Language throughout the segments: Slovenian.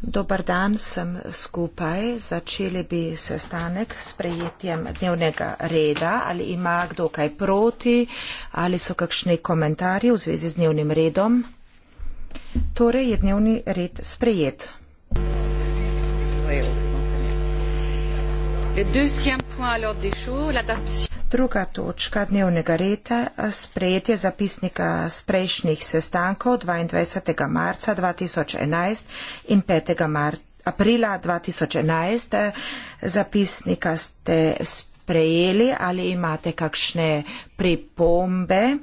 Dobar dan vsem skupaj. Začeli bi sestanek s prejetjem dnevnega reda. Ali ima kdo kaj proti ali so kakšni komentarji v zvezi z dnevnim redom? Torej je dnevni red sprejet. Le deuxième point à l'ordre des choses, l'adaptation. Druga točka dnevnega reda - sprejetje zapisnika s prejšnjih sestankov 22. marca 2011 in 5. Mar aprila 2011. Zapisnika ste sprejeli ali imate kakšne pripombe?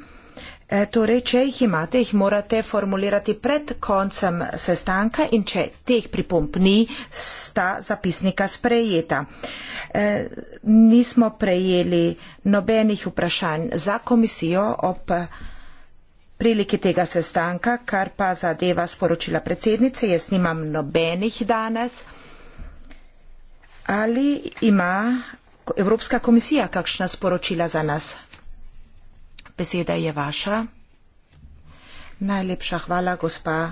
E, torej, če jih imate, jih morate formulirati pred koncem sestanka in če teh pripomb ni, sta zapisnika sprejeta. E, Eh, nismo prejeli nobenih vprašanj za komisijo ob priliki tega sestanka, kar pa zadeva sporočila predsednice, jaz nimam nobenih danes. Ali ima Evropska komisija kakšna sporočila za nas? Beseda je vaša. Najlepša hvala, gospa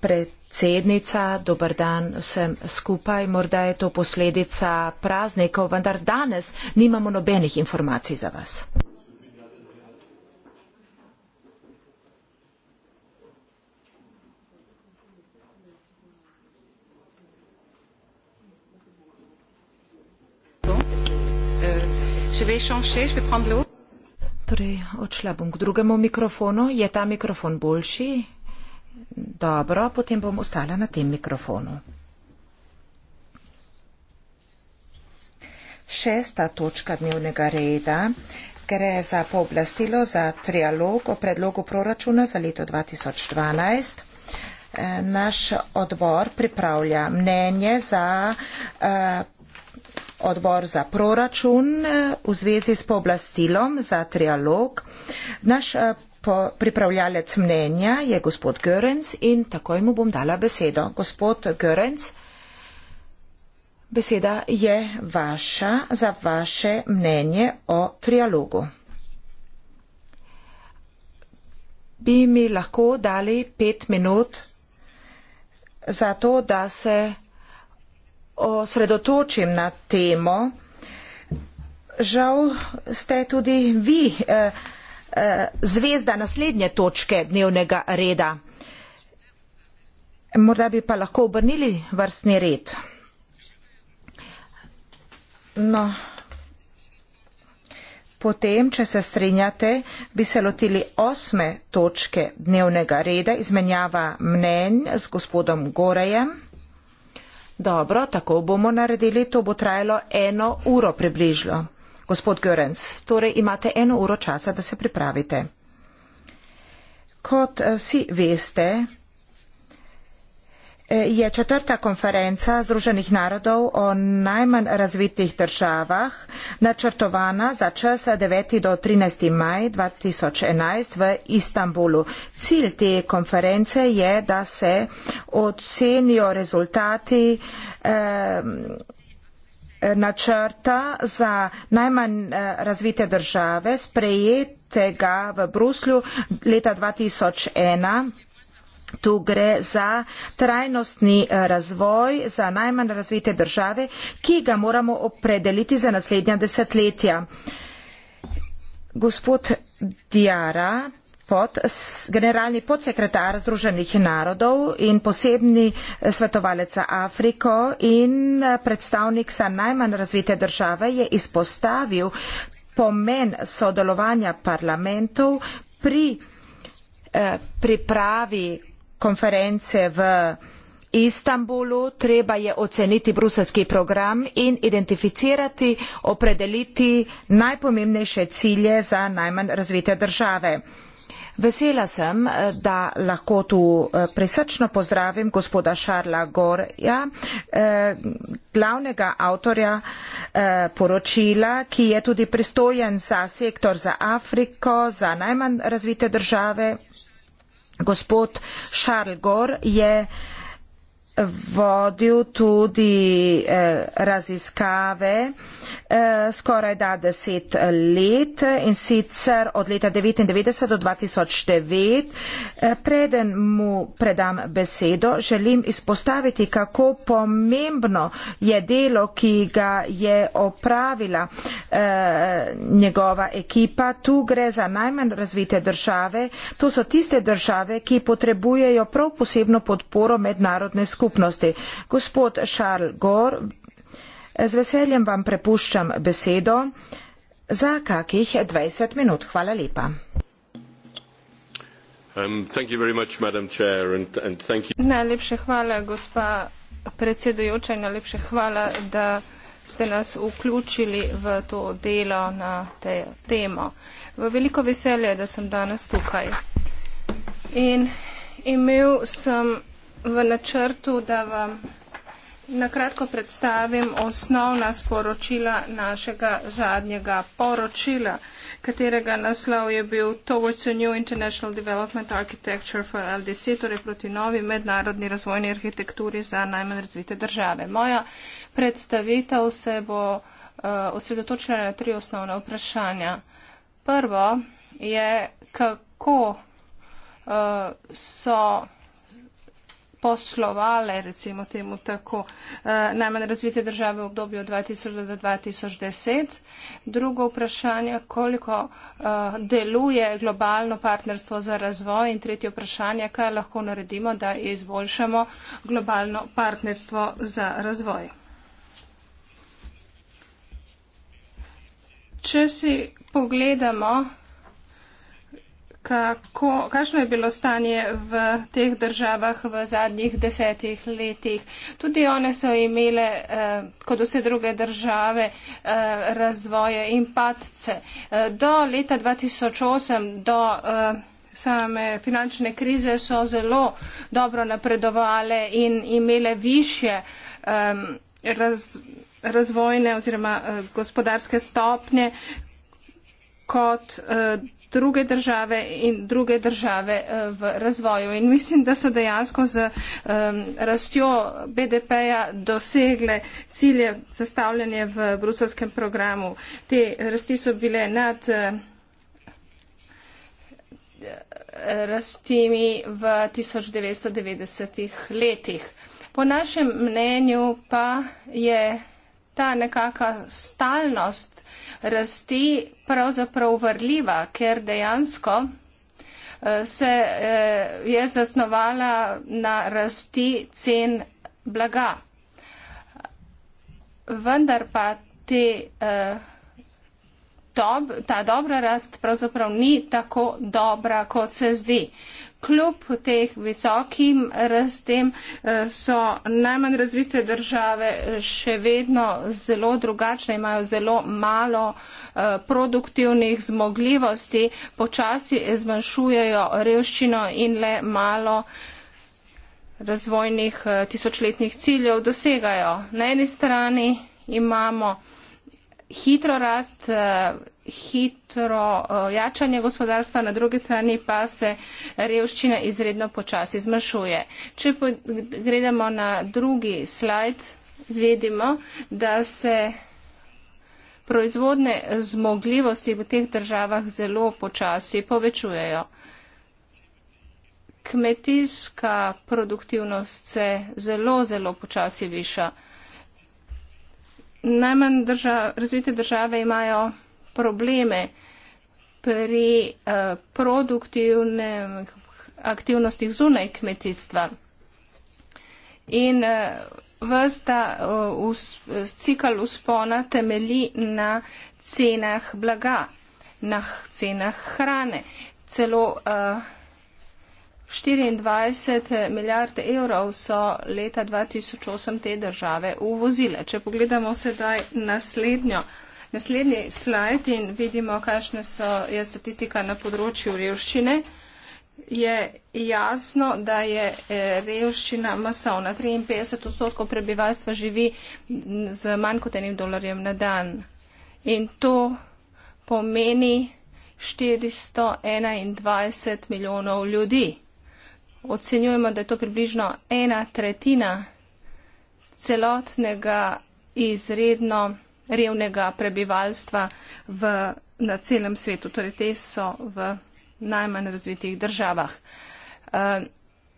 predsednica predsednica, dober dan vsem skupaj. Morda je to posledica praznikov, vendar danes nimamo nobenih informacij za vas. Torej, odšla bom k drugemu mikrofonu. Je ta mikrofon boljši? Dobro, potem bom ostala na tem mikrofonu. Šesta točka dnevnega reda gre za pooblastilo za trialog o predlogu proračuna za leto 2012. E, naš odbor pripravlja mnenje za e, odbor za proračun e, v zvezi s pooblastilom za trialog. Naš pripravljalec mnenja je gospod Görens in takoj mu bom dala besedo. Gospod Görens, beseda je vaša za vaše mnenje o trialogu. Bi mi lahko dali pet minut za to, da se osredotočim na temo. Žal ste tudi vi. Eh, Eh, zvezda naslednje točke dnevnega reda. Morda bi pa lahko obrnili vrstni red. No, potem, če se strinjate, bi se lotili osme točke dnevnega reda, izmenjava mnenj s gospodom Gorejem. Dobro, tako bomo naredili, to bo trajalo eno uro približno. Gospod Görens, torej imate eno uro časa, da se pripravite. Kot eh, vsi veste, eh, je četrta konferenca Združenih narodov o najmanj razvitih državah načrtovana za čas 9. do 13. maj 2011 v Istanbulu. Cilj te konference je, da se ocenijo rezultati eh, načrta za najmanj eh, razvite države, sprejetega v Bruslju leta 2001. Tu gre za trajnostni eh, razvoj za najmanj razvite države, ki ga moramo opredeliti za naslednja desetletja. Gospod Diara, Pot, generalni podsekretar Združenih narodov in posebni svetovalec za Afriko in eh, predstavnik za najmanj razvite države je izpostavil pomen sodelovanja parlamentov pri eh, pripravi konference v Istanbulu treba je oceniti bruselski program in identificirati, opredeliti najpomembnejše cilje za najmanj razvite države. Vesela sem, da lahko tu eh, presrčno pozdravim gospoda Šarla Gorja, eh, glavnega avtorja eh, poročila, ki je tudi pristojen za sektor za Afriko, za najmanj razvite države. Gospod Šarl Gor je vodil tudi eh, raziskave eh, skoraj da deset let in sicer od leta 99 do 2009. Eh, preden mu predam besedo, želim izpostaviti, kako pomembno je delo, ki ga je opravila njegova ekipa. Tu gre za najmanj razvite države. To so tiste države, ki potrebujejo prav posebno podporo mednarodne skupine skupnosti. Gospod Charles Gore, z veseljem vam prepuščam besedo za kakih 20 minut. Hvala lepa. Um, much, Chair, and, and you... Najlepše hvala, gospa predsedujoča, in najlepše hvala, da ste nas vključili v to delo na te temo. V veliko veselje, da sem danes tukaj. In imel sem v načrtu, da vam nakratko predstavim osnovna sporočila našega zadnjega poročila, katerega naslov je bil Towards a New International Development Architecture for LDC, torej proti novi mednarodni razvojni arhitekturi za najmanj razvite države. Moja predstavitev se bo uh, osredotočila na tri osnovne vprašanja. Prvo je, kako uh, so poslovale, recimo temu tako, eh, najmanj razvite države v obdobju od 2000 do 2010. Drugo vprašanje, koliko eh, deluje globalno partnerstvo za razvoj in tretje vprašanje, kaj lahko naredimo, da izboljšamo globalno partnerstvo za razvoj. Če si pogledamo Kako, kakšno je bilo stanje v teh državah v zadnjih desetih letih? Tudi one so imele, eh, kot vse druge države, eh, razvoje in padce. Eh, do leta 2008, do eh, same finančne krize, so zelo dobro napredovale in imele više eh, raz, razvojne oziroma eh, gospodarske stopnje kot. Eh, druge države in druge države eh, v razvoju. In mislim, da so dejansko z um, rastjo BDP-ja dosegle cilje zastavljanje v bruselskem programu. Te rasti so bile nad. Uh, eh, rastimi v 1990-ih letih. Po našem mnenju pa je ta nekaka stalnost rasti pravzaprav vrljiva, ker dejansko eh, se eh, je zasnovala na rasti cen blaga. Vendar pa te, eh, ta dobra rast pravzaprav ni tako dobra, kot se zdi kljub teh visokim rastem eh, so najmanj razvite države še vedno zelo drugačne, imajo zelo malo eh, produktivnih zmogljivosti, počasi zmanjšujejo revščino in le malo razvojnih eh, tisočletnih ciljev dosegajo. Na eni strani imamo hitro rast hitro eh, jačanje gospodarstva, na drugi strani pa se revščina izredno počasi zmanjšuje. Če gledamo na drugi slajd, vidimo, da se proizvodne zmogljivosti v teh državah zelo počasi povečujejo. Kmetijska produktivnost se zelo, zelo počasi viša. Najmanj razvite države imajo probleme pri eh, produktivnih aktivnostih zunaj kmetijstva. In eh, vrsta eh, cikl uspona temeli na cenah blaga, na cenah hrane. Celo uh, 24 milijard evrov so leta 2008 te države uvozile. Če pogledamo sedaj naslednjo. Naslednji slajd in vidimo, kakšna je statistika na področju revščine. Je jasno, da je eh, revščina masovna. 53 odstotkov prebivalstva živi z manj kot enim dolarjem na dan. In to pomeni 421 milijonov ljudi. Ocenjujemo, da je to približno ena tretjina celotnega izredno revnega prebivalstva v, na celem svetu. Torej, te so v najmanj razvitih državah. Eh,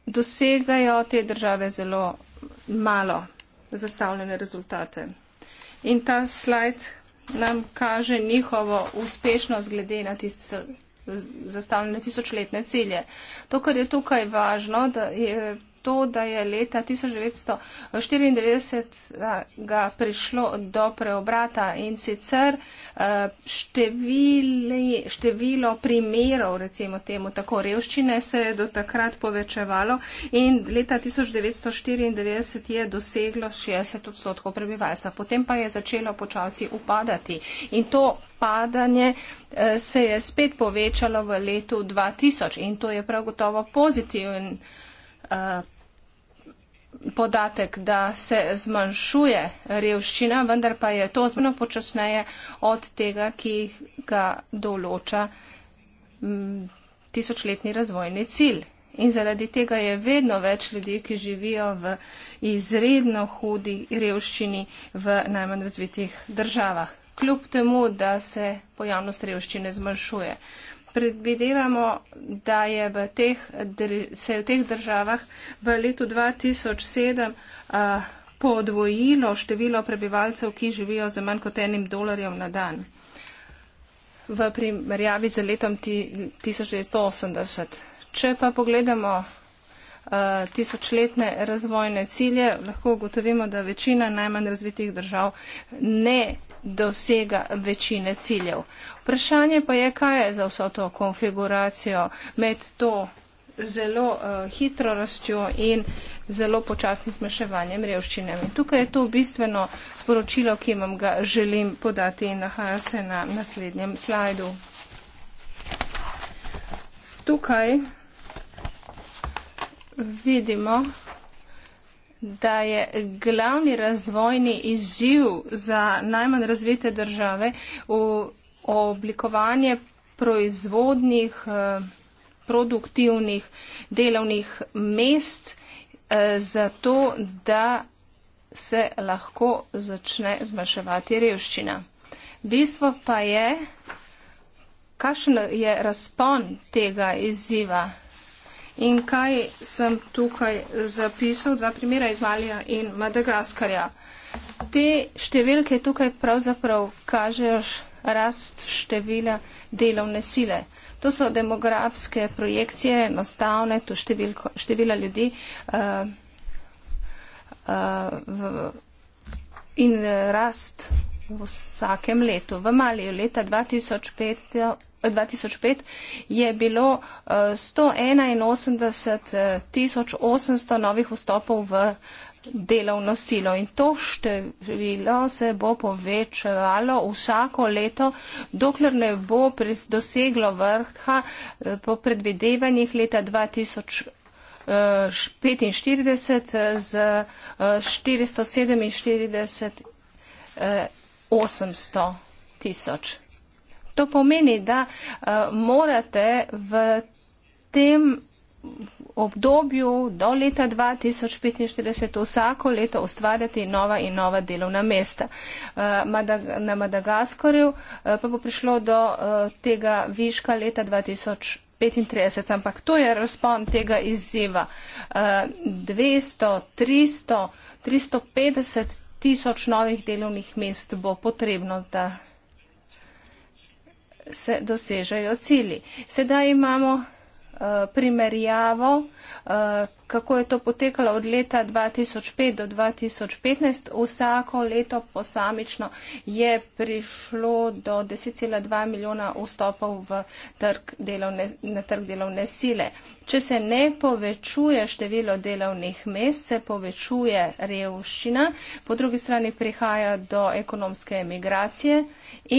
dosegajo te države zelo malo zastavljene rezultate. In ta slajd nam kaže njihovo uspešnost glede na tiste zastavljene tisočletne cilje. To, kar je tukaj važno, da je to, da je leta 1994 prišlo do preobrata in sicer eh, števili, število primerov, recimo temu tako revščine, se je do takrat povečevalo in leta 1994 je doseglo 60 odstotkov prebivalstva. Potem pa je začelo počasi upadati in to padanje eh, se je spet povečalo v letu 2000 in to je prav gotovo pozitiven eh, podatek, da se zmanjšuje revščina, vendar pa je to zmerno počasneje od tega, ki ga določa mm, tisočletni razvojni cilj. In zaradi tega je vedno več ljudi, ki živijo v izredno hudi revščini v najmanj razvitih državah. Kljub temu, da se pojavnost revščine zmanjšuje predvidevamo, da je v teh, se je v teh državah v letu 2007 uh, podvojilo število prebivalcev, ki živijo za manj kot enim dolarjem na dan v primerjavi z letom 1980. Če pa pogledamo uh, tisočletne razvojne cilje, lahko ugotovimo, da večina najmanj razvitih držav ne dosega večine ciljev. Vprašanje pa je, kaj je za vso to konfiguracijo med to zelo uh, hitro rastjo in zelo počasnim smeševanjem revščine. Tukaj je to bistveno sporočilo, ki vam ga želim podati in nahaja se na naslednjem slajdu. Tukaj vidimo, da je glavni razvojni izziv za najmanj razvite države v oblikovanje proizvodnih, eh, produktivnih delovnih mest, eh, zato da se lahko začne zmaševati revščina. Bistvo pa je, kakšen je razpon tega izziva. In kaj sem tukaj zapisal? Dva primera iz Malija in Madagaskarja. Te številke tukaj pravzaprav kažejo rast števila delovne sile. To so demografske projekcije, enostavne, to številko, števila ljudi uh, uh, v, in eh, rast V vsakem letu. V Maliju leta 2005, 2005 eh, je bilo 181 eh, 800 eh, novih vstopov v delovno silo in to število se bo povečevalo vsako leto, dokler ne bo doseglo vrha po predvidevanjih leta 2000. 45 z 447 800 tisoč. To pomeni, da eh, morate v tem obdobju do leta 2045 vsako leto ustvarjati nova in nova delovna mesta. Eh, na Madagaskarju eh, pa bo prišlo do tega viška leta 2035, ampak to je razpon tega izziva. 200, 300, 350 tisoč novih delovnih mest bo potrebno, da se dosežejo cili. Sedaj imamo Eh, primerjavo, eh, kako je to potekalo od leta 2005 do 2015. Vsako leto posamično je prišlo do 10,2 milijona vstopov v trg delovne, na trg delovne sile. Če se ne povečuje število delovnih mest, se povečuje revščina, po drugi strani prihaja do ekonomske emigracije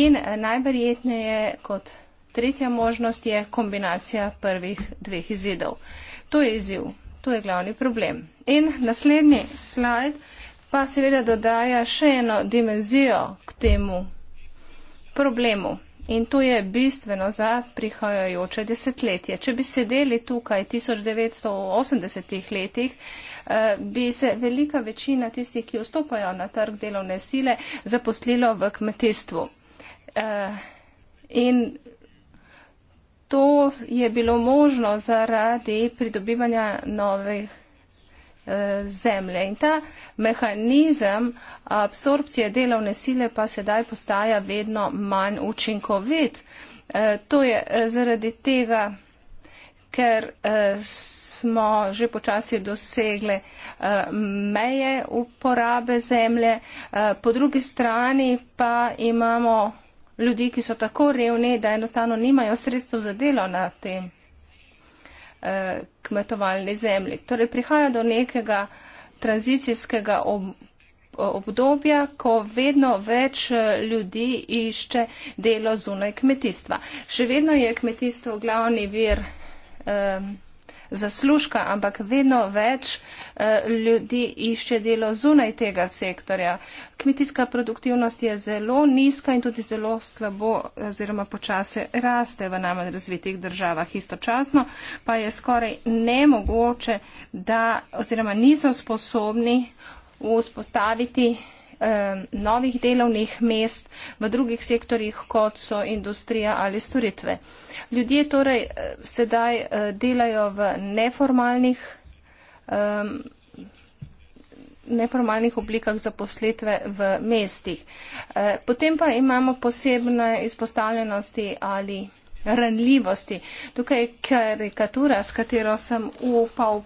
in najverjetneje kot tretja možnost je kombinacija prvih dveh izidov. To je izziv, to je glavni problem. In naslednji slajd pa seveda dodaja še eno dimenzijo k temu problemu. In to je bistveno za prihajajoče desetletje. Če bi sedeli tukaj 1980 letih, eh, bi se velika večina tistih, ki vstopajo na trg delovne sile, zaposlilo v kmetijstvu. Eh, in to je bilo možno zaradi pridobivanja novih eh, zemlje. In ta mehanizem absorpcije delovne sile pa sedaj postaja vedno manj učinkovit. Eh, to je eh, zaradi tega, ker smo že počasi dosegli meje uporabe zemlje. Po drugi strani pa imamo ljudi, ki so tako revni, da enostavno nimajo sredstev za delo na tem eh, kmetovalni zemlji. Torej prihaja do nekega tranzicijskega ob, obdobja, ko vedno več eh, ljudi išče delo zunaj kmetijstva. Še vedno je kmetijstvo glavni vir um, zaslužka, ampak vedno več eh, ljudi išče delo zunaj tega sektorja. Kmetijska produktivnost je zelo nizka in tudi zelo slabo oziroma počase raste v najmanj razvitih državah. Istočasno pa je skoraj nemogoče, da oziroma niso sposobni vzpostaviti eh, novih delovnih mest v drugih sektorjih, kot so industrija ali storitve. Ljudje torej eh, sedaj eh, delajo v neformalnih. Eh, neformalnih oblikah zaposlitve v mestih. Eh, potem pa imamo posebne izpostavljenosti ali ranljivosti. Tukaj je karikatura, s katero sem upal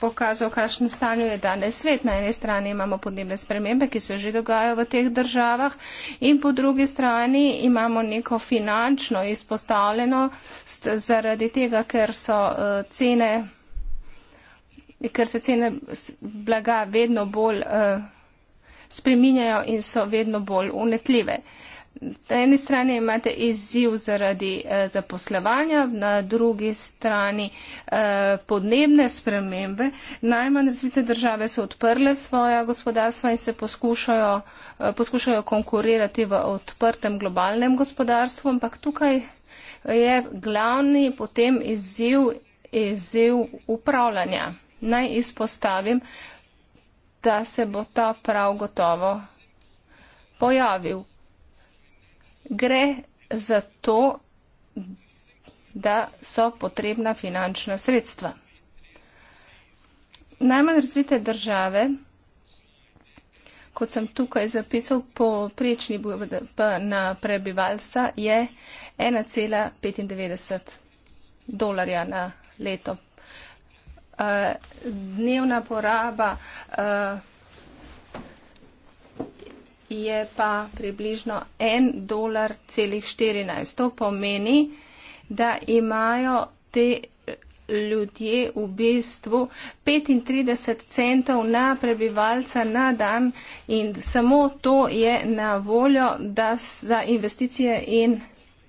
pokazal, kakšno stanje je danes svet. Na eni strani imamo podnebne spremembe, ki se že dogajajo v teh državah in po drugi strani imamo neko finančno izpostavljeno zaradi tega, ker so uh, cene, ker se cene blaga vedno bolj uh, spreminjajo in so vedno bolj unetljive. Uh, na eni strani imate izziv zaradi eh, zaposlovanja, na drugi strani eh, podnebne spremembe. Najmanj razvite države so odprle svoja gospodarstva in se poskušajo, eh, poskušajo konkurirati v odprtem globalnem gospodarstvu, ampak tukaj je glavni potem izziv, izziv upravljanja. Naj izpostavim, da se bo ta prav gotovo pojavil gre za to, da so potrebna finančna sredstva. Najmanj razvite države, kot sem tukaj zapisal, po prečni BDP na prebivalstva je 1,95 dolarja na leto. Eh, dnevna poraba eh, je pa približno 1,14 dolar. To pomeni, da imajo te eh, ljudje v bistvu 35 centov na prebivalca na dan in samo to je na voljo za investicije in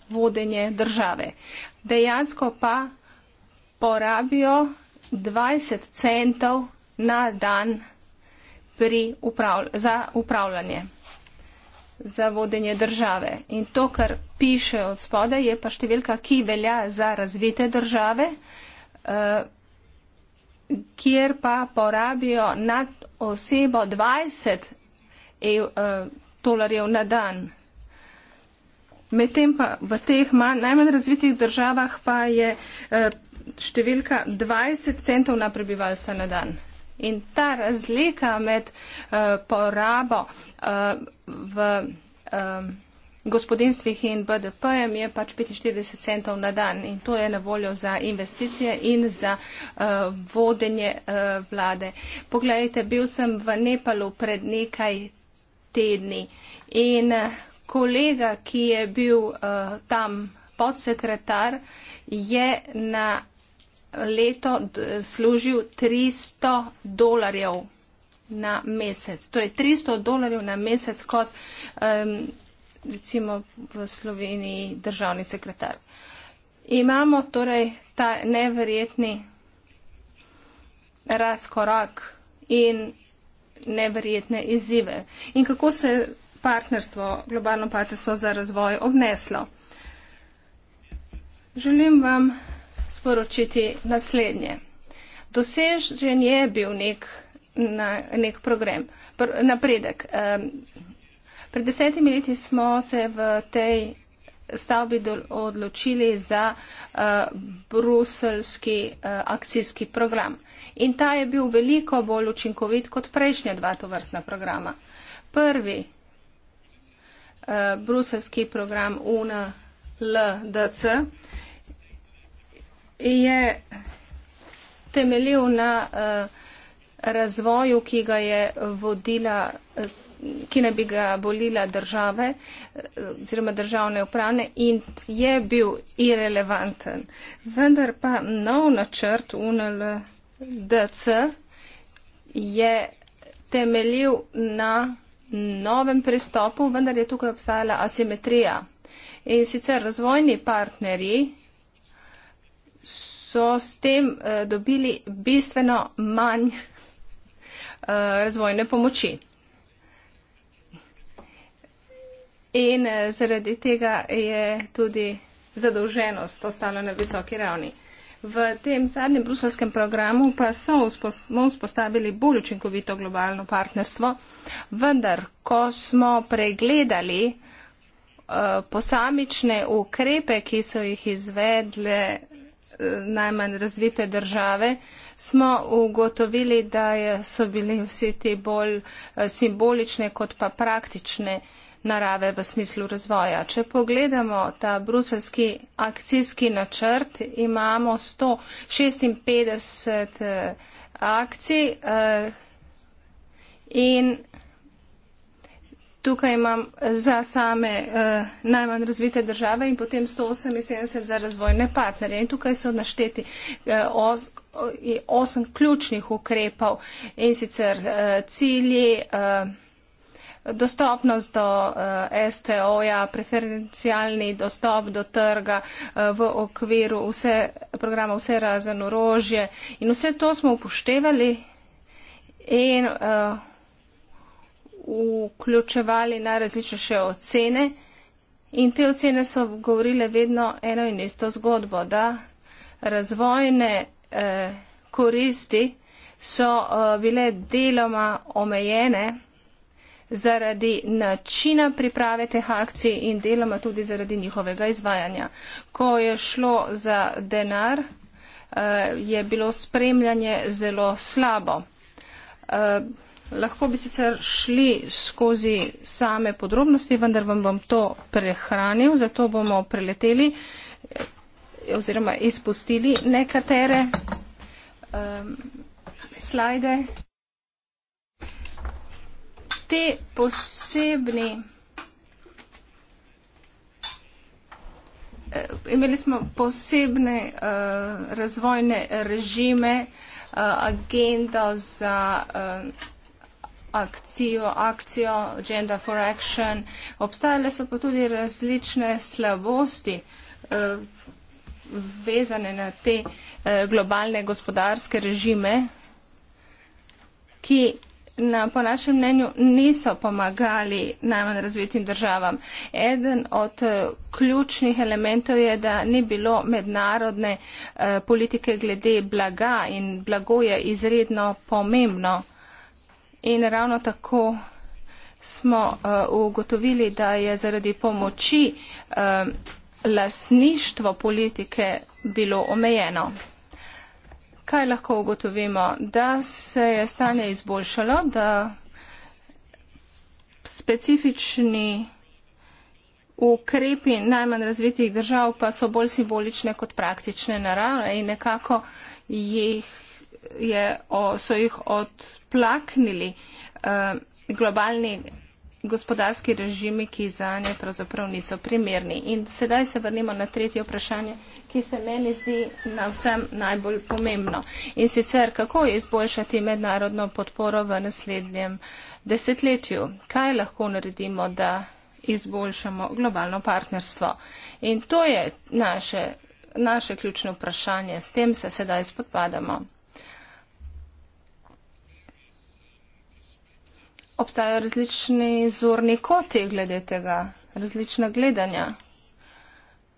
vodenje države. Dejansko pa porabijo 20 centov na dan. Upravl za upravljanje za vodenje države. In to, kar piše od spode, je pa številka, ki velja za razvite države, eh, kjer pa porabijo nad osebo 20 eh, dolarjev na dan. Medtem pa v teh najmanj razvitih državah pa je eh, številka 20 centov na prebivalstva na dan. In ta razlika med uh, porabo uh, v um, gospodinstvih in BDP-jem je pač 45 centov na dan in to je na voljo za investicije in za uh, vodenje uh, vlade. Poglejte, bil sem v Nepalu pred nekaj tedni in uh, kolega, ki je bil uh, tam podsekretar, je na leto služil 300 dolarjev na mesec. Torej 300 dolarjev na mesec kot um, recimo v Sloveniji državni sekretar. Imamo torej ta neverjetni razkorak in neverjetne izzive. In kako se je partnerstvo, globalno partnerstvo za razvoj obneslo? Želim vam sporočiti naslednje. Dosežen je bil nek na nek program, pr napredek. Um, pred desetimi leti smo se v tej stavbi odločili za uh, eh, bruselski uh, eh, akcijski program. In ta je bil veliko bolj učinkovit kot prejšnja dva tovrstna programa. Prvi uh, eh, bruselski program UNLDC je temeljil na uh, razvoju, ki ga je vodila, ki ne bi ga bolila države oziroma državne upravne in je bil irrelevanten. Vendar pa nov načrt UNLDC je temeljil na novem pristopu, vendar je tukaj obstajala asimetrija. In sicer razvojni partnerji so s tem eh, dobili bistveno manj Eh, razvojne pomoči. In eh, zaradi tega je tudi zadolženost ostala na visoki ravni. V tem zadnjem bruselskem programu pa so vzpostavili bolj učinkovito globalno partnerstvo, vendar ko smo pregledali eh, posamične ukrepe, ki so jih izvedle najmanj razvite države, smo ugotovili, da so bili vsi ti bolj eh, simbolične kot pa praktične narave v smislu razvoja. Če pogledamo ta bruselski akcijski načrt, imamo 156 eh, akcij eh, in tukaj imam eh, za same uh, najmanj razvite države in potem 178 za razvojne partnerje. In tukaj so našteti uh, os, osem ključnih ukrepov in sicer uh, cilji. Uh, Dostopnost do uh, STO-ja, preferencialni dostop do trga uh, v okviru vse, programa Vse razen orožje in vse to smo upoštevali in uh, vključevali najrazličnejše ocene in te ocene so govorile vedno eno in isto zgodbo, da razvojne eh, koristi so eh, bile deloma omejene zaradi načina priprave teh akcij in deloma tudi zaradi njihovega izvajanja. Ko je šlo za denar, eh, je bilo spremljanje zelo slabo. Eh, Lahko bi sicer šli skozi same podrobnosti, vendar vam bom to prehranil, zato bomo preleteli eh, oziroma izpustili nekatere um, slajde. Te posebni. Eh, imeli smo posebne uh, razvojne režime, uh, agendo za uh, akcijo, akcijo Agenda for Action. Obstajale so pa tudi različne slabosti eh, vezane na te eh, globalne gospodarske režime, ki na, po našem mnenju niso pomagali najmanj razvitim državam. Eden od eh, ključnih elementov je, da ni bilo mednarodne politike glede blaga in blago je izredno pomembno. In ravno tako smo uh, ugotovili, da je zaradi pomoči uh, um, lasništvo politike bilo omejeno. Kaj lahko ugotovimo? Da se je stanje izboljšalo, da specifični ukrepi najmanj razvitih držav pa so bolj simbolične kot praktične narave in nekako jih je, o, so jih odplaknili eh, globalni gospodarski režimi, ki za nje pravzaprav niso primerni. In sedaj se vrnimo na tretje vprašanje, ki se meni zdi na vsem najbolj pomembno. In sicer, kako je izboljšati mednarodno podporo v naslednjem desetletju? Kaj lahko naredimo, da izboljšamo globalno partnerstvo? In to je naše, naše ključno vprašanje. S tem se sedaj spodpadamo. obstajajo različni zorni koti glede tega, različna gledanja.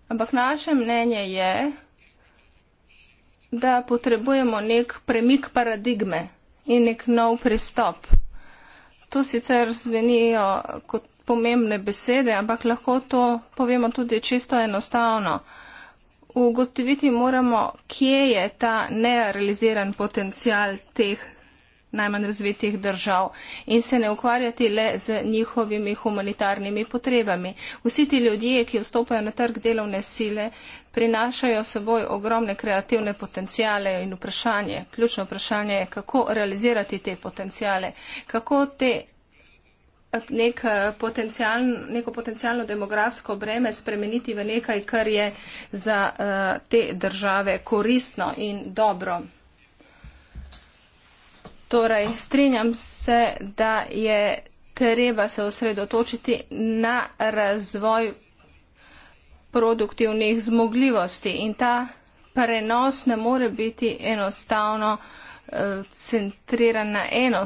Ampak naše mnenje je, da potrebujemo nek premik paradigme in nek nov pristop. To sicer zvenijo kot pomembne besede, ampak lahko to povemo tudi čisto enostavno. Ugotoviti moramo, kje je ta nerealiziran potencial teh najmanj razvitih držav in se ne ukvarjati le z njihovimi humanitarnimi potrebami. Vsi ti ljudje, ki vstopajo na trg delovne sile, prinašajo seboj ogromne kreativne potencijale in vprašanje, ključno vprašanje je, kako realizirati te potencijale, kako te Nek potencijal, neko potencijalno demografsko breme spremeniti v nekaj, kar je za uh, te države koristno in dobro. Torej, strinjam se, da je treba se osredotočiti na razvoj produktivnih zmogljivosti in ta prenos ne more biti enostavno eh, centriran na eno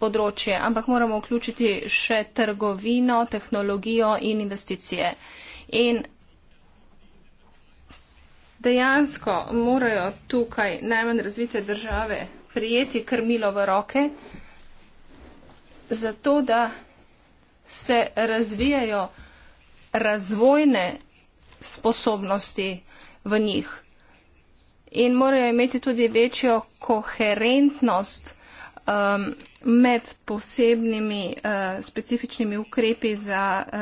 področje, ampak moramo vključiti še trgovino, tehnologijo in investicije. In dejansko morajo tukaj najmanj razvite države prijeti krmilo v roke, zato da se razvijajo razvojne sposobnosti v njih in morajo imeti tudi večjo koherentnost um, med posebnimi uh, specifičnimi ukrepi za uh,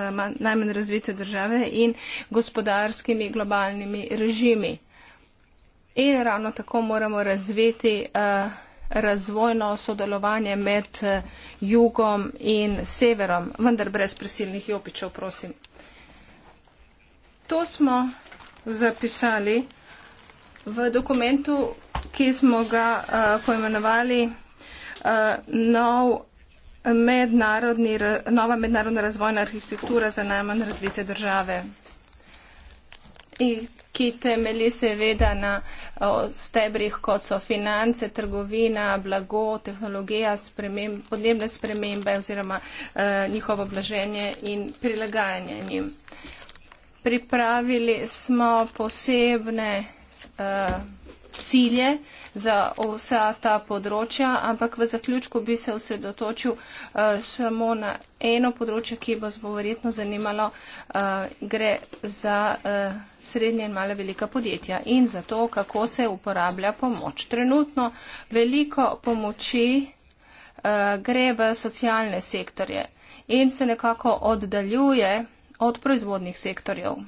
najmanj razvite države in gospodarskimi globalnimi režimi. In ravno tako moramo razviti eh, razvojno sodelovanje med eh, jugom in severom, vendar brez prisilnih jopičev, prosim. To smo zapisali v dokumentu, ki smo ga eh, poimenovali nov mednarodni, nova mednarodna razvojna arhitektura za najmanj razvite države. In ki temelji seveda na stebrih, kot so finance, trgovina, blago, tehnologija, sprememb, podnebne spremembe oziroma e, njihovo blaženje in prilagajanje njim. Pripravili smo posebne e, cilje za vsa ta področja, ampak v zaključku bi se osredotočil uh, samo na eno področje, ki vas bo verjetno zanimalo, uh, gre za uh, eh, srednje in male velika podjetja in za to, kako se uporablja pomoč. Trenutno veliko pomoči uh, gre v socialne sektorje in se nekako oddaljuje od proizvodnih sektorjev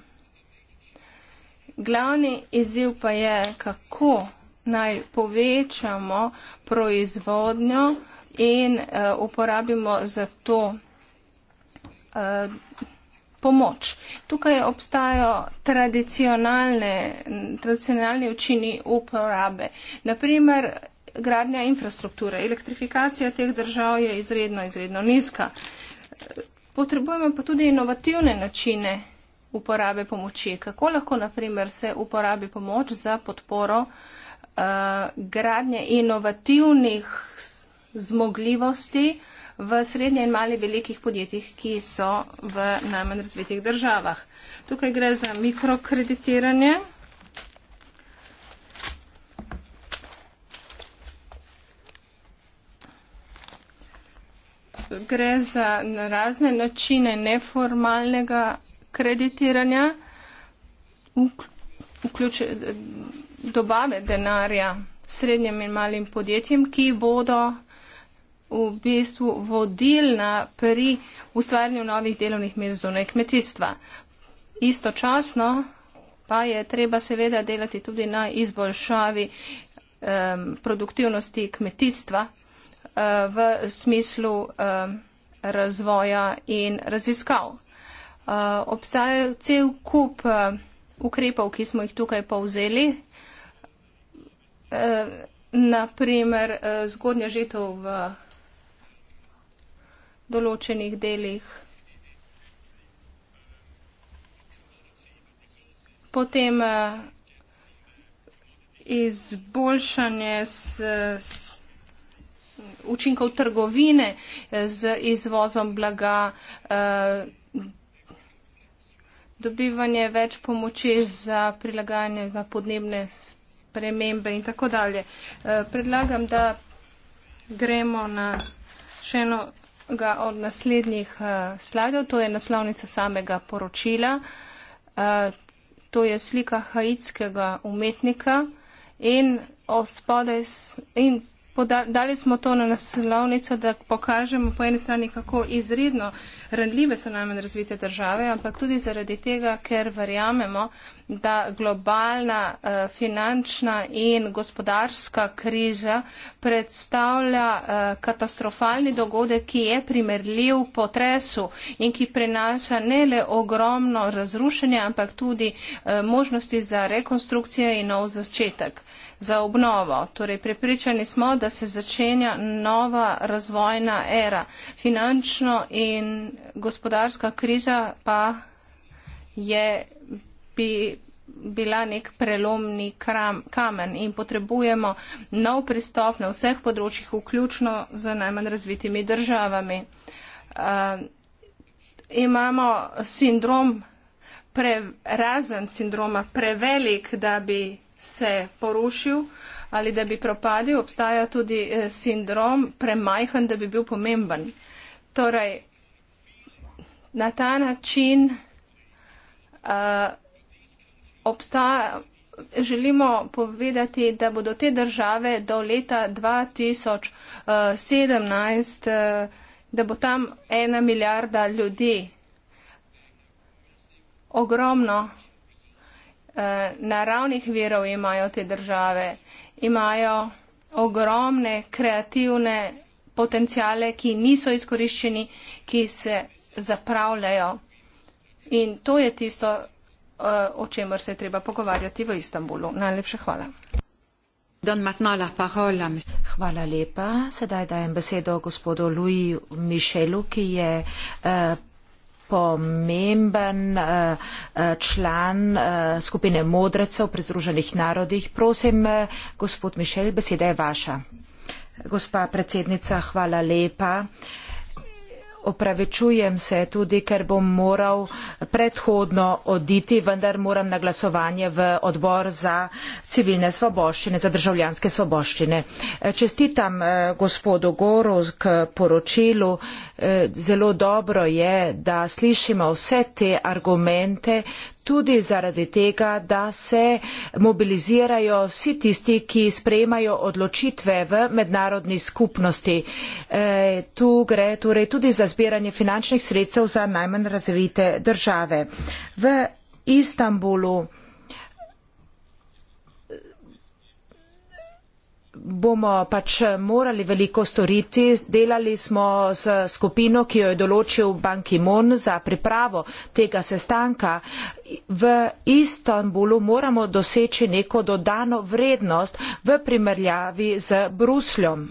glavni izziv pa je, kako naj povečamo proizvodnjo in uh, uporabimo za to uh, pomoč. Tukaj obstajajo tradicionalne, tradicionalni učini uporabe. Naprimer, gradnja infrastrukture. Elektrifikacija teh držav je izredno, izredno nizka. Potrebujemo pa tudi inovativne načine uporabe pomoči. Kako lahko, na primer, se uporabi pomoč za podporo uh, gradnje inovativnih zmogljivosti v srednje in mali velikih podjetjih, ki so v najmanj razvitih državah. Tukaj gre za mikrokreditiranje. Gre za razne načine neformalnega kreditiranja, vključ, dobave denarja srednjim in malim podjetjem, ki bodo v bistvu vodilna pri ustvarjanju novih delovnih mest zunaj kmetijstva. Istočasno pa je treba seveda delati tudi na izboljšavi um, produktivnosti kmetijstva uh, v smislu um, razvoja in raziskav uh, obstaja cel kup uh, ukrepov, ki smo jih tukaj povzeli. Uh, eh, naprimer, uh, zgodnja žitev v določenih delih. Potem uh, izboljšanje s, s učinkov trgovine z izvozom blaga. Uh, dobivanje več pomoči za prilagajanje na podnebne spremembe in tako dalje. Eh, predlagam, da gremo na še enega od naslednjih eh, slajdov, to je naslovnica samega poročila. Eh, to je slika haitskega umetnika in, in Podali smo to na naslovnico, da pokažemo po eni strani, kako izredno randljive so najmanj razvite države, ampak tudi zaradi tega, ker verjamemo, da globalna eh, finančna in gospodarska kriza predstavlja eh, katastrofalni dogodek, ki je primerljiv potresu in ki prinaša ne le ogromno razrušenje, ampak tudi eh, možnosti za rekonstrukcijo in nov začetek za obnovo. Torej, prepričani smo, da se začenja nova razvojna era. Finančno in gospodarska kriza pa je bi bila nek prelomni kram, kamen in potrebujemo nov pristop na vseh področjih, vključno z najmanj razvitimi državami. Uh, imamo sindrom, pre, razen sindroma prevelik, da bi se porušil ali da bi propadil, obstaja tudi eh, sindrom premajhen, da bi bil pomemben. Torej, na ta način uh, obstaja, želimo povedati, da bodo te države do leta 2017, uh, eh, da bo tam ena milijarda ljudi. Ogromno Eh, naravnih verov imajo te države. Imajo ogromne kreativne potencijale, ki niso izkoriščeni, ki se zapravljajo. In to je tisto, eh, o čemer se je treba pogovarjati v Istanbulu. Najlepša hvala. Hvala lepa. Sedaj dajem besedo gospodu Louis Michelu, ki je uh, pomemben eh, eh, član eh, skupine modrecev pri Združenih narodih. Prosim, gospod Mišel, beseda je vaša. Gospa predsednica, hvala lepa. Uh, opravičujem se tudi, ker bom moral predhodno oditi, vendar moram na glasovanje v odbor za civilne svoboščine, za državljanske svoboščine. Čestitam eh, gospodu Goru k poročilu. Eh, zelo dobro je, da slišimo vse te argumente, tudi zaradi tega, da se mobilizirajo vsi tisti, ki sprejemajo odločitve v mednarodni skupnosti. E, tu gre torej tudi za zbiranje finančnih sredstev za najmanj razvite države. V Istanbulu bomo pač morali veliko storiti. Delali smo s skupino, ki jo je določil Banki Mon za pripravo tega sestanka. V Istanbulu moramo doseči neko dodano vrednost v primerjavi z Brusljom.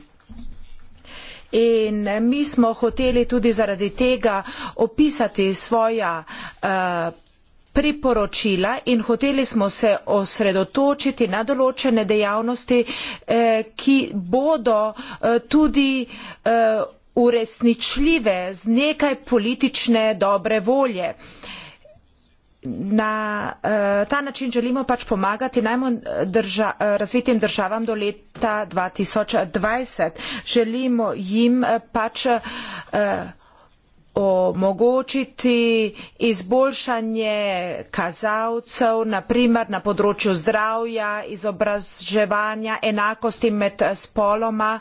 In mi smo hoteli tudi zaradi tega opisati svoja uh, priporočila in hoteli smo se osredotočiti na določene dejavnosti, eh, ki bodo eh, tudi eh, uresničljive z nekaj politične dobre volje. Na ta način želimo pač pomagati najmanj drža, razvitim državam do leta 2020. Želimo jim pač omogočiti izboljšanje kazalcev, naprimer na področju zdravja, izobraževanja, enakosti med spoloma.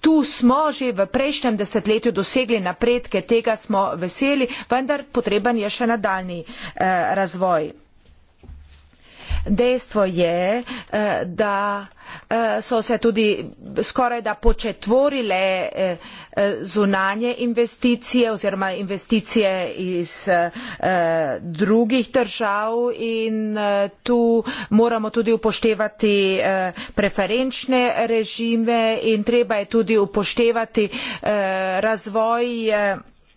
Tu smo že v prejšnjem desetletju dosegli napredke, tega smo veseli, vendar potreben je še nadaljni eh, razvoj. Dejstvo je, eh, da eh, so se tudi skoraj da početvorile eh, zunanje investicije oziroma investicije iz drugih držav in tu moramo tudi upoštevati preferenčne režime in treba je tudi upoštevati razvoj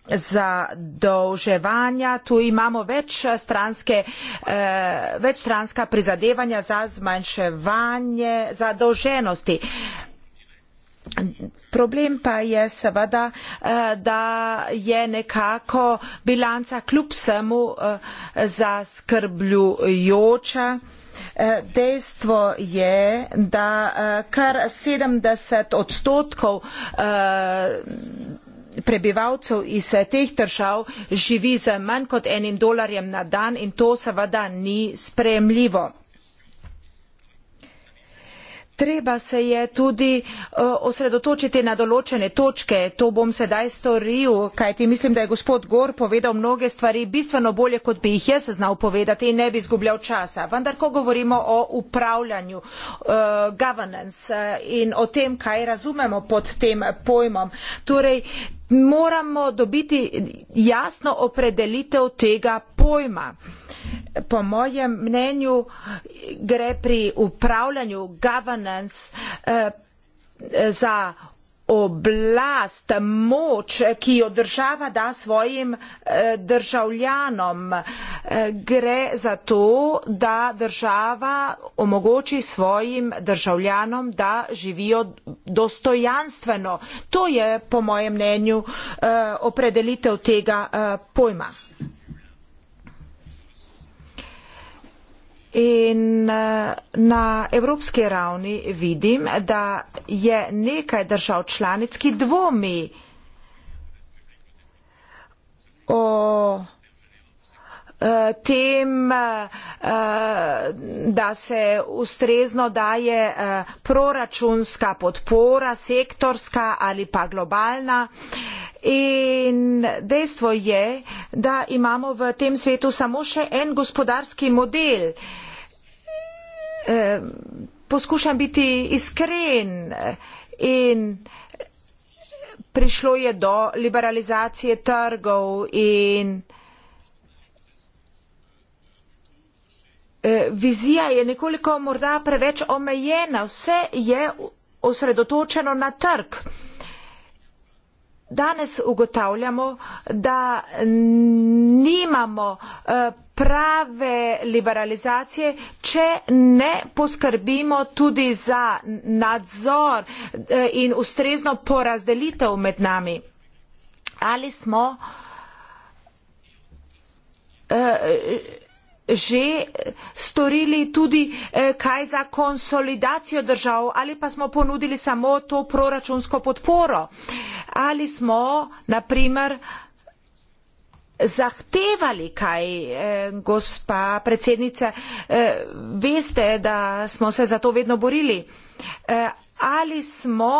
zadolževanja. Tu imamo več, stranske, eh, več stranska prizadevanja za zmanjševanje zadolženosti. Problem pa je seveda, eh, da je nekako bilanca kljub vsemu eh, zaskrbljujoča. Dejstvo je, da kar 70 odstotkov prebivalcev iz eh, teh držav živi z manj kot enim dolarjem na dan in to seveda ni sprejemljivo. Treba se je tudi eh, osredotočiti na določene točke. To bom sedaj storil, kajti mislim, da je gospod Gor povedal mnoge stvari bistveno bolje, kot bi jih jaz znal povedati in ne bi izgubljal časa. Vendar, ko govorimo o upravljanju, eh, governance in o tem, kaj razumemo pod tem pojmom, torej moramo dobiti jasno opredelitev tega pojma. Po mojem mnenju gre pri upravljanju governance eh, za oblast, moč, ki jo država da svojim eh, državljanom. Eh, gre za to, da država omogoči svojim državljanom, da živijo dostojanstveno. To je, po mojem mnenju, eh, opredelitev tega pojma. In eh, na evropski ravni vidim, da je nekaj držav članic, ki dvomi o eh, tem, eh, da se ustrezno daje proračunska podpora, sektorska ali pa globalna. In dejstvo je, da imamo v tem svetu samo še en gospodarski model. E, poskušam biti iskren eh, in prišlo je do liberalizacije trgov in eh, Vizija je nekoliko morda preveč omejena, vse je osredotočeno na trg danes ugotavljamo, da nimamo eh, prave liberalizacije, če ne poskrbimo tudi za nadzor eh, in ustrezno porazdelitev med nami. Ali smo eh, že eh, storili tudi eh, kaj za konsolidacijo držav ali pa smo ponudili samo to proračunsko podporo ali smo naprimer zahtevali kaj, eh, gospa predsednica, eh, veste, da smo se za to vedno borili. Eh, ali smo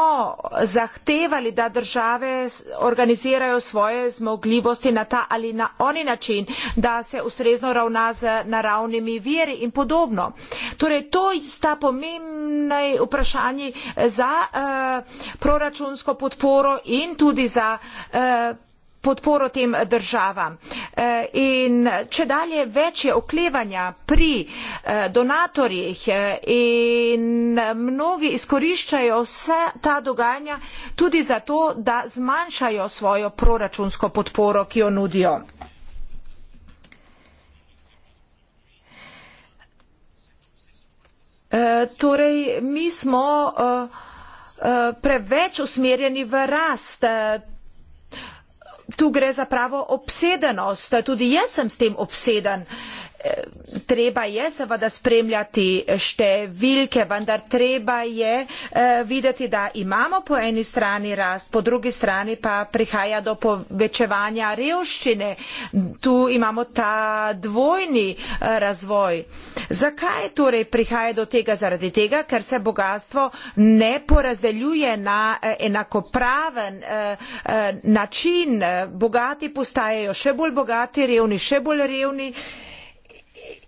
zahtevali, da države organizirajo svoje zmogljivosti na ta ali na oni način, da se ustrezno ravna z naravnimi viri in podobno? Torej, to sta pomembne vprašanje za uh, proračunsko podporo in tudi za. Uh, podporo tem državam. Eh, in če dalje več je oklevanja pri eh, donatorjih eh, in mnogi izkoriščajo vse ta dogajanja tudi zato, da zmanjšajo svojo proračunsko podporo, ki jo nudijo. Torej, mi smo preveč usmerjeni v rast tu gre za pravo obsedenost tudi jaz sem s tem obseden treba je seveda spremljati številke vendar treba je eh, videti da imamo po eni strani rast po drugi strani pa prihaja do povečevanja revščine tu imamo ta dvojni eh, razvoj zakaj torej prihaja do tega zaradi tega ker se bogatstvo ne porazdeljuje na eh, enakopraven način bogati postajajo še bolj bogati revni še bolj revni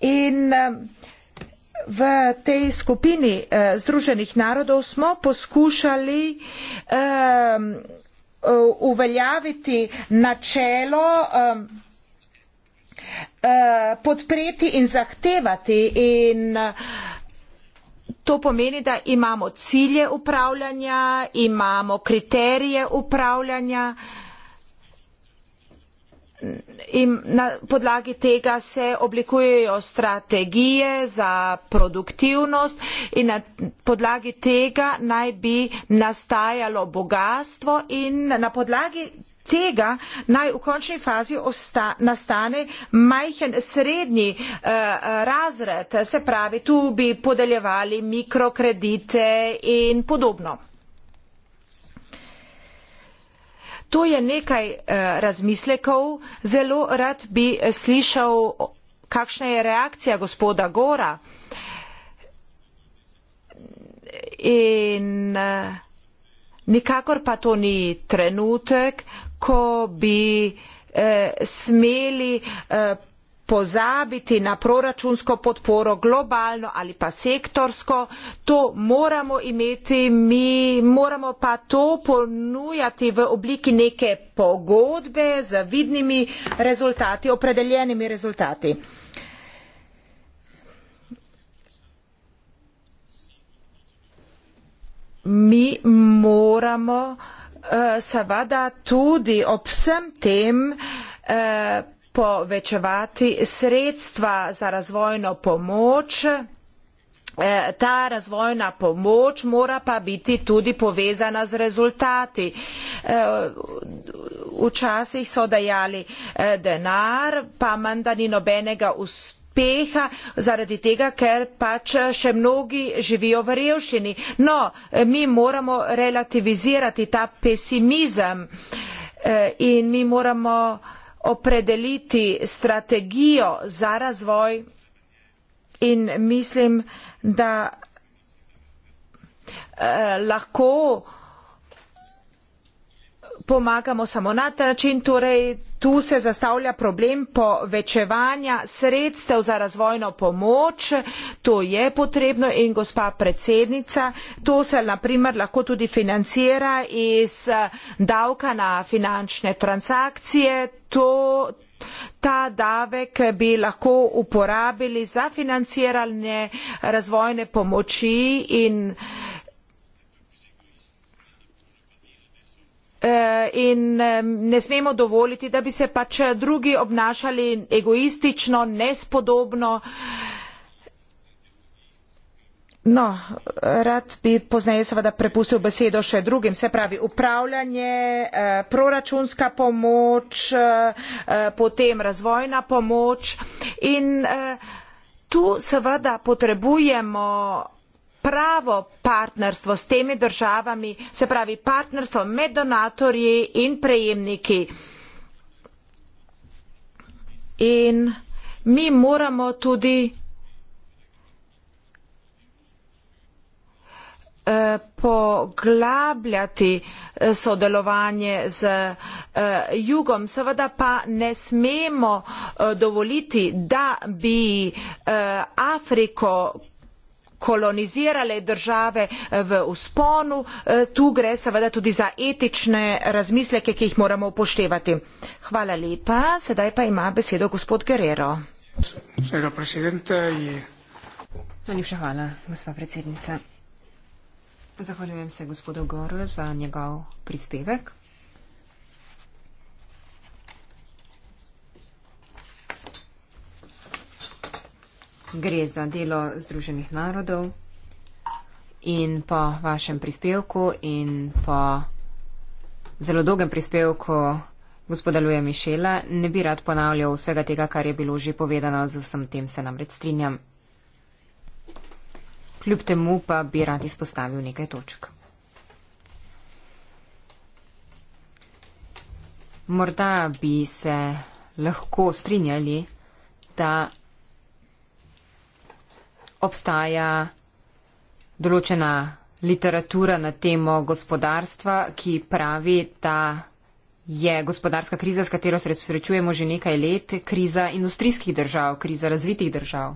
In um, v tej skupini eh, Združenih narodov smo poskušali um, uveljaviti načelo um, eh, podpreti in zahtevati in eh, to pomeni, da imamo cilje upravljanja, imamo kriterije upravljanja, in na podlagi tega se oblikujejo strategije za produktivnost in na podlagi tega naj bi nastajalo bogatstvo in na podlagi tega naj v končni fazi osta, nastane majhen srednji uh, razred, se pravi, tu bi podeljevali mikrokredite in podobno. To je nekaj eh, razmislekov. Zelo rad bi slišal, kakšna je reakcija gospoda Gora. In eh, nikakor pa to ni trenutek, ko bi eh, smeli eh, pozabiti na proračunsko podporo globalno ali pa sektorsko, to moramo imeti, mi moramo pa to ponujati v obliki neke pogodbe z vidnimi rezultati, opredeljenimi rezultati. Mi moramo uh, seveda tudi ob vsem tem uh, povečevati sredstva za razvojno pomoč eh, ta razvojna pomoč mora pa biti tudi povezana z rezultati. Eh, včasih so dajali eh, denar, pa manda ni nobenega uspeha zaradi tega, ker pač še mnogi živijo v revščini. No, mi moramo relativizirati ta pesimizem in mi moramo opredeliti strategijo za razvoj in mislim, da eh, lahko pomagamo samo na ta način, torej tu se zastavlja problem povečevanja sredstev za razvojno pomoč to je potrebno in gospa predsednica to se na primer lahko tudi financira iz eh, davka na finančne transakcije to ta davek bi lahko uporabili za financiranje razvojne pomoči in Eh, in ne smemo dovoliti da bi se pač drugi obnašali egoistično nespodobno No, rad bi pozneje seveda prepustil besedo še drugim, se pravi upravljanje, eh, proračunska pomoč, eh, potem razvojna pomoč in tu seveda potrebujemo pravo partnerstvo s temi državami, se pravi partnerstvo med donatorji in prejemniki. In mi moramo tudi eh, poglabljati eh, sodelovanje z eh, jugom, seveda pa ne smemo dovoliti, da bi Afriko kolonizirale države eh, v usponu. Eh, tu gre seveda tudi za etične razmisleke, ki jih moramo upoštevati. Hvala lepa. Sedaj pa ima besedo gospod Guerrero. Najlepša hvala, gospa predsednica. Zahvaljujem se gospodu Goru za njegov prispevek. gre za delo Združenih narodov in po vašem prispevku in po zelo dolgem prispevku gospoda Luja Mišela ne bi rad ponavljal vsega tega, kar je bilo že povedano, z vsem tem se namreč strinjam. Kljub temu pa bi rad izpostavil nekaj točk. Morda bi se lahko strinjali, da obstaja določena literatura na temo gospodarstva, ki pravi, da je gospodarska kriza, s katero se srečujemo že nekaj let, kriza industrijskih držav, kriza razvitih držav.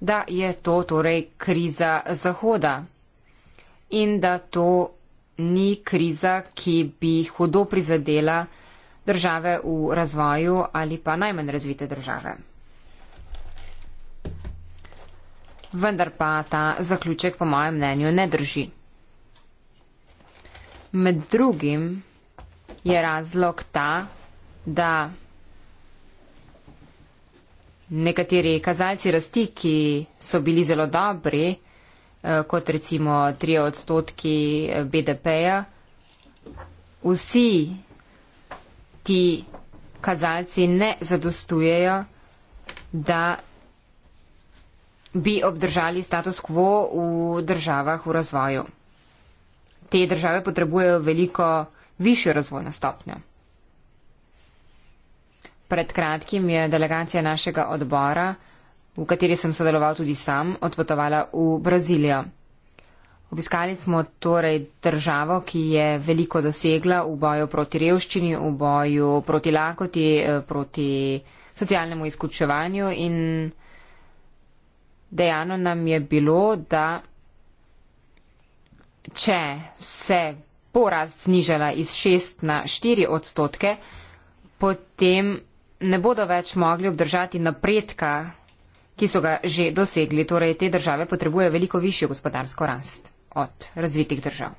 Da je to torej kriza Zahoda in da to ni kriza, ki bi hudo prizadela države v razvoju ali pa najmanj razvite države. vendar pa ta zaključek po mojem mnenju ne drži. Med drugim je razlog ta, da nekateri kazalci rasti, ki so bili zelo dobri, eh, kot recimo 3 odstotki eh, BDP-ja, vsi ti kazalci ne zadostujejo, da bi obdržali status quo v državah v razvoju. Te države potrebujejo veliko višjo razvojno stopnjo. Pred kratkim je delegacija našega odbora, v kateri sem sodeloval tudi sam, odpotovala v Brazilijo. Obiskali smo torej državo, ki je veliko dosegla v boju proti revščini, v boju proti lakoti, eh, proti socialnemu izključevanju in dejano nam je bilo, da če se porast znižala iz 6 na 4 odstotke, potem ne bodo več mogli obdržati napredka, ki so ga že dosegli. Torej, te države potrebujejo veliko višjo gospodarsko rast od razvitih držav.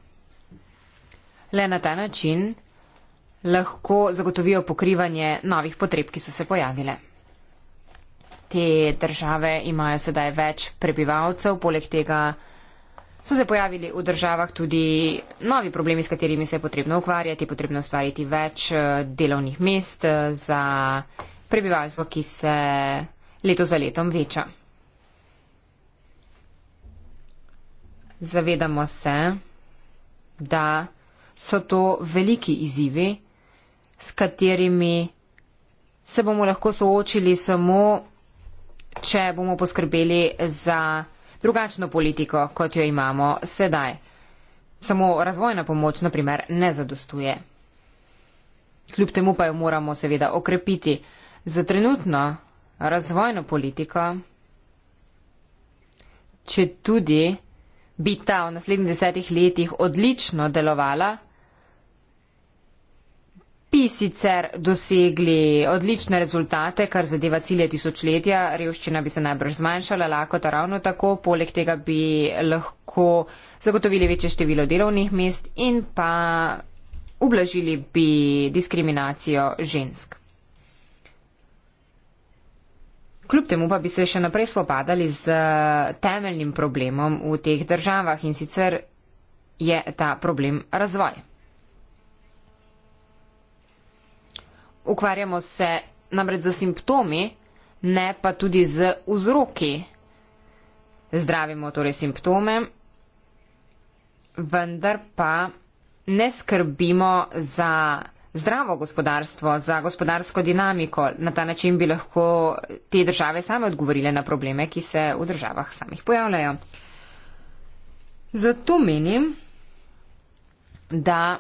Le na ta način lahko zagotovijo pokrivanje novih potreb, ki so se pojavile te države imajo sedaj več prebivalcev, poleg tega so se pojavili v državah tudi novi problemi, s katerimi se je potrebno ukvarjati, potrebno ustvariti več eh, delovnih mest eh, za prebivalstvo, ki se leto za letom veča. Zavedamo se, da so to veliki izzivi, s katerimi se bomo lahko soočili samo če bomo poskrbeli za drugačno politiko, kot jo imamo sedaj. Samo razvojna pomoč, na primer, ne zadostuje. Kljub temu pa jo moramo seveda okrepiti. Za trenutno razvojno politiko, če tudi bi ta v naslednjih desetih letih odlično delovala, bi sicer dosegli odlične rezultate, kar zadeva cilje tisočletja, revščina bi se najbrž zmanjšala, lakota ravno tako, poleg tega bi lahko zagotovili večje število delovnih mest in pa ublažili bi diskriminacijo žensk. Kljub temu pa bi se še naprej spopadali z eh, temeljnim problemom v teh državah in sicer je ta problem razvoj. ukvarjamo se namreč z simptomi, ne pa tudi z vzroki. Zdravimo torej simptome, vendar pa ne skrbimo za zdravo gospodarstvo, za gospodarsko dinamiko. Na ta način bi lahko te države same odgovorile na probleme, ki se v državah samih pojavljajo. Zato menim, da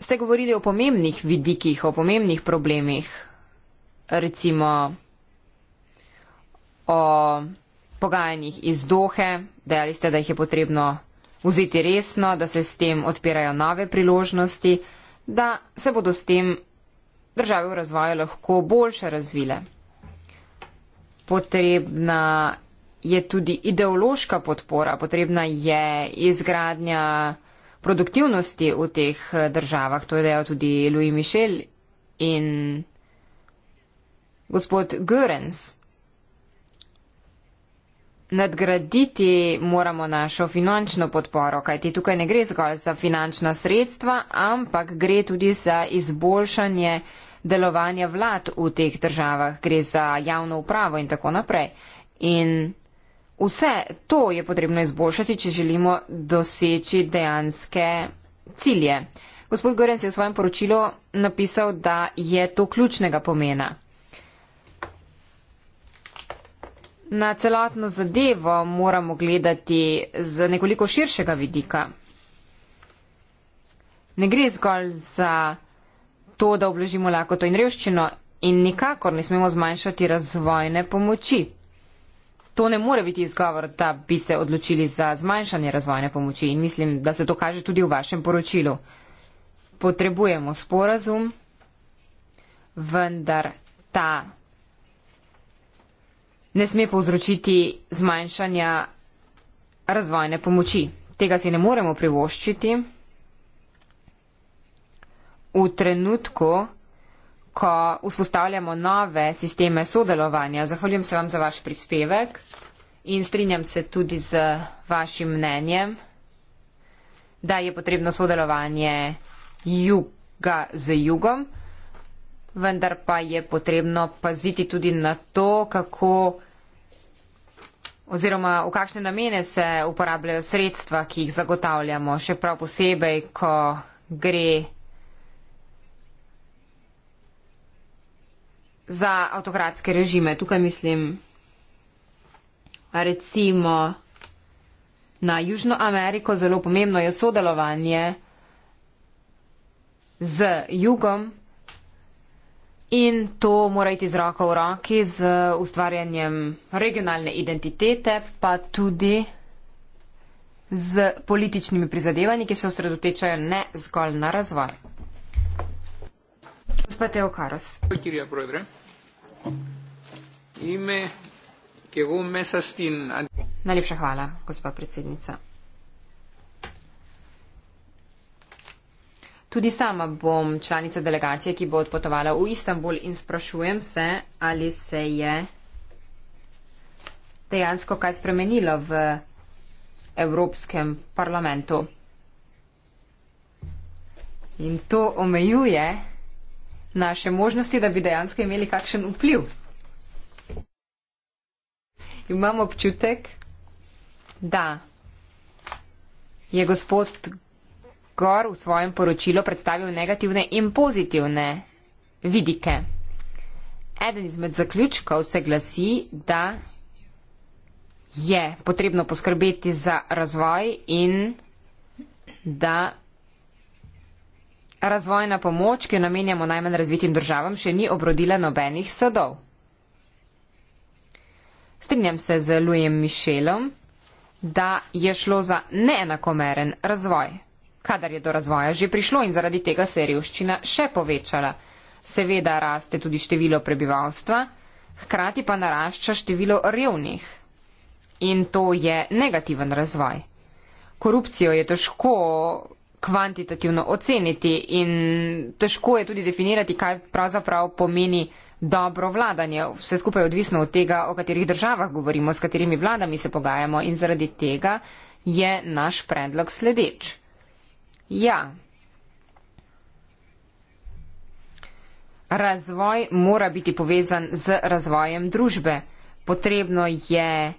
ste govorili o pomembnih vidikih, o pomembnih problemih, recimo o pogajanjih iz Dohe, dejali ste, da jih je potrebno vzeti resno, da se s tem odpirajo nove priložnosti, da se bodo s tem države v razvoju lahko boljše razvile. Potrebna je tudi ideološka podpora, potrebna je izgradnja produktivnosti v teh eh, državah. To je dejal tudi Louis Michel in gospod Görens. Nadgraditi moramo našo finančno podporo, kajti tukaj ne gre zgolj za finančna sredstva, ampak gre tudi za izboljšanje delovanja vlad v teh državah, gre za javno upravo in tako naprej. In Vse to je potrebno izboljšati, če želimo doseči dejanske cilje. Gospod Gorenc je v svojem poročilu napisal, da je to ključnega pomena. Na celotno zadevo moramo gledati z nekoliko širšega vidika. Ne gre zgolj za to, da obložimo lakoto in revščino in nikakor ne smemo zmanjšati razvojne pomoči to ne more biti izgovor, da bi se odločili za zmanjšanje razvojne pomoči in mislim, da se to kaže tudi v vašem poročilu. Potrebujemo sporazum, vendar ta ne sme povzročiti zmanjšanja razvojne pomoči. Tega si ne moremo privoščiti. V trenutku, ko vzpostavljamo nove sisteme sodelovanja. Zahvaljujem se vam za vaš prispevek in strinjam se tudi z vašim mnenjem, da je potrebno sodelovanje juga z jugom, vendar pa je potrebno paziti tudi na to, kako oziroma v kakšne namene se uporabljajo sredstva, ki jih zagotavljamo, še prav posebej, ko gre. za avtokratske režime. Tukaj mislim recimo na Južno Ameriko zelo pomembno je sodelovanje z jugom in to mora iti z roko v roki z ustvarjanjem regionalne identitete, pa tudi z političnimi prizadevanji, ki se osredotečajo ne zgolj na razvoj. Gospod Teokaros. Ime, ki bo mesastin. Najlepša hvala, gospa predsednica. Tudi sama bom članica delegacije, ki bo odpotovala v Istanbul in sprašujem se, ali se je dejansko kaj spremenilo v Evropskem parlamentu. In to omejuje naše možnosti, da bi dejansko imeli kakšen vpliv. Imam občutek, da je gospod Gor v svojem poročilu predstavil negativne in pozitivne vidike. Eden izmed zaključkov se glasi, da je potrebno poskrbeti za razvoj in da razvojna pomoč, ki jo namenjamo najmanj razvitim državam, še ni obrodila nobenih sadov. Strinjam se z Lujem Mišelom, da je šlo za neenakomeren razvoj, kadar je do razvoja že prišlo in zaradi tega se je revščina še povečala. Seveda raste tudi število prebivalstva, hkrati pa narašča število revnih. In to je negativen razvoj. Korupcijo je težko kvantitativno oceniti in težko je tudi definirati, kaj pravzaprav pomeni dobro vladanje. Vse skupaj je odvisno od tega, o katerih državah govorimo, s katerimi vladami se pogajamo in zaradi tega je naš predlog sledeč. Ja. Razvoj mora biti povezan z razvojem družbe. Potrebno je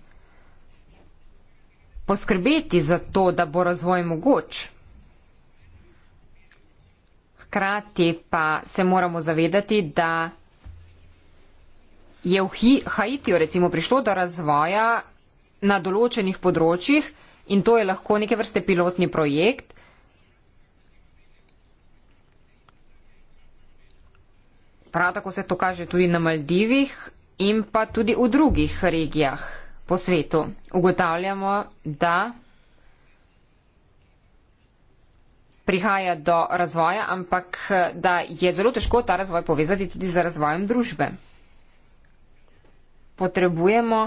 poskrbeti za to, da bo razvoj mogoče hkrati pa se moramo zavedati, da je v Haitiju recimo prišlo do razvoja na določenih področjih in to je lahko neke vrste pilotni projekt. Prav tako se to kaže tudi na Maldivih in pa tudi v drugih regijah po svetu. Ugotavljamo, da prihaja do razvoja, ampak eh, da je zelo težko ta razvoj povezati tudi z razvojem družbe. Potrebujemo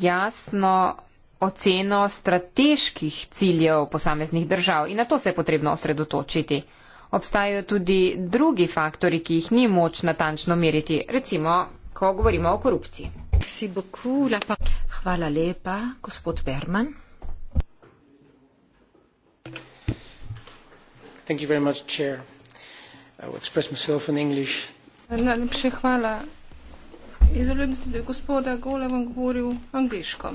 jasno oceno strateških ciljev posameznih držav in na to se je potrebno osredotočiti. Obstajajo tudi drugi faktori, ki jih ni moč natančno meriti, recimo, ko govorimo o korupciji. Hvala lepa, gospod Berman. Thank you very much, Chair. I will express myself in English. Najlepše hvala. Izvoljujem se, da je gospoda Gola vam govoril angliško.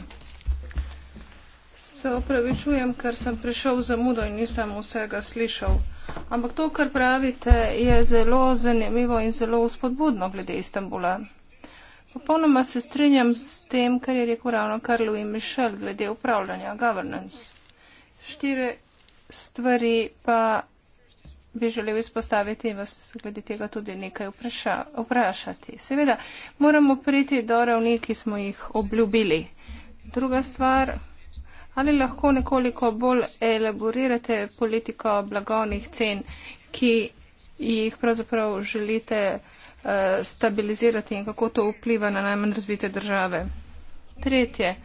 Se opravičujem, ker sem prišel za mudo in nisem vsega slišal. Ampak to, kar pravite, je zelo zanimivo in zelo uspodbudno glede Istanbula. Popolnoma se strinjam s tem, kar je rekel ravno Karlo in Mišel glede upravljanja, governance. Štire stvari pa bi želel izpostaviti in vas glede tega tudi nekaj vpraša, vprašati. Seveda, moramo priti do ravni, ki smo jih obljubili. Druga stvar, ali lahko nekoliko bolj elaborirate politiko blagovnih cen, ki jih pravzaprav želite uh, stabilizirati in kako to vpliva na najmanj razvite države. Tretje,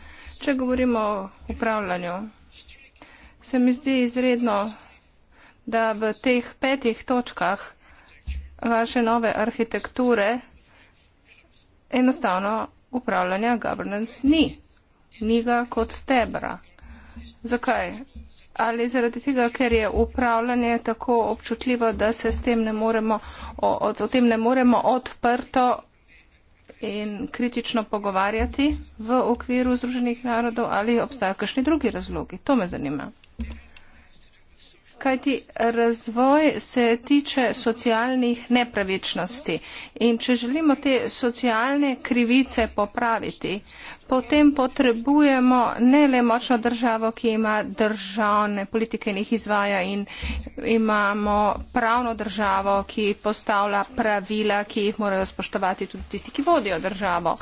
če govorimo o upravljanju, se mi zdi izredno da v teh petih točkah vaše nove arhitekture enostavno upravljanja governance ni. Ni ga kot stebra. Zakaj? Ali zaradi tega, ker je upravljanje tako občutljivo, da se s tem ne moremo, o, o, o tem ne moremo odprto in kritično pogovarjati v okviru Združenih narodov ali obstajajo kakšni drugi razlogi? To me zanima kajti razvoj se tiče socialnih nepravičnosti. In če želimo te socialne krivice popraviti, potem potrebujemo ne le močno državo, ki ima državne politike in jih izvaja in imamo pravno državo, ki postavlja pravila, ki jih morajo spoštovati tudi tisti, ki vodijo državo,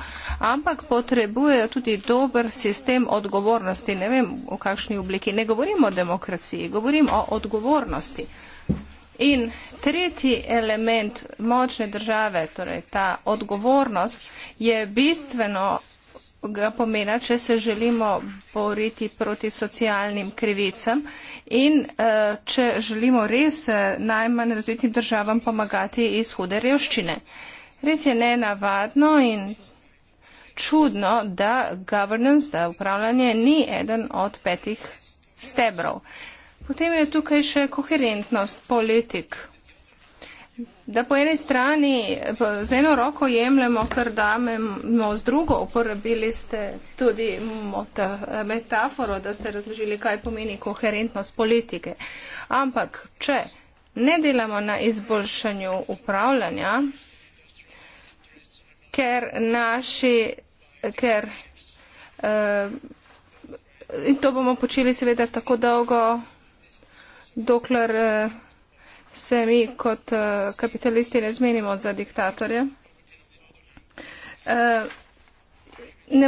ampak potrebujejo tudi dober sistem odgovornosti. Ne vem, v kakšni obliki. Ne govorim o demokraciji, govorim o odgovornosti. In tretji element močne države, torej ta odgovornost, je bistveno ga pomena, če se želimo boriti proti socialnim krivicam in eh, če želimo res eh, najmanj razvitim državam pomagati iz hude revščine. Res je nenavadno in čudno, da governance, da upravljanje ni eden od petih stebrov. Potem je tukaj še koherentnost politik da po eni strani z eno roko jemljemo, kar damemo z drugo, uporabili ste tudi ta metaforo, da ste razložili, kaj pomeni koherentnost politike. Ampak, če ne delamo na izboljšanju upravljanja, ker naši, ker uh, in to bomo počeli seveda tako dolgo, dokler uh, se mi kot eh, kapitalisti ne zmenimo za diktatorje. Eh, ne,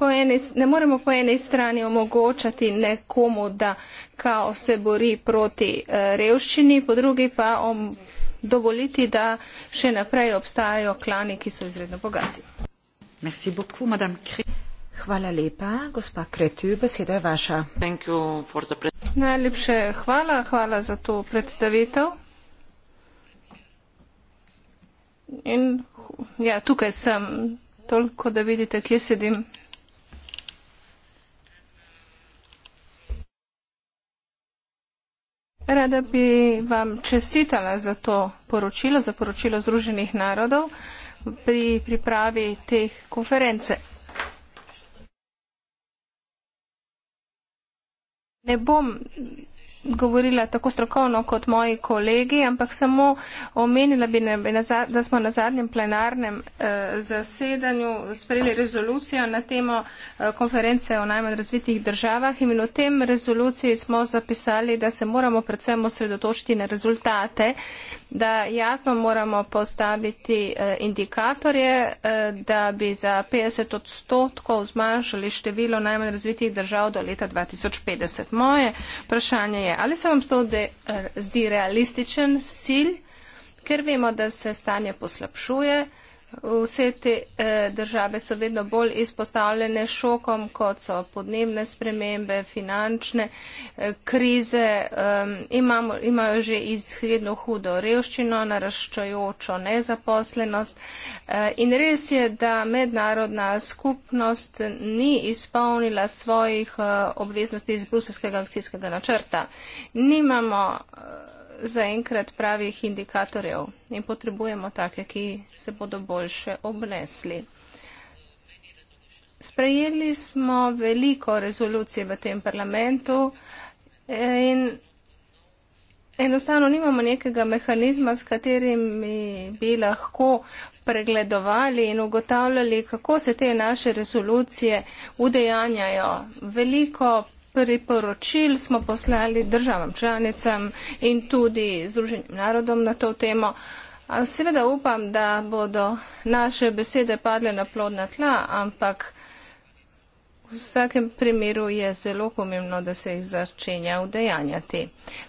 eni, ne moremo po eni strani omogočati nekomu, da kao se bori proti eh, revščini, po drugi pa om, dovoliti, da še naprej obstajajo klani, ki so izredno bogati. Merci beaucoup, madame Kri. Hvala lepa, gospa Kretju, beseda je vaša. Najlepše hvala, hvala za to predstavitev. In ja, tukaj sem, toliko, da vidite, kje sedim. Rada bi vam čestitala za to poročilo, za poročilo Združenih narodov pri pripravi teh konference. Ne bom govorila tako strokovno kot moji kolegi, ampak samo omenila bi, ne, da smo na zadnjem plenarnem eh, zasedanju sprejeli rezolucijo na temo eh, konference o najmanj razvitih državah in v tem rezoluciji smo zapisali, da se moramo predvsem osredotočiti na rezultate, da jasno moramo postaviti eh, indikatorje, eh, da bi za 50 odstotkov zmanjšali število najmanj razvitih držav do leta 2050. Moje vprašanje je, Ali se vam to eh, zdi realističen cilj, ker vemo, da se stanje poslabšuje? Vse te eh, države so vedno bolj izpostavljene šokom, kot so podnebne spremembe, finančne eh, krize. Eh, imamo, imajo že izhredno hudo revščino, naraščajočo nezaposlenost. Eh, in res je, da mednarodna skupnost ni izpolnila svojih eh, obveznosti iz bruselskega akcijskega načrta. Nimamo. Eh, zaenkrat pravih indikatorjev in potrebujemo take, ki se bodo boljše obnesli. Sprejeli smo veliko rezolucije v tem parlamentu in enostavno nimamo nekega mehanizma, s katerimi bi lahko pregledovali in ugotavljali, kako se te naše rezolucije udejanjajo. Veliko priporočil smo poslali državam članicam in tudi Združenim narodom na to temo. Seveda upam, da bodo naše besede padle na plodna tla, ampak v vsakem primeru je zelo pomembno, da se jih začenja udejanjati.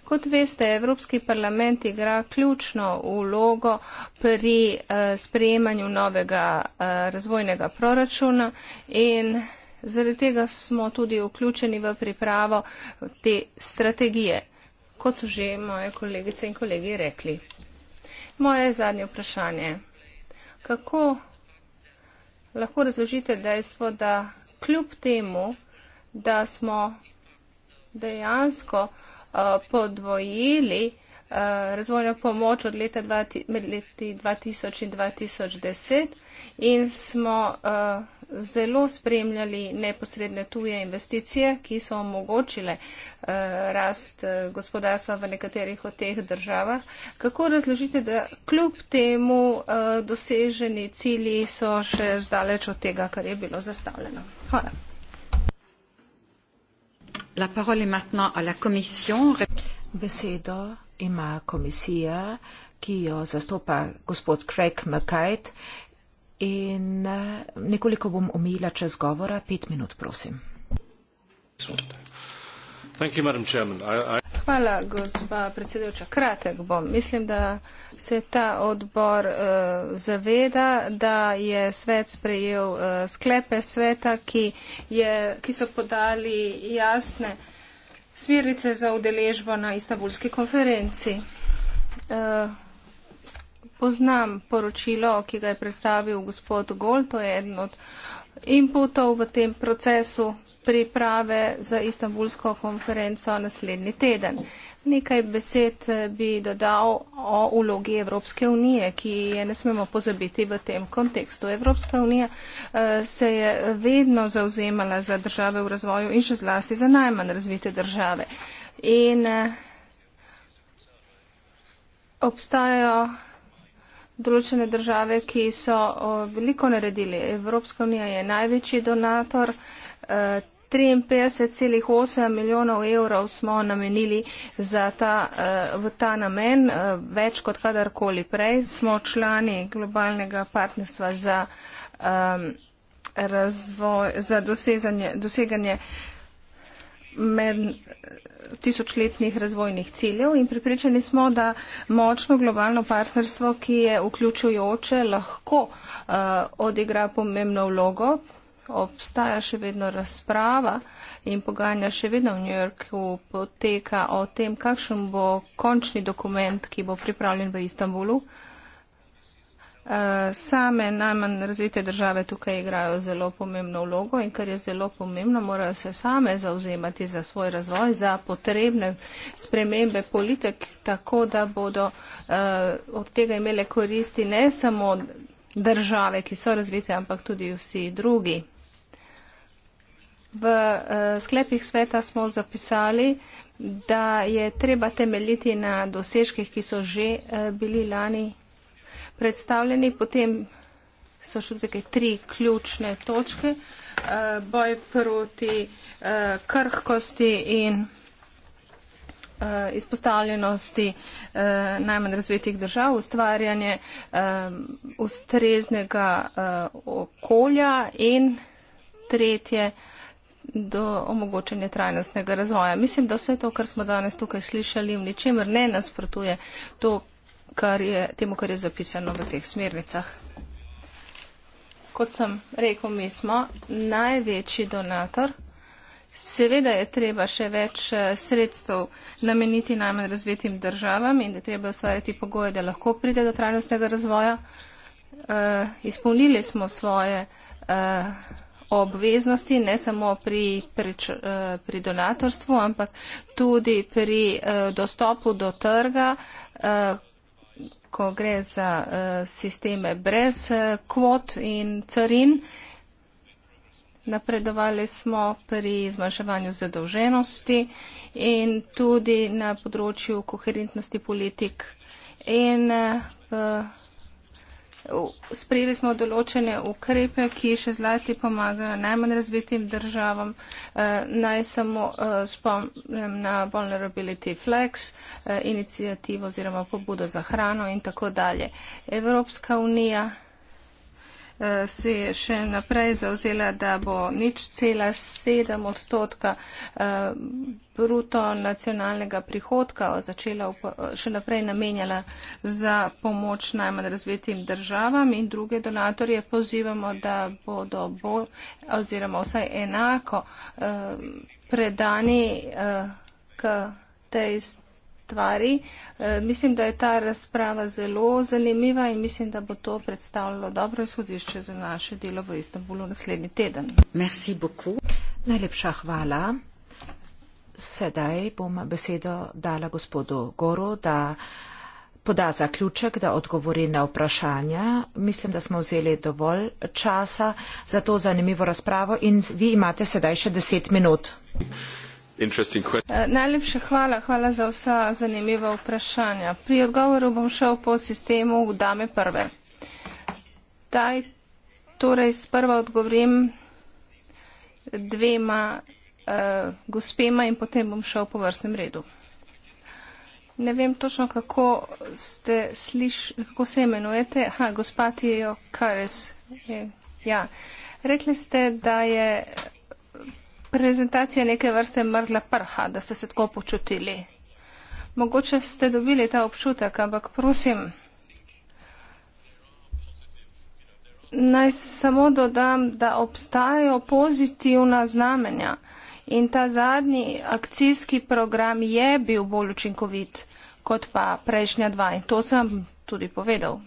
Kot veste, Evropski parlament igra ključno ulogo pri uh, sprejemanju novega uh, razvojnega proračuna in Zaradi tega smo tudi vključeni v pripravo te strategije, kot so že moje kolegice in kolegi rekli. Moje zadnje vprašanje. Kako lahko razložite dejstvo, da kljub temu, da smo dejansko uh, podvojili uh, razvojno pomoč od leta dva, med leti 2000 in 2010 in smo uh, zelo spremljali neposredne tuje investicije, ki so omogočile eh, rast eh, gospodarstva v nekaterih od teh državah. Kako razložite, da kljub temu eh, doseženi cilji so še zdaleč od tega, kar je bilo zastavljeno? Hvala. La parole est maintenant à la commission. Besedo ima komisija, ki jo zastopa gospod Craig McKite. In eh, nekoliko bom omejila čas govora, pet minut, prosim. Hvala, gospa predsedujoča. Kratek bom. Mislim, da se ta odbor uh, zaveda, da je svet sprejel uh, sklepe sveta, ki, je, ki so podali jasne smirice za udeležbo na istabulski konferenci. Uh, poznam poročilo, ki ga je predstavil gospod Gol, to je eden od inputov v tem procesu priprave za istambulsko konferenco naslednji teden. Nekaj besed bi dodal o ulogi Evropske unije, ki je ne smemo pozabiti v tem kontekstu. Evropska unija eh, se je vedno zauzemala za države v razvoju in še zlasti za najmanj razvite države. In eh, obstajajo določene države, ki so veliko naredili. Evropska unija je največji donator. 53,8 e, milijonov evrov smo namenili za ta, e, v ta namen, e, več kot kadarkoli prej. Smo člani globalnega partnerstva za, razvoj, za doseganje, doseganje med, tisočletnih razvojnih ciljev in pripričani smo, da močno globalno partnerstvo, ki je vključujoče, lahko eh, odigra pomembno vlogo. Obstaja še vedno razprava in pogajanja še vedno v New Yorku poteka o tem, kakšen bo končni dokument, ki bo pripravljen v Istanbulu. Eh, same najmanj razvite države tukaj igrajo zelo pomembno vlogo in ker je zelo pomembno, morajo se same zauzemati za svoj razvoj, za potrebne spremembe politik, tako da bodo uh, od tega imele koristi ne samo države, ki so razvite, ampak tudi vsi drugi. V uh, sklepih sveta smo zapisali, da je treba temeljiti na dosežkih, ki so že uh, bili lani predstavljeni, potem so še tukaj tri ključne točke. Uh, boj proti uh, krhkosti in uh, izpostavljenosti uh, najmanj razvitih držav, ustvarjanje uh, ustreznega uh, okolja in tretje do omogočanja trajnostnega razvoja. Mislim, da vse to, kar smo danes tukaj slišali, v ničemer ne nasprotuje to, kar je, temu, kar je zapisano v teh smernicah. Kot sem rekel, mi smo največji donator. Seveda je treba še več eh, sredstev nameniti najmanj razvitim državam in da je treba ustvariti pogoje, da lahko pride do trajnostnega razvoja. E, izpolnili smo svoje e, obveznosti ne samo pri, pri, pri donatorstvu, ampak tudi pri e, dostopu do trga. E, ko gre za uh, sisteme brez uh, kvot in carin. Napredovali smo pri zmanjševanju zadolženosti in tudi na področju koherentnosti politik in uh, v. Sprejeli smo določene ukrepe, ki še zlasti pomagajo najmanj razvitim državam. Eh, naj samo eh, spomnim na Vulnerability Flex, eh, inicijativo oziroma pobudo za hrano in tako dalje. Evropska unija Eh, se je še naprej zauzela, da bo nič cela sedem odstotka eh, bruto nacionalnega prihodka začela še naprej namenjala za pomoč najmanj razvitim državam in druge donatorje pozivamo, da bodo bolj oziroma vsaj enako eh, predani k tej stvari stvari. E, mislim, da je ta razprava zelo zanimiva in mislim, da bo to predstavljalo dobro izhodišče za naše delo v Istanbulu naslednji teden. Najlepša hvala. Sedaj bom besedo dala gospodu Goru, da poda zaključek, da odgovori na vprašanja. Mislim, da smo vzeli dovolj časa za to zanimivo razpravo in vi imate sedaj še deset minut. Eh, najlepša hvala, hvala za vsa zanimiva vprašanja. Pri odgovoru bom šel po sistemu dame prve. Daj, torej sprva odgovorim dvema eh, gospema in potem bom šel po vrstnem redu. Ne vem točno, kako, ste sliš, kako se imenujete. Ha, gospa Tijo Kares. Eh, ja. Rekli ste, da je prezentacija neke vrste mrzla prha, da ste se tako počutili. Mogoče ste dobili ta občutek, ampak prosim, naj samo dodam, da obstajajo pozitivna znamenja in ta zadnji akcijski program je bil bolj učinkovit kot pa prejšnja dva in to sem tudi povedal.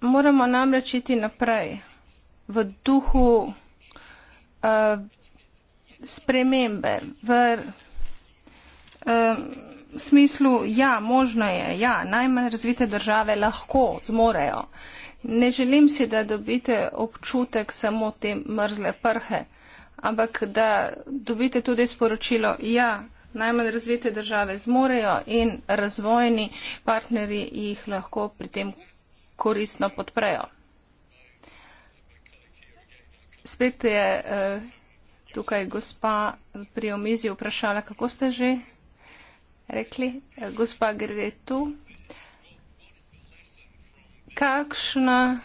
Moramo namreč iti naprej v duhu. Eh, spremembe v um, smislu, ja, možno je, ja, najmanj razvite države lahko zmorejo. Ne želim si, da dobite občutek samo te mrzle prhe, ampak da dobite tudi sporočilo, ja, najmanj razvite države zmorejo in razvojni partnerji jih lahko pri tem koristno podprejo spet je uh, tukaj gospa pri omizju vprašala, kako ste že rekli. Eh, gospa gre tu. Kakšna,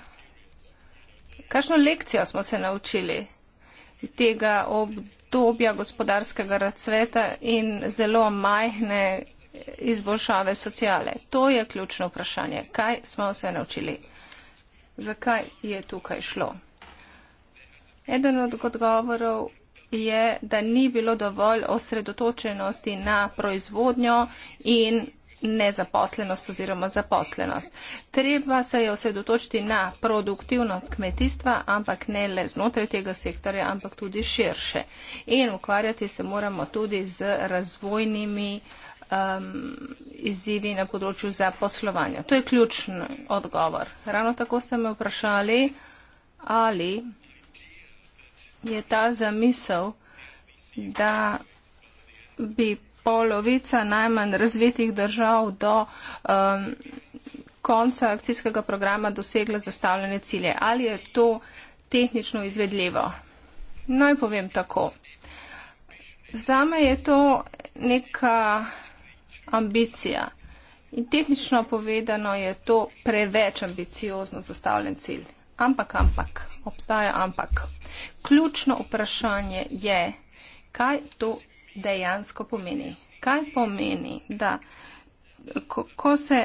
kakšno lekcijo smo se naučili tega obdobja gospodarskega razcveta in zelo majhne izboljšave sociale? To je ključno vprašanje. Kaj smo se naučili? Zakaj je tukaj šlo? Eden od odgovorov je, da ni bilo dovolj osredotočenosti na proizvodnjo in nezaposlenost oziroma zaposlenost. Treba se je osredotočiti na produktivnost kmetijstva, ampak ne le znotraj tega sektorja, ampak tudi širše. In ukvarjati se moramo tudi z razvojnimi um, izzivi na področju zaposlovanja. To je ključni odgovor. Ravno tako ste me vprašali, ali je ta zamisel, da bi polovica najmanj razvitih držav do um, konca akcijskega programa dosegla zastavljene cilje. Ali je to tehnično izvedljivo? Naj povem tako. Zame je to neka ambicija in tehnično povedano je to preveč ambiciozno zastavljen cilj. Ampak, ampak obstaja, ampak ključno vprašanje je, kaj to dejansko pomeni. Kaj pomeni, da ko, ko, se,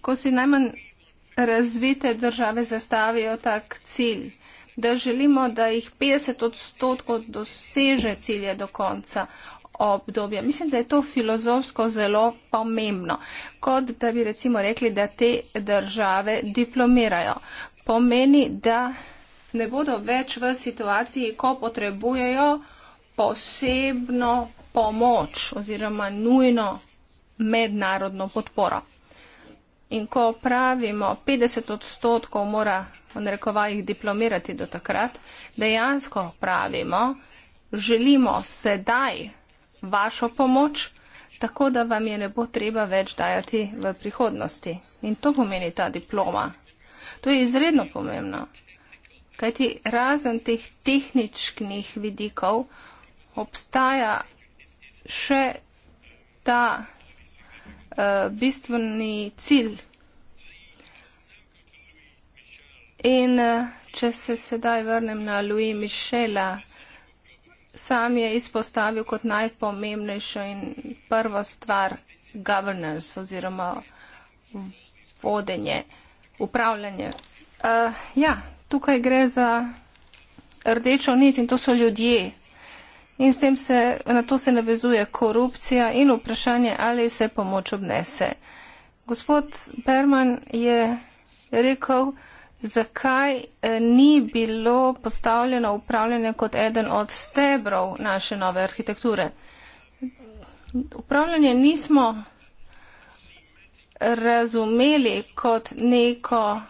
ko si najmanj razvite države zastavijo tak cilj, da želimo, da jih 50 odstotkov doseže cilje do konca obdobja. Mislim, da je to filozofsko zelo pomembno, kot da bi recimo rekli, da te države diplomirajo pomeni, da ne bodo več v situaciji, ko potrebujejo posebno pomoč oziroma nujno mednarodno podporo. In ko pravimo, 50 odstotkov mora v narekovajih diplomirati do takrat, dejansko pravimo, želimo sedaj vašo pomoč, tako da vam je ne bo treba več dajati v prihodnosti. In to pomeni ta diploma, To je izredno pomembno, kajti razen teh tehničnih vidikov obstaja še ta uh, bistveni cilj. In uh, če se sedaj vrnem na Louis Michela, sam je izpostavil kot najpomembnejšo in prvo stvar governance oziroma vodenje upravljanje. Uh, ja, tukaj gre za rdečo nit in to so ljudje. In s tem se, na to se navezuje korupcija in vprašanje, ali se pomoč obnese. Gospod Perman je rekel, zakaj eh, ni bilo postavljeno upravljanje kot eden od stebrov naše nove arhitekture. Upravljanje nismo razumeli kot neko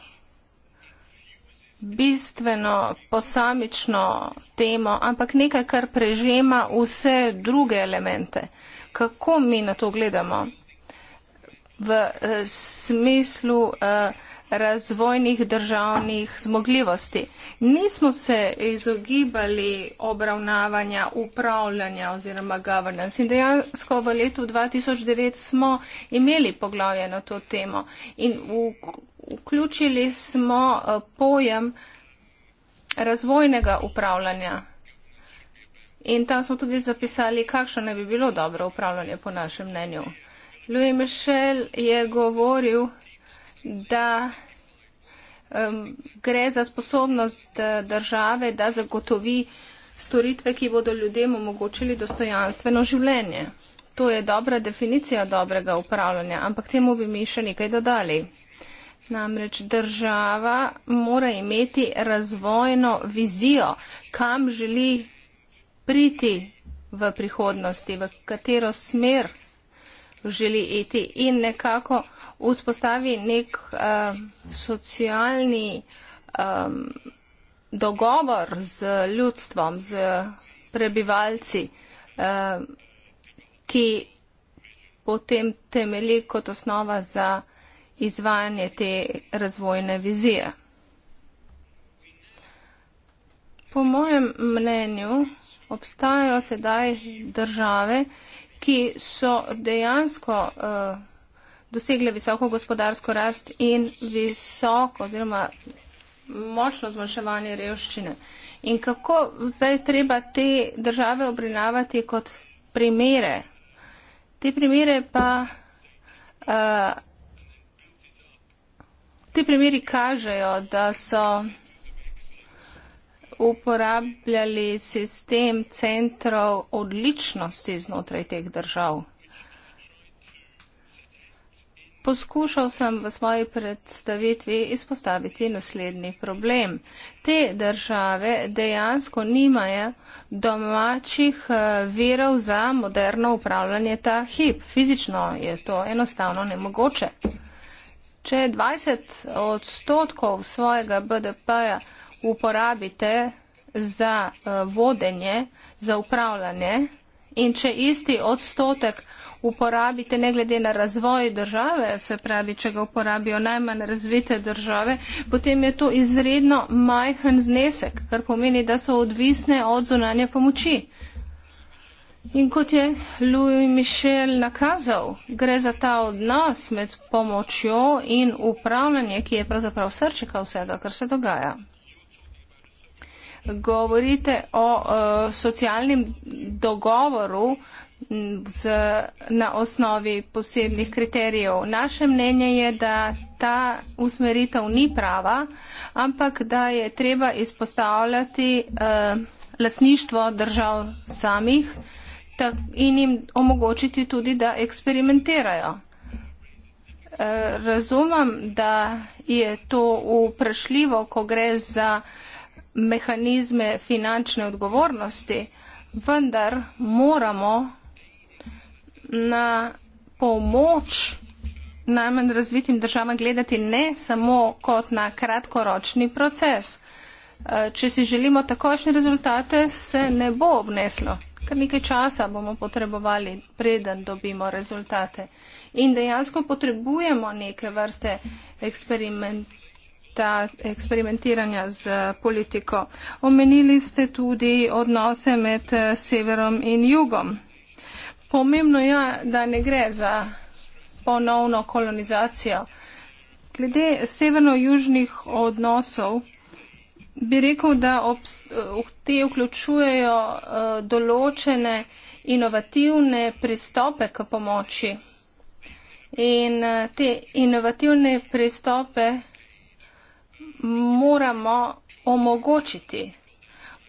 bistveno posamično temo, ampak nekaj, kar prežema vse druge elemente. Kako mi na to gledamo? V eh, smislu uh, razvojnih državnih zmogljivosti. Nismo se izogibali obravnavanja upravljanja oziroma governance in dejansko v letu 2009 smo imeli poglavje na to temo in vključili smo eh, pojem razvojnega upravljanja. In tam smo tudi zapisali, kakšno ne bi bilo dobro upravljanje po našem mnenju. Louis Michel je govoril da um, gre za sposobnost eh, države, da zagotovi storitve, ki bodo ljudem omogočili dostojanstveno življenje. To je dobra definicija dobrega upravljanja, ampak temu bi mi še nekaj dodali. Namreč država mora imeti razvojno vizijo, kam želi priti v prihodnosti, v katero smer želi iti in nekako vzpostavi nek um, socialni um, dogovor z ljudstvom, z prebivalci, um, ki potem temelji kot osnova za izvajanje te razvojne vizije. Po mojem mnenju obstajajo sedaj države, ki so dejansko uh, dosegle visoko gospodarsko rast in visoko oziroma močno zmanjševanje revščine. In kako zdaj treba te države obrinavati kot primere? Te primere pa. Uh, Ti primeri kažejo, da so uporabljali sistem centrov odličnosti znotraj teh držav, Poskušal sem v svoji predstavitvi izpostaviti naslednji problem. Te države dejansko nimajo domačih eh, virov za moderno upravljanje ta hip. Fizično je to enostavno nemogoče. Če 20 odstotkov svojega BDP-ja uporabite za eh, vodenje, za upravljanje in če isti odstotek uh, uporabite ne glede na razvoj države, se pravi, če ga uporabijo najmanj razvite države, potem je to izredno majhen znesek, kar pomeni, da so odvisne od zunanje pomoči. In kot je Louis Michel nakazal, gre za ta odnos med pomočjo in upravljanje, ki je pravzaprav srčika vsega, kar se dogaja. Govorite o uh, socialnem dogovoru, z, na osnovi posebnih kriterijev. Naše mnenje je, da ta usmeritev ni prava, ampak da je treba izpostavljati eh, lasništvo držav samih tak, in jim omogočiti tudi, da eksperimentirajo. Eh, razumem, da je to vprašljivo, ko gre za mehanizme finančne odgovornosti, vendar moramo na pomoč najmanj razvitim državam gledati ne samo kot na kratkoročni proces. E, če si želimo takošnje rezultate, se ne bo obneslo. Kar nekaj časa bomo potrebovali, preden dobimo rezultate. In dejansko potrebujemo neke vrste eksperimenta, eksperimentiranja z politiko. Omenili ste tudi odnose med eh, severom in jugom. Pomembno je, da ne gre za ponovno kolonizacijo. Glede severno-južnih odnosov bi rekel, da te vključujejo eh, določene inovativne pristope k pomoči. In eh, te inovativne pristope moramo omogočiti.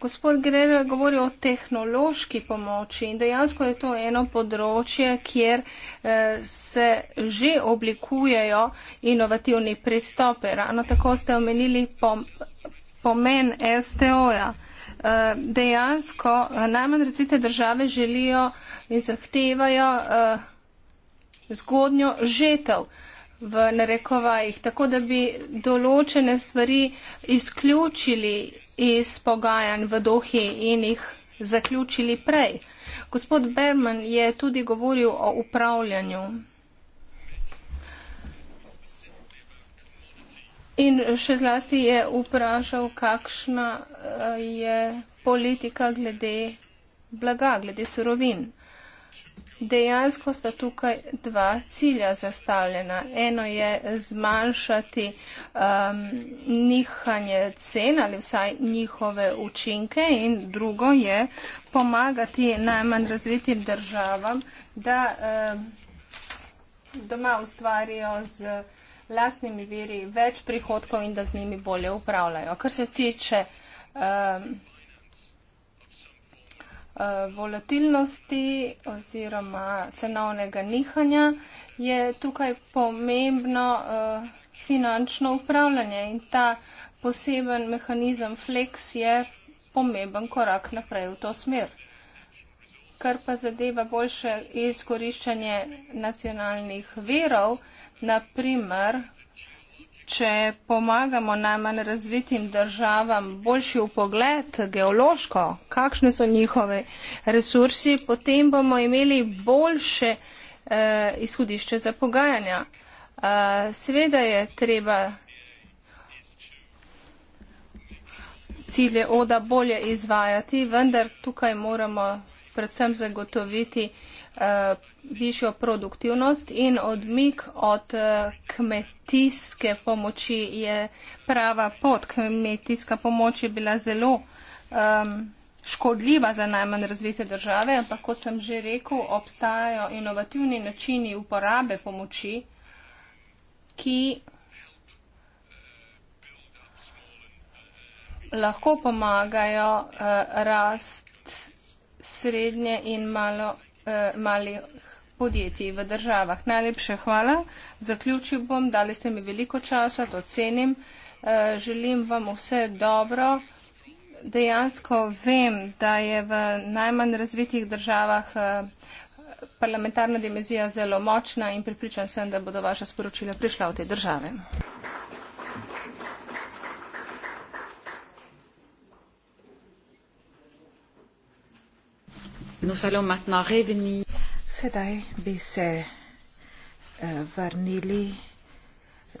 Gospod Grero je govoril o tehnološki pomoči in dejansko je to eno področje, kjer eh, se že oblikujejo inovativni pristope. Ravno tako ste omenili pomen STO-ja. Eh, dejansko eh, najmanj razvite države želijo in zahtevajo zgodnjo žetev v narekovajih, tako da bi določene stvari izključili iz pogajanj v Dohi in jih zaključili prej. Gospod Berman je tudi govoril o upravljanju. In še zlasti je vprašal, kakšna eh, je politika glede blaga, glede surovin. Dejansko sta tukaj dva cilja zastavljena. Eno je zmanjšati um, nihanje cen ali vsaj njihove učinke in drugo je pomagati najmanj razvitim državam, da um, doma ustvarijo z lastnimi viri več prihodkov in da z njimi bolje upravljajo. Kar se tiče um, Eh, volatilnosti oziroma cenovnega nihanja je tukaj pomembno eh, finančno upravljanje in ta poseben mehanizem Flex je pomemben korak naprej v to smer. Kar pa zadeva boljše izkoriščanje nacionalnih verov, naprimer Če pomagamo najmanj razvitim državam boljši upogled geološko, kakšne so njihove resursi, potem bomo imeli boljše eh, izhodišče za pogajanja. Eh, sveda je treba cilje oda bolje izvajati, vendar tukaj moramo predvsem zagotoviti eh, Eh, višjo produktivnost in odmik od eh, kmetijske pomoči je prava pot. Kmetijska pomoč je bila zelo um, škodljiva za najmanj razvite države, ampak kot sem že rekel, obstajajo inovativni načini uporabe pomoči, ki lahko pomagajo uh, rast srednje in malo Eh, malih podjetij v državah. Najlepše hvala. Zaključil bom, dali ste mi veliko časa, to cenim. Eh, želim vam vse dobro. Dejansko vem, da je v najmanj razvitih državah eh, parlamentarna dimenzija zelo močna in pripričan sem, da bodo vaša sporočila prišla v te države. Sedaj bi se eh, vrnili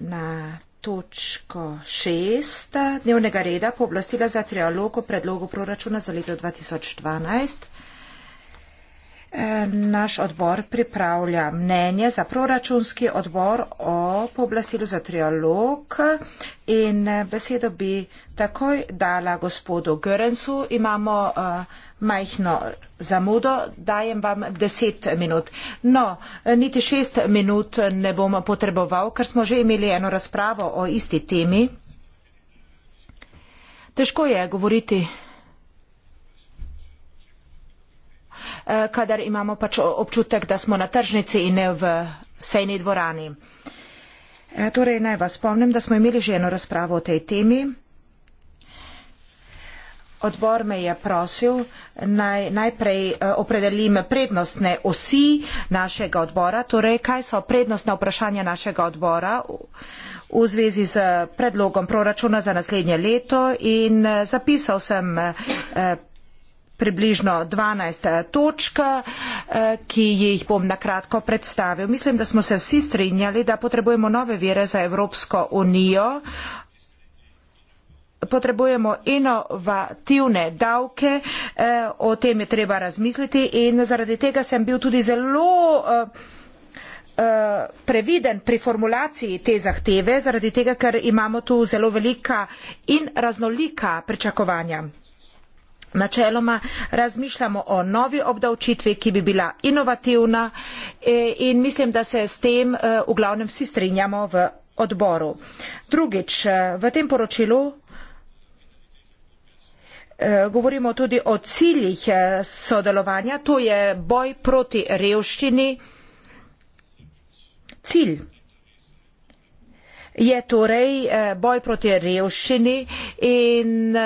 na točko šest dnevnega reda pooblastila za trialog o predlogu proračuna za leto 2012. Naš odbor pripravlja mnenje za proračunski odbor o pooblastilu za trialog in besedo bi takoj dala gospodu Görensu. Imamo eh, majhno zamudo, dajem vam deset minut. No, niti šest minut ne bom potreboval, ker smo že imeli eno razpravo o isti temi. Težko je govoriti. Eh, kadar imamo pač občutek, da smo na tržnici in ne v sejni dvorani. E, torej, naj vas spomnim, da smo imeli že eno razpravo o tej temi. Odbor me je prosil, naj najprej eh, opredelim prednostne osi našega odbora, torej kaj so prednostna vprašanja našega odbora v zvezi z predlogom proračuna za naslednje leto in zapisal sem približno 12 eh, točk, eh, ki jih bom nakratko predstavil. Mislim, da smo se vsi strinjali, da potrebujemo nove vire za Evropsko unijo. Potrebujemo inovativne davke, eh, o tem je treba razmisliti in zaradi tega sem bil tudi zelo previden pri formulaciji te zahteve, zaradi tega, ker imamo tu zelo velika in raznolika pričakovanja načeloma razmišljamo o novi obdavčitvi, ki bi bila inovativna e, in mislim, da se s tem e, v glavnem vsi strinjamo v odboru. Drugič, e, v tem poročilu govorimo tudi o ciljih sodelovanja, to je boj proti revščini. Cilj je torej boj proti revščini in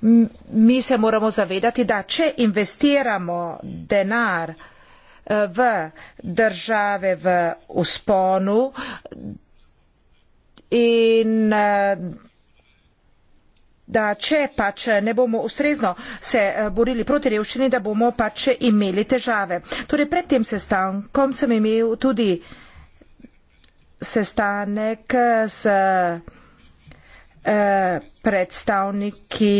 mi se moramo zavedati, da če investiramo denar eh, v države v usponu in eh, da če pač ne bomo ustrezno se eh, borili proti revščini, da bomo pač imeli težave. Torej pred tem sestankom sem imel tudi sestanek s Eh, predstavniki,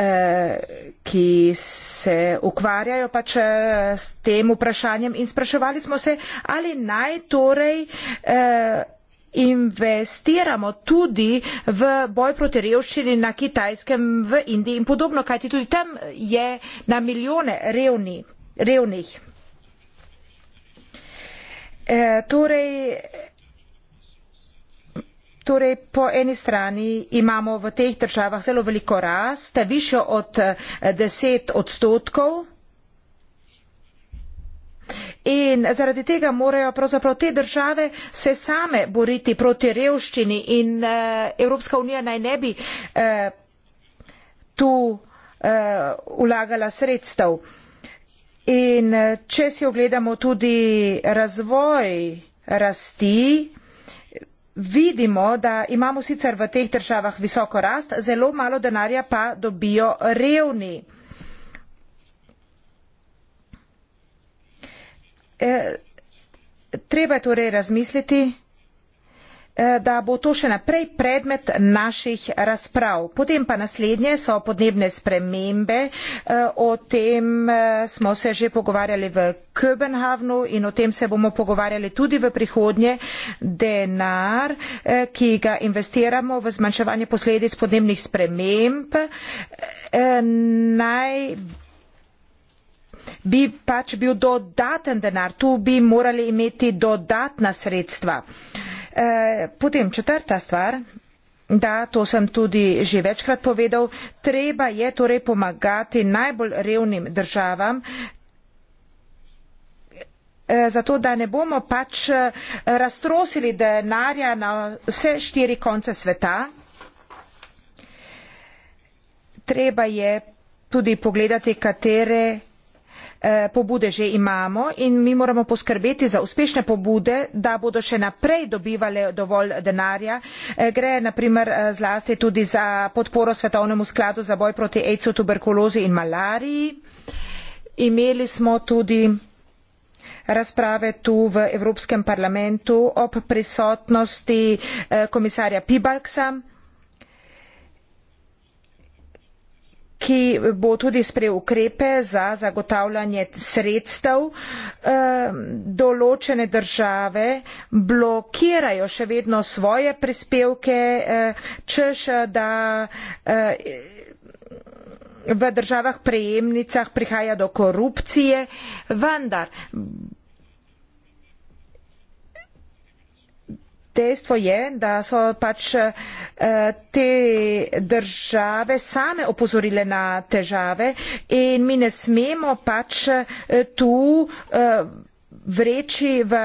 eh, ki se ukvarjajo pač eh, s tem vprašanjem in spraševali smo se, ali naj torej investiramo tudi v boj proti revščini na Kitajskem, v Indiji in podobno, kajti tudi tam je na milijone revni, revnih. E, torej, Torej, po eni strani imamo v teh državah zelo veliko rast, više od 10 eh, odstotkov. In zaradi tega morajo pravzaprav te države se same boriti proti revščini in uh, Evropska unija naj ne bi uh, tu uh, ulagala sredstev. In uh, če si ogledamo tudi razvoj rasti, vidimo, da imamo sicer v teh državah visoko rast, zelo malo denarja pa dobijo revni. E, treba je torej razmisliti, Eh, da bo to še naprej predmet naših razprav. Potem pa naslednje so podnebne spremembe. Eh, o tem eh, smo se že pogovarjali v Köbenhavnu in o tem se bomo pogovarjali tudi v prihodnje. Denar, ki ga investiramo v zmanjševanje posledic podnebnih sprememb, naj bi pač bil dodaten denar. Tu bi morali imeti dodatna sredstva. Uh, Eh, potem četrta stvar, da to sem tudi že večkrat povedal, treba je torej pomagati najbolj revnim državam, eh, zato da ne bomo pač eh, raztrosili denarja na vse štiri konce sveta. Treba je tudi pogledati, katere Eh, pobude že imamo in mi moramo poskrbeti za uspešne pobude, da bodo še naprej dobivale dovolj denarja. Eh, gre naprimer eh, zlasti tudi za podporo Svetovnemu skladu za boj proti AIDS-u, tuberkulozi in malariji. Imeli smo tudi razprave tu v Evropskem parlamentu ob prisotnosti komisarja Pibalksa. ki bo tudi sprejel ukrepe za zagotavljanje sredstev. Eh, določene države blokirajo še vedno svoje prispevke, eh, češ da eh, v državah prejemnicah prihaja do korupcije, vendar dejstvo je, da so pač eh, te države same opozorile na težave in mi ne smemo pač eh, tu eh, vreči v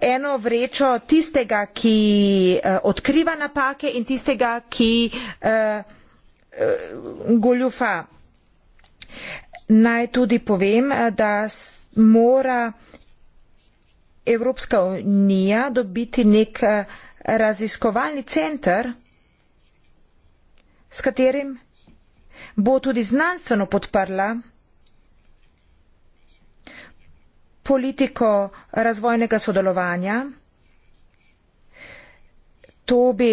eno vrečo tistega, ki odkriva napake in tistega, ki goljufa. Naj tudi povem, da mora Evropska unija dobiti nek eh, raziskovalni center, s katerim bo tudi znanstveno podprla politiko razvojnega sodelovanja. To, bi,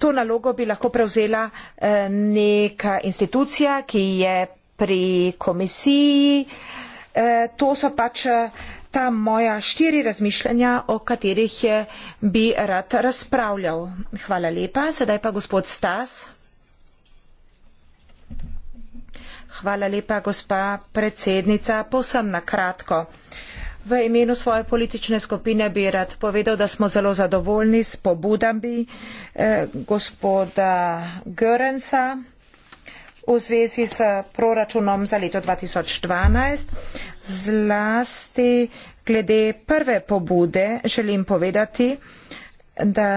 to nalogo bi lahko prevzela eh, neka institucija, ki je pri komisiji. Eh, to so pač sta moja štiri razmišljanja, o katerih je, bi rad razpravljal. Hvala lepa. Sedaj pa gospod Stas. Hvala lepa, gospa predsednica. Posem na kratko. V imenu svoje politične skupine bi rad povedal, da smo zelo zadovoljni s pobudami eh, gospoda Görensa v zvezi s proračunom za leto 2012. Zlasti glede prve pobude želim povedati, da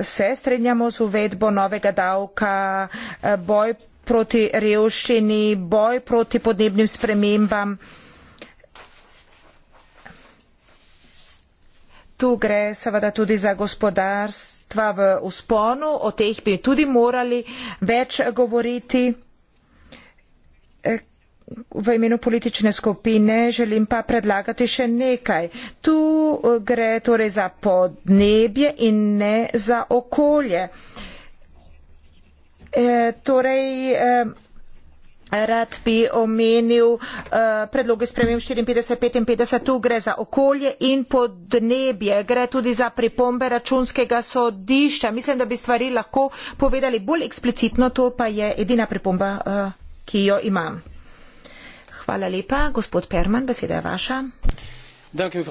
se strinjamo z uvedbo novega davka, eh, boj proti revščini, boj proti podnebnim spremembam. Tu gre seveda tudi za gospodarstva v usponu, o teh bi tudi morali več govoriti. E, v imenu politične skupine želim pa predlagati še nekaj. Tu e, gre torej za podnebje in ne za okolje. E, torej, e, Rad bi omenil uh, predloge spremem 54-55, tu gre za okolje in podnebje, gre tudi za pripombe računskega sodišča. Mislim, da bi stvari lahko povedali bolj eksplicitno, to pa je edina pripomba, uh, ki jo imam. Hvala lepa, gospod Perman, beseda je vaša. Danke, um...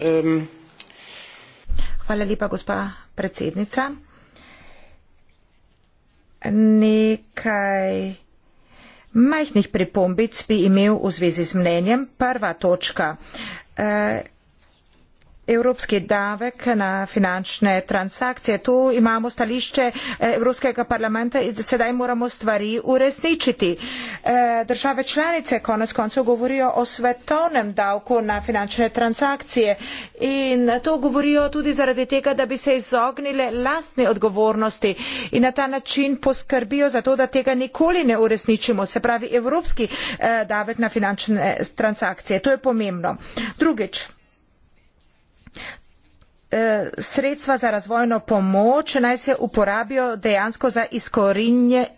Ehm, Hvala lepa, gospa predsednica. Nekaj majhnih pripombic bi imel v zvezi z mnenjem. Prva točka. Eh, evropski davek na finančne transakcije. Tu imamo stališče eh, Evropskega parlamenta in sedaj moramo stvari uresničiti. Eh, države članice konec koncev govorijo o svetovnem davku na finančne transakcije in to govorijo tudi zaradi tega, da bi se izognile lastne odgovornosti in na ta način poskrbijo za to, da tega nikoli ne uresničimo, se pravi evropski eh, davek na finančne transakcije. To je pomembno. Drugič, Eh, sredstva za razvojno pomoč naj se uporabijo dejansko za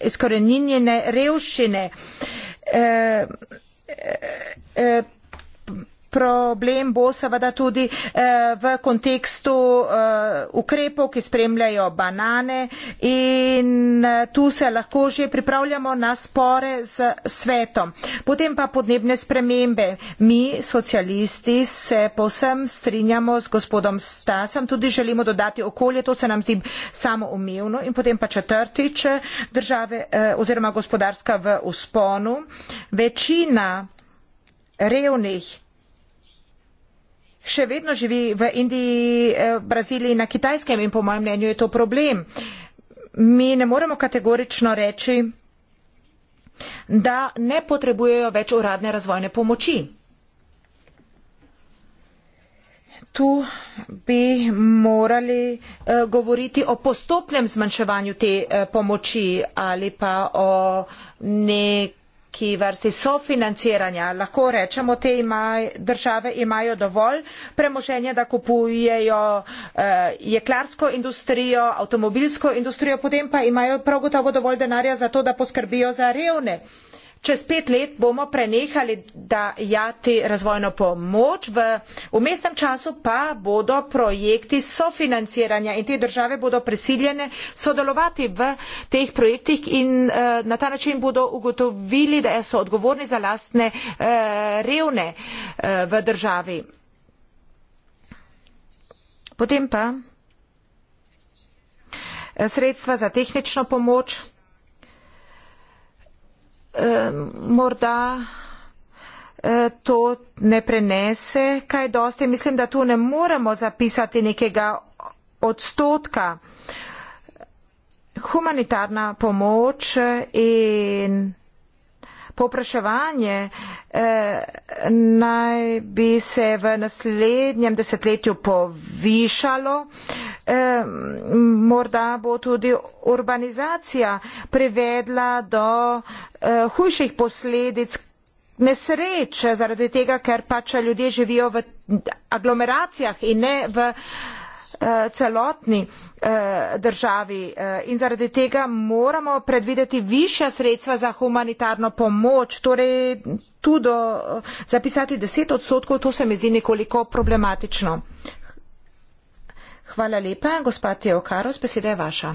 izkoreninjene revščine. E, e, problem bo seveda tudi eh, v kontekstu eh, ukrepov, ki spremljajo banane in eh, tu se lahko že pripravljamo na spore z svetom. Potem pa podnebne spremembe. Mi, socialisti, se posem strinjamo z gospodom Stasom, tudi želimo dodati okolje, to se nam zdi samo umevno. In potem pa četrtič, države oziroma gospodarska v usponu. Večina revnih še vedno živi v Indiji, eh, Braziliji, na kitajskem in po mojem mnenju je to problem. Mi ne moremo kategorično reči, da ne potrebujejo več uradne razvojne pomoči. Tu bi morali uh, govoriti o postopnem zmanjševanju te uh, pomoči ali pa o nek neki vrsti sofinanciranja. Lahko rečemo, te imaj, države imajo dovolj premoženja, da kupujejo eh, jeklarsko industrijo, avtomobilsko industrijo, potem pa imajo prav gotovo dovolj denarja za to, da poskrbijo za revne. Eh, čez pet let bomo prenehali dajati razvojno pomoč, v umestnem času pa bodo projekti sofinanciranja in te države bodo prisiljene sodelovati v teh projektih in eh, na ta način bodo ugotovili, da so odgovorni za lastne eh, revne eh, v državi. Potem pa sredstva za tehnično pomoč. Eh, morda eh, to ne prenese kaj dosti. Mislim, da tu ne moremo zapisati nekega odstotka. Humanitarna pomoč eh, in Popraševanje eh, naj bi se v naslednjem desetletju povišalo, eh, morda bo tudi urbanizacija privedla do eh, hujših posledic nesreče zaradi tega, ker pač ljudje živijo v aglomeracijah in ne v eh, Eh, celotni eh, državi eh, in zaradi tega moramo predvideti višja sredstva za humanitarno pomoč, torej tu do zapisati 10 odstotkov, to se mi zdi nekoliko problematično. Hvala lepa, gospod Teokaros, beseda je vaša.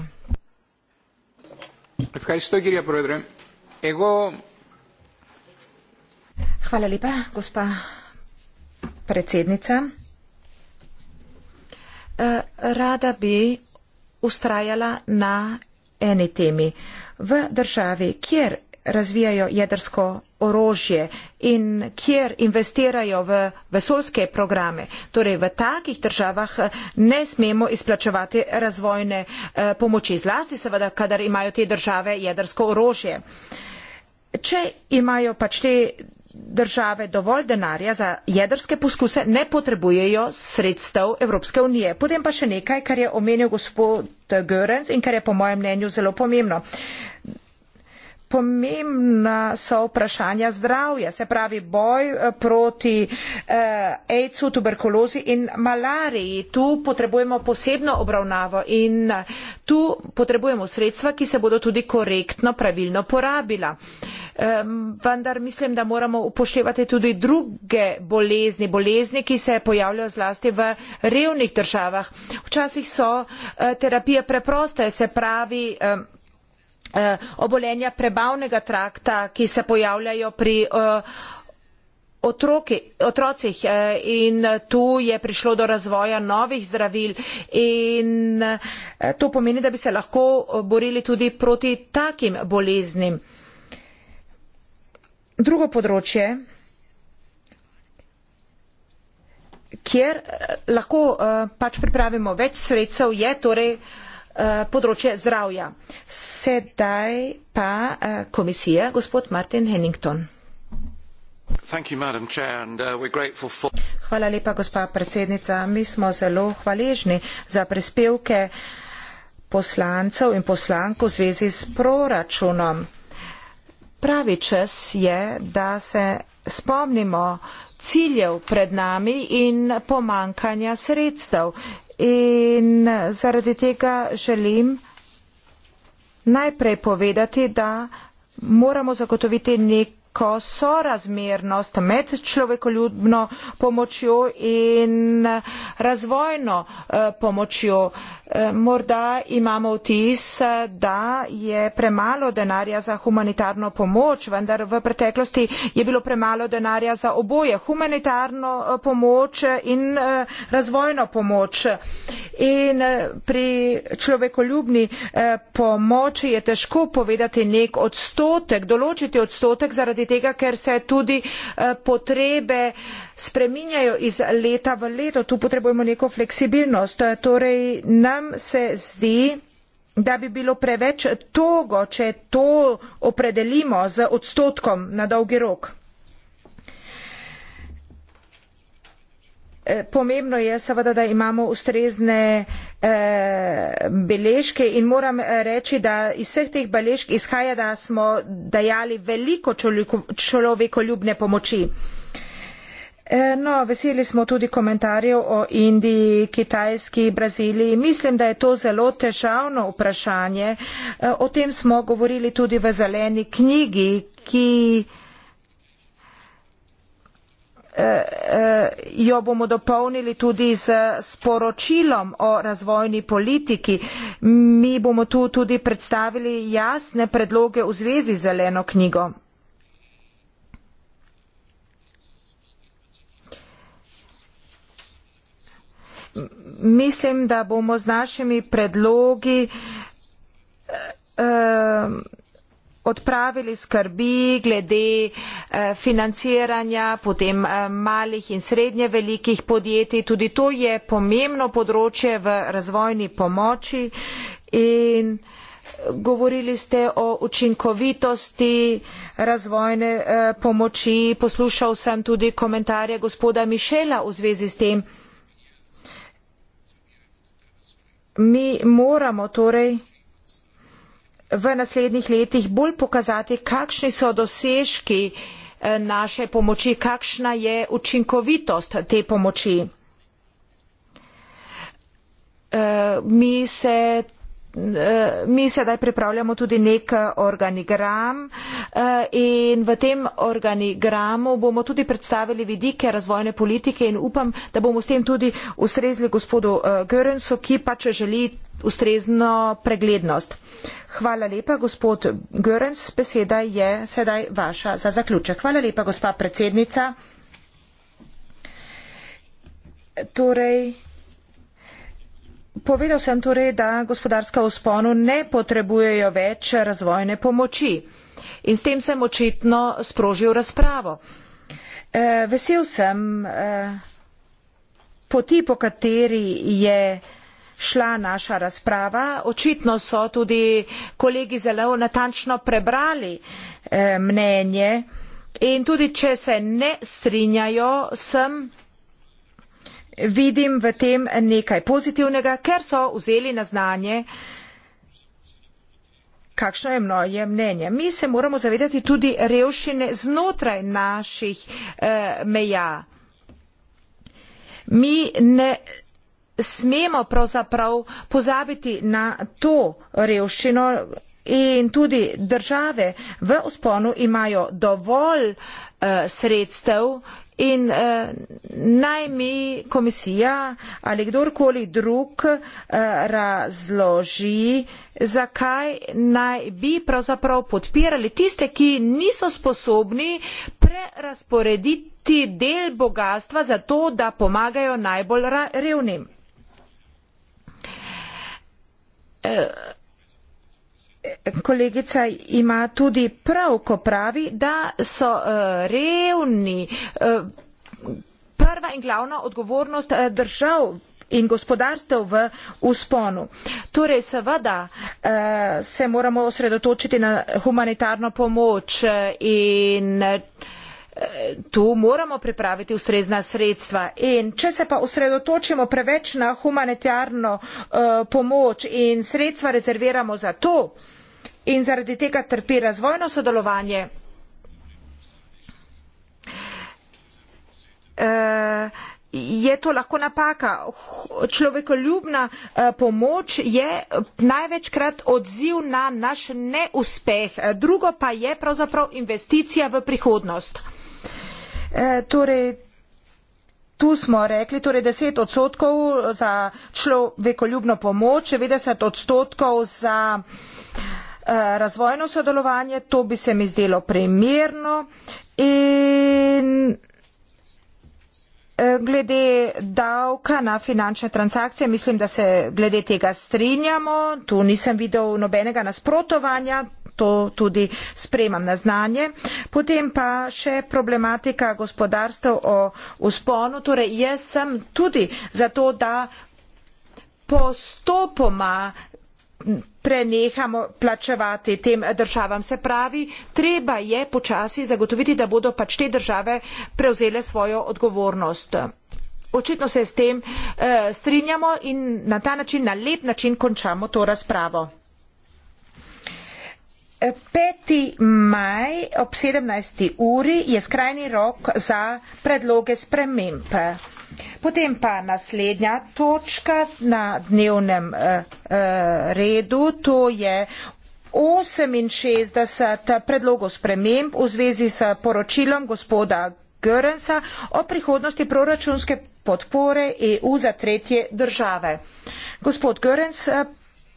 Hvala lepa, gospa predsednica. Eh, rada bi ustrajala na eni temi. V državi, kjer razvijajo jedrsko orožje in kjer investirajo v vesolske programe, torej v takih državah eh, ne smemo izplačevati razvojne eh, pomoči, zlasti seveda, kadar imajo te države jedrsko orožje. Če imajo pač te države dovolj denarja za jedrske poskuse, ne potrebujejo sredstev Evropske unije. Potem pa še nekaj, kar je omenil gospod Görens in kar je po mojem mnenju zelo pomembno. Pomembna so vprašanja zdravja, se pravi boj eh, proti eh, AIDS-u, tuberkulozi in malariji. Tu potrebujemo posebno obravnavo in eh, tu potrebujemo sredstva, ki se bodo tudi korektno, pravilno porabila. Eh, vendar mislim da moramo upoštevati tudi druge bolezni bolezni ki se pojavljajo zlasti v revnih državah včasih so eh, terapije preproste se pravi eh, obolenja prebavnega trakta ki se pojavljajo pri eh, Otroki, otrocih in tu je prišlo do razvoja novih zdravil in to pomeni, da bi se lahko borili tudi proti takim boleznim drugo področje, kjer eh, lahko eh, pač pripravimo več sredcev, je torej eh, področje zdravja. Sedaj pa komisija, gospod Martin Hennington. Uh, Hvala lepa, gospa predsednica. Mi smo zelo hvaležni za prispevke poslancev in poslankov v zvezi s proračunom pravi čas je, da se spomnimo ciljev pred nami in pomankanja sredstev. In zaradi tega želim najprej povedati, da moramo zagotoviti nek neko sorazmernost med človekoljubno pomočjo in eh, razvojno eh, pomočjo. Eh, morda imamo vtis, da je premalo denarja za humanitarno pomoč, vendar v preteklosti je bilo premalo denarja za oboje, humanitarno pomoč in razvojno pomoč. In pri človekoljubni pomoči je težko povedati nek odstotek, določiti odstotek zaradi zaradi tega, ker se tudi eh, potrebe spreminjajo iz leta v leto. Tu potrebujemo neko fleksibilnost. Torej, nam se zdi, da bi bilo preveč togo, če to opredelimo z odstotkom na dolgi rok. Eh, pomembno je seveda, da imamo ustrezne eh, beležke in moram eh, reči, da iz vseh teh beležk izhaja, da smo dajali veliko človekoljubne pomoči. No, veseli smo tudi komentarjev o Indiji, Kitajski, Braziliji. Mislim, da je to zelo težavno vprašanje. O tem smo govorili tudi v zeleni knjigi, ki. Eh, eh, jo bomo dopolnili tudi z sporočilom o razvojni politiki. Mi bomo tu tudi predstavili jasne predloge v zvezi z zeleno knjigo. Mislim, da bomo z našimi predlogi eh, eh, odpravili skrbi glede eh, financiranja potem eh, malih in srednje velikih podjetij. Tudi to je pomembno področje v razvojni pomoči in eh, govorili ste o učinkovitosti razvojne pomoči. Poslušal sem tudi komentarje gospoda Mišela v zvezi s tem. Mi moramo torej v naslednjih letih bolj pokazati, kakšni so dosežki eh, naše pomoči, kakšna je učinkovitost te pomoči. Eh, mi se, eh, mi sedaj pripravljamo tudi nek organigram in v tem organigramu bomo tudi predstavili vidike razvojne politike in upam, da bomo s tem tudi ustrezili gospodu Görensu, ki pa če želi ustrezno preglednost. Hvala lepa, gospod Görens, beseda je sedaj vaša za zaključek. Hvala lepa, gospa predsednica. Torej, povedal sem torej, da gospodarska vzponu ne potrebujejo več razvojne pomoči. In s tem sem očitno sprožil razpravo. E, vesel sem e, poti, po kateri je šla naša razprava. Očitno so tudi kolegi zelo natančno prebrali eh, mnenje in tudi, če se ne strinjajo, sem vidim v tem nekaj pozitivnega, ker so vzeli na znanje, kakšno je mnoje mnenje. Mi se moramo zavedati tudi revšine znotraj naših eh, meja. Mi ne smemo pravzaprav pozabiti na to revščino in tudi države v usponu imajo dovolj uh, sredstev in uh, naj mi komisija ali kdorkoli drug uh, razloži, zakaj naj bi pravzaprav podpirali tiste, ki niso sposobni prerasporediti del bogatstva za to, da pomagajo najbolj revnim. kolegica ima tudi prav, ko pravi, da so eh, revni eh, prva in glavna odgovornost eh, držav in gospodarstev v usponu. Torej, seveda se moramo osredotočiti na humanitarno pomoč in tu moramo pripraviti ustrezna sredstva in če se pa osredotočimo preveč na humanitarno eh, pomoč in sredstva rezerviramo za to in zaradi tega trpi razvojno sodelovanje, eh, je to lahko napaka. Človekoljubna eh, pomoč je največkrat odziv na naš neuspeh, drugo pa je pravzaprav investicija v prihodnost. Eh, torej, Tu smo rekli, torej 10 odstotkov za človekoljubno pomoč, 90 odstotkov za eh, razvojno sodelovanje, to bi se mi zdelo primerno. In eh, glede davka na finančne transakcije, mislim, da se glede tega strinjamo, tu nisem videl nobenega nasprotovanja, to tudi spremam na znanje. Potem pa še problematika gospodarstva o usponu. Torej, jaz sem tudi za to, da postopoma prenehamo plačevati tem državam. Se pravi, treba je počasi zagotoviti, da bodo pač te države prevzele svojo odgovornost. Očitno se s tem uh, strinjamo in na ta način, na lep način končamo to razpravo. 5. maj ob 17. uri je skrajni rok za predloge sprememb. Potem pa naslednja točka na dnevnem uh, uh, redu, to je 68 predlogov sprememb v zvezi s poročilom gospoda Görensa o prihodnosti proračunske podpore EU za tretje države. Gospod Görens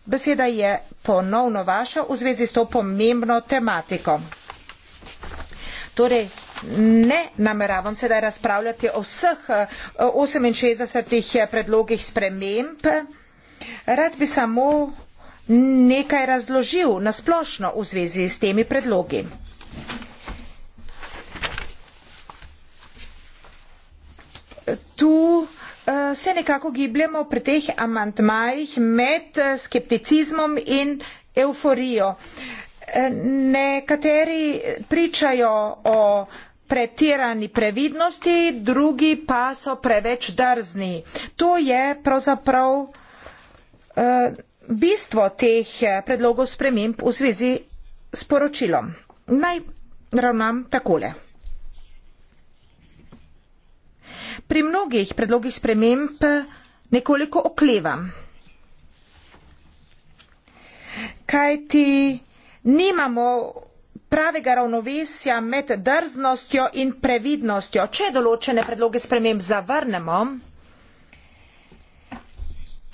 Beseda je ponovno vaša v zvezi s to pomembno tematiko. Torej, ne nameravam sedaj razpravljati o vseh 68 eh, eh, predlogih sprememb. Rad bi samo nekaj razložil nasplošno v zvezi s temi predlogi. Tu Eh, se nekako gibljemo pri teh amantmajih med eh, skepticizmom in euforijo. Eh, nekateri pričajo o pretirani previdnosti, drugi pa so preveč drzni. To je pravzaprav bistvo teh predlogov sprememb v zvezi s poročilom. Naj ravnam takole. pri mnogih predlogih sprememb nekoliko oklevam. Kaj ti nimamo pravega ravnovesja med drznostjo in previdnostjo. Če določene predloge sprememb zavrnemo,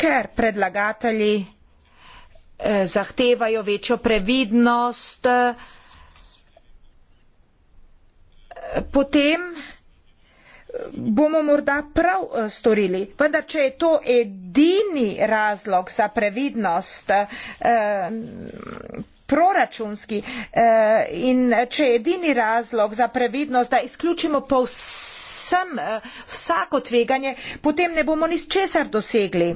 ker predlagatelji eh, zahtevajo večjo previdnost, eh, potem bomo morda prav eh, storili. Vendar, če je to edini razlog za previdnost eh, proračunski eh, in če je edini razlog za previdnost, da izključimo povsem vsako tveganje, potem ne bomo ni s česar dosegli.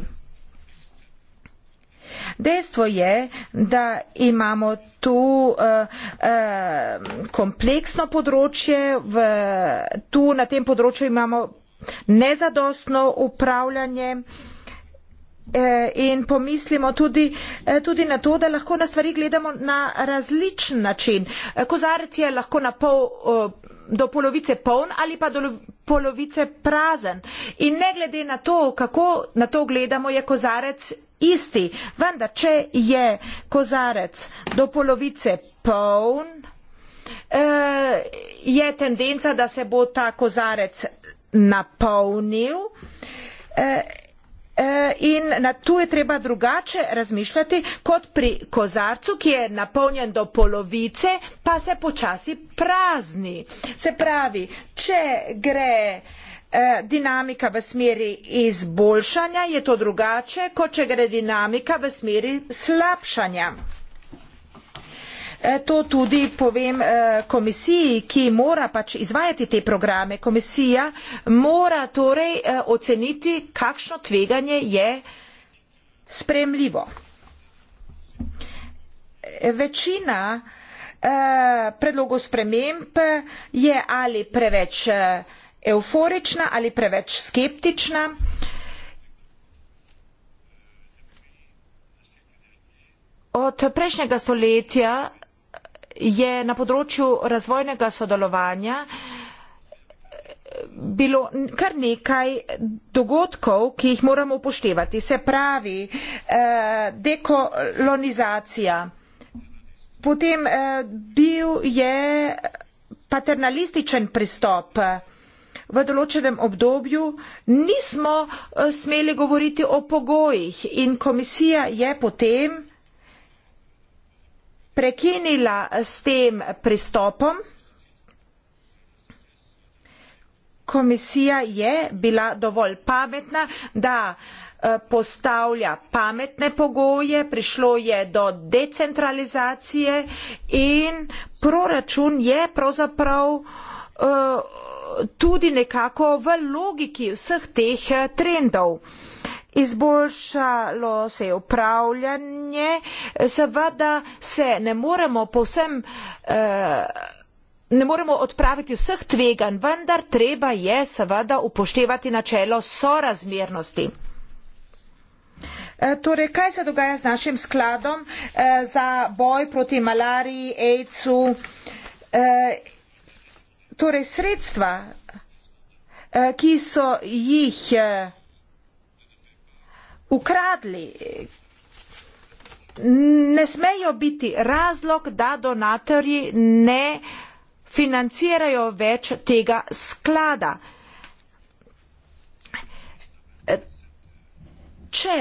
Dejstvo je, da imamo tu uh, uh, kompleksno področje, v, tu na tem področju imamo nezadostno upravljanje eh, in pomislimo tudi, tudi na to, da lahko na stvari gledamo na različen način. Kozarec je lahko na pol. Uh, do polovice poln ali pa do polovice prazen. In ne glede na to, kako na to gledamo, je kozarec isti. Vendar, če je kozarec do polovice poln, eh, je tendenca, da se bo ta kozarec napolnil. Eh, Eh, in na tu je treba drugače razmišljati kot pri kozarcu, ki je napolnjen do polovice, pa se počasi prazni. Se pravi, če gre eh, dinamika v smeri izboljšanja, je to drugače, kot če gre dinamika v smeri slabšanja. Eh, to tudi povem eh, komisiji, ki mora pač izvajati te programe. Komisija mora torej eh, oceniti, kakšno tveganje je spremljivo. Večina predlogov sprememb je ali preveč euforična ali preveč skeptična. Od prejšnjega stoletja je na področju razvojnega sodelovanja bilo kar nekaj dogodkov, ki jih moramo upoštevati. Se pravi, eh, dekolonizacija. Potem eh, bil je paternalističen pristop v določenem obdobju. Nismo eh, smeli govoriti o pogojih in komisija je potem prekinila s tem pristopom. Komisija je bila dovolj pametna, da eh, postavlja pametne pogoje, prišlo je do decentralizacije in proračun je pravzaprav eh, tudi nekako v logiki vseh teh eh, trendov izboljšalo se je upravljanje, seveda se ne moremo povsem. Uh, Ne moremo odpraviti vseh tvegan, vendar treba je seveda upoštevati načelo sorazmernosti. E, torej, kaj se dogaja z našim skladom e, za boj proti malariji, AIDS-u? E, torej, sredstva, e, ki so jih. E, ukradli. Ne smejo biti razlog, da donatorji ne financirajo več tega sklada. Če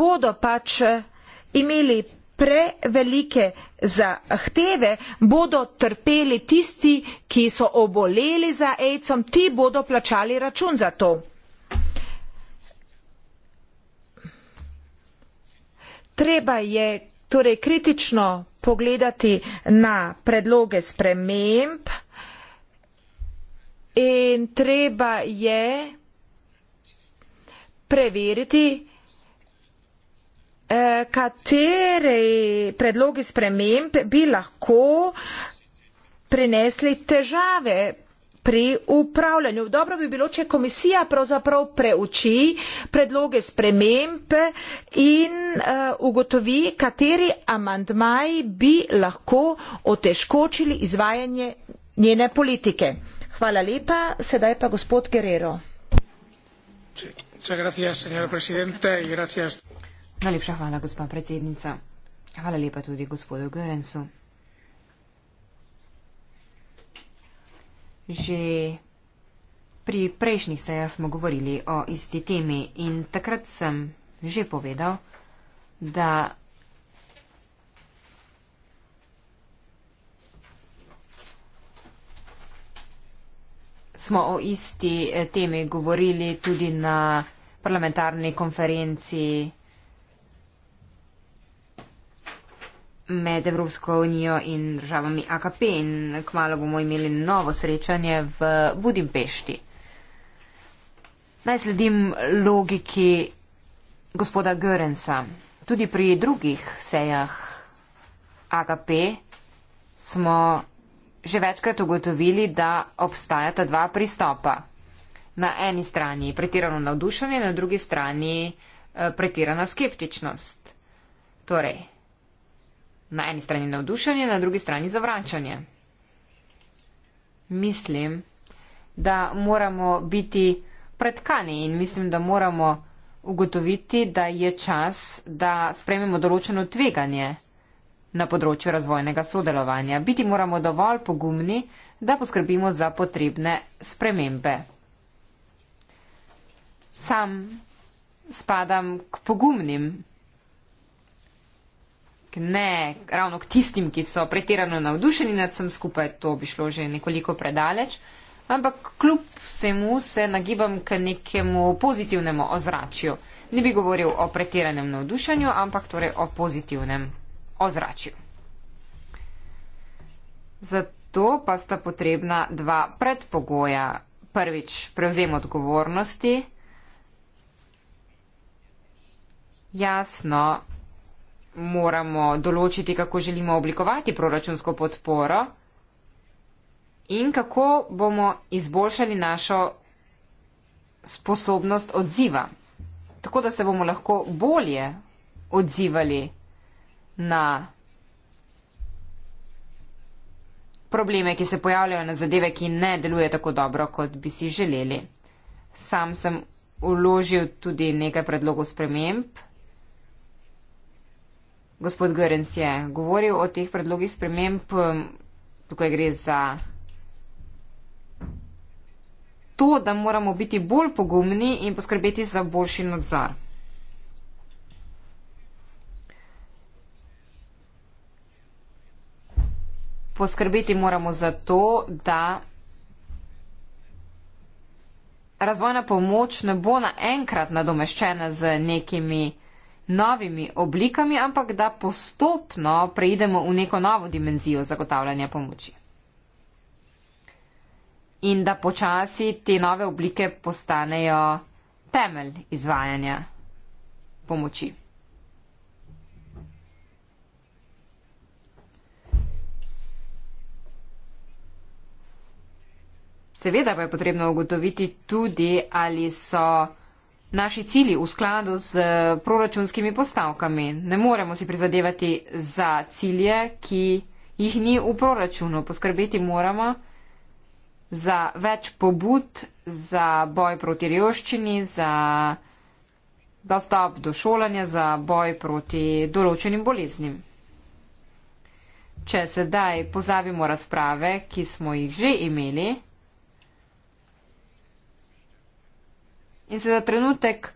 bodo pač imeli prevelike zahteve, bodo trpeli tisti, ki so oboleli za AIDS-om, ti bodo plačali račun za to. treba je torej kritično pogledati na predloge sprememb in treba je preveriti, eh, kateri predlogi sprememb bi lahko prinesli težave pri upravljanju. Dobro bi bilo, če komisija pravzaprav preuči predloge sprememb in uh, ugotovi, kateri amandmaji bi lahko otežkočili izvajanje njene politike. Hvala lepa, sedaj pa gospod Gerero. Najlepša hvala, gospa predsednica. Hvala lepa tudi gospodu Görensu. Že pri prejšnjih sejah smo govorili o isti temi in takrat sem že povedal, da smo o isti eh, temi govorili tudi na parlamentarni konferenci med Evropsko unijo in državami AKP in kmalo bomo imeli novo srečanje v Budimpešti. Naj sledim logiki gospoda Görensa. Tudi pri drugih sejah AKP smo že večkrat ugotovili, da obstajata dva pristopa. Na eni strani pretirano navdušenje, na drugi strani eh, pretirana skeptičnost. Torej, Na eni strani navdušenje, na drugi strani zavračanje. Mislim, da moramo biti predkani in mislim, da moramo ugotoviti, da je čas, da sprememo določeno tveganje na področju razvojnega sodelovanja. Biti moramo dovolj pogumni, da poskrbimo za potrebne spremembe. Sam spadam k pogumnim k ne, ravno k tistim, ki so pretirano navdušeni nad vsem skupaj, to bi šlo že nekoliko predaleč, ampak kljub vsemu se nagibam k nekemu pozitivnemu ozračju. Ne bi govoril o pretiranem navdušenju, ampak torej o pozitivnem ozračju. Zato pa sta potrebna dva predpogoja. Prvič, prevzem odgovornosti. Jasno, moramo določiti, kako želimo oblikovati proračunsko podporo in kako bomo izboljšali našo sposobnost odziva, tako da se bomo lahko bolje odzivali na probleme, ki se pojavljajo na zadeve, ki ne deluje tako dobro, kot bi si želeli. Sam sem uložil tudi nekaj predlogov sprememb. Gospod Görens je govoril o teh predlogih sprememb. Um, tukaj gre za to, da moramo biti bolj pogumni in poskrbeti za boljši nadzor. Poskrbeti moramo za to, da razvojna pomoč ne bo naenkrat nadomeščena z nekimi novimi oblikami, ampak da postopno preidemo v neko novo dimenzijo zagotavljanja pomoči. In da počasi te nove oblike postanejo temelj izvajanja pomoči. Seveda pa je potrebno ugotoviti tudi, ali so naši cilji v skladu z eh, proračunskimi postavkami. Ne moremo si prizadevati za cilje, ki jih ni v proračunu. Poskrbeti moramo za več pobud, za boj proti revščini, za dostop do šolanja, za boj proti določenim boleznim. Če sedaj pozabimo razprave, ki smo jih že imeli, in se za trenutek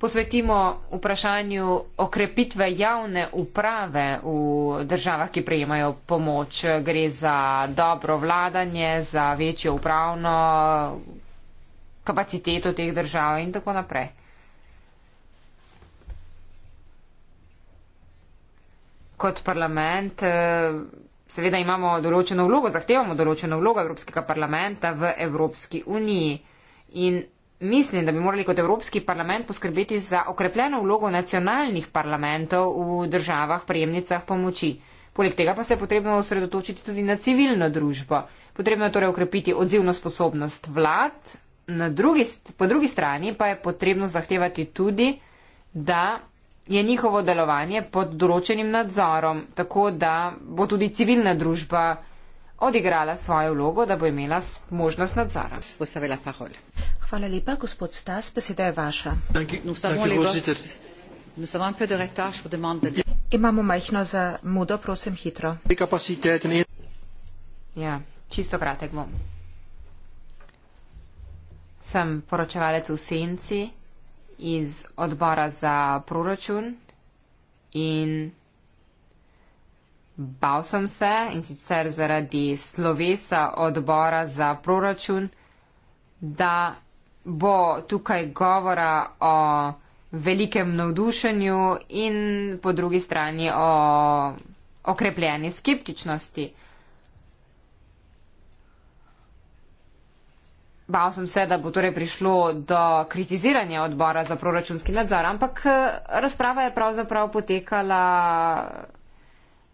posvetimo vprašanju okrepitve javne uprave v državah, ki prejemajo pomoč. Gre za dobro vladanje, za večjo upravno kapaciteto teh držav in tako naprej. Kot parlament eh, seveda imamo določeno vlogo, zahtevamo določeno vlogo Evropskega parlamenta v Evropski uniji in Mislim, da bi morali kot Evropski parlament poskrbeti za okrepljeno vlogo nacionalnih parlamentov v državah prejemnicah pomoči. Poleg tega pa se je potrebno osredotočiti tudi na civilno družbo. Potrebno je torej okrepiti odzivno sposobnost vlad, na drugi, po drugi strani pa je potrebno zahtevati tudi, da je njihovo delovanje pod določenim nadzorom, tako da bo tudi civilna družba odigrala svojo vlogo, da bo imela možnost nadzora. Hvala lepa, gospod Stas, beseda je vaša. Imamo majhno zamudo, prosim, hitro. Ja, čisto kratek bom. Sem poročevalec v Senci iz odbora za proračun in bal sem se in sicer zaradi slovesa odbora za proračun, da bo tukaj govora o velikem navdušenju in po drugi strani o okrepljeni skeptičnosti. Bal sem se, da bo torej prišlo do kritiziranja odbora za proračunski nadzor, ampak eh, razprava je pravzaprav potekala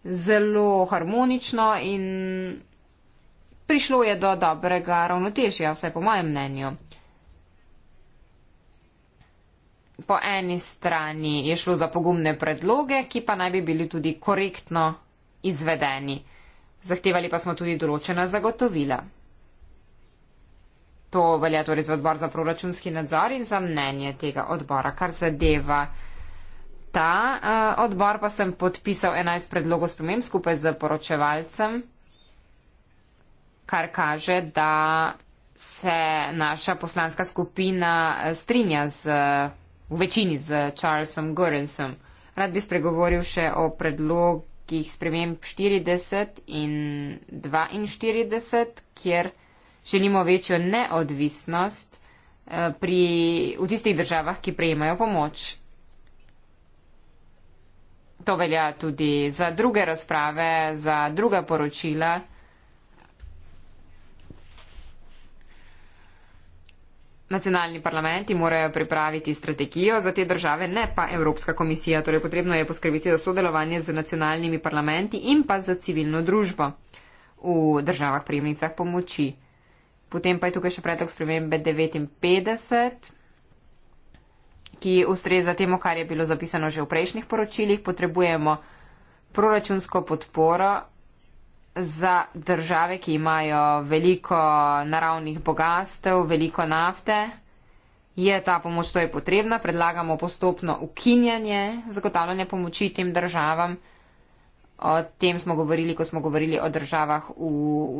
zelo harmonično in prišlo je do dobrega ravnotežja, vse po mojem mnenju. Po eni strani je šlo za pogumne predloge, ki pa naj bi bili tudi korektno izvedeni. Zahtevali pa smo tudi določena zagotovila. To velja torej za odbor za proračunski nadzor in za mnenje tega odbora, kar zadeva ta eh, odbor pa sem podpisal 11 predlogov spremem skupaj z poročevalcem, kar kaže, da se naša poslanska skupina eh, strinja z, v večini z Charlesom Gorensom. Rad bi spregovoril še o predlogih spremem 40 in 42, kjer želimo večjo neodvisnost eh, pri, v tistih državah, ki prejemajo pomoč to velja tudi za druge razprave, za druga poročila. Nacionalni parlamenti morajo pripraviti strategijo za te države, ne pa Evropska komisija. Torej potrebno je poskrbeti za sodelovanje z nacionalnimi parlamenti in pa za civilno družbo v državah prijemnicah pomoči. Potem pa je tukaj še predlog spremembe 59 ki ustreza temu, kar je bilo zapisano že v prejšnjih poročilih. Potrebujemo proračunsko podporo za države, ki imajo veliko naravnih bogastev, veliko nafte. Je ta pomoč to je potrebna? Predlagamo postopno ukinjanje zagotavljanja pomoči tem državam. O tem smo govorili, ko smo govorili o državah v,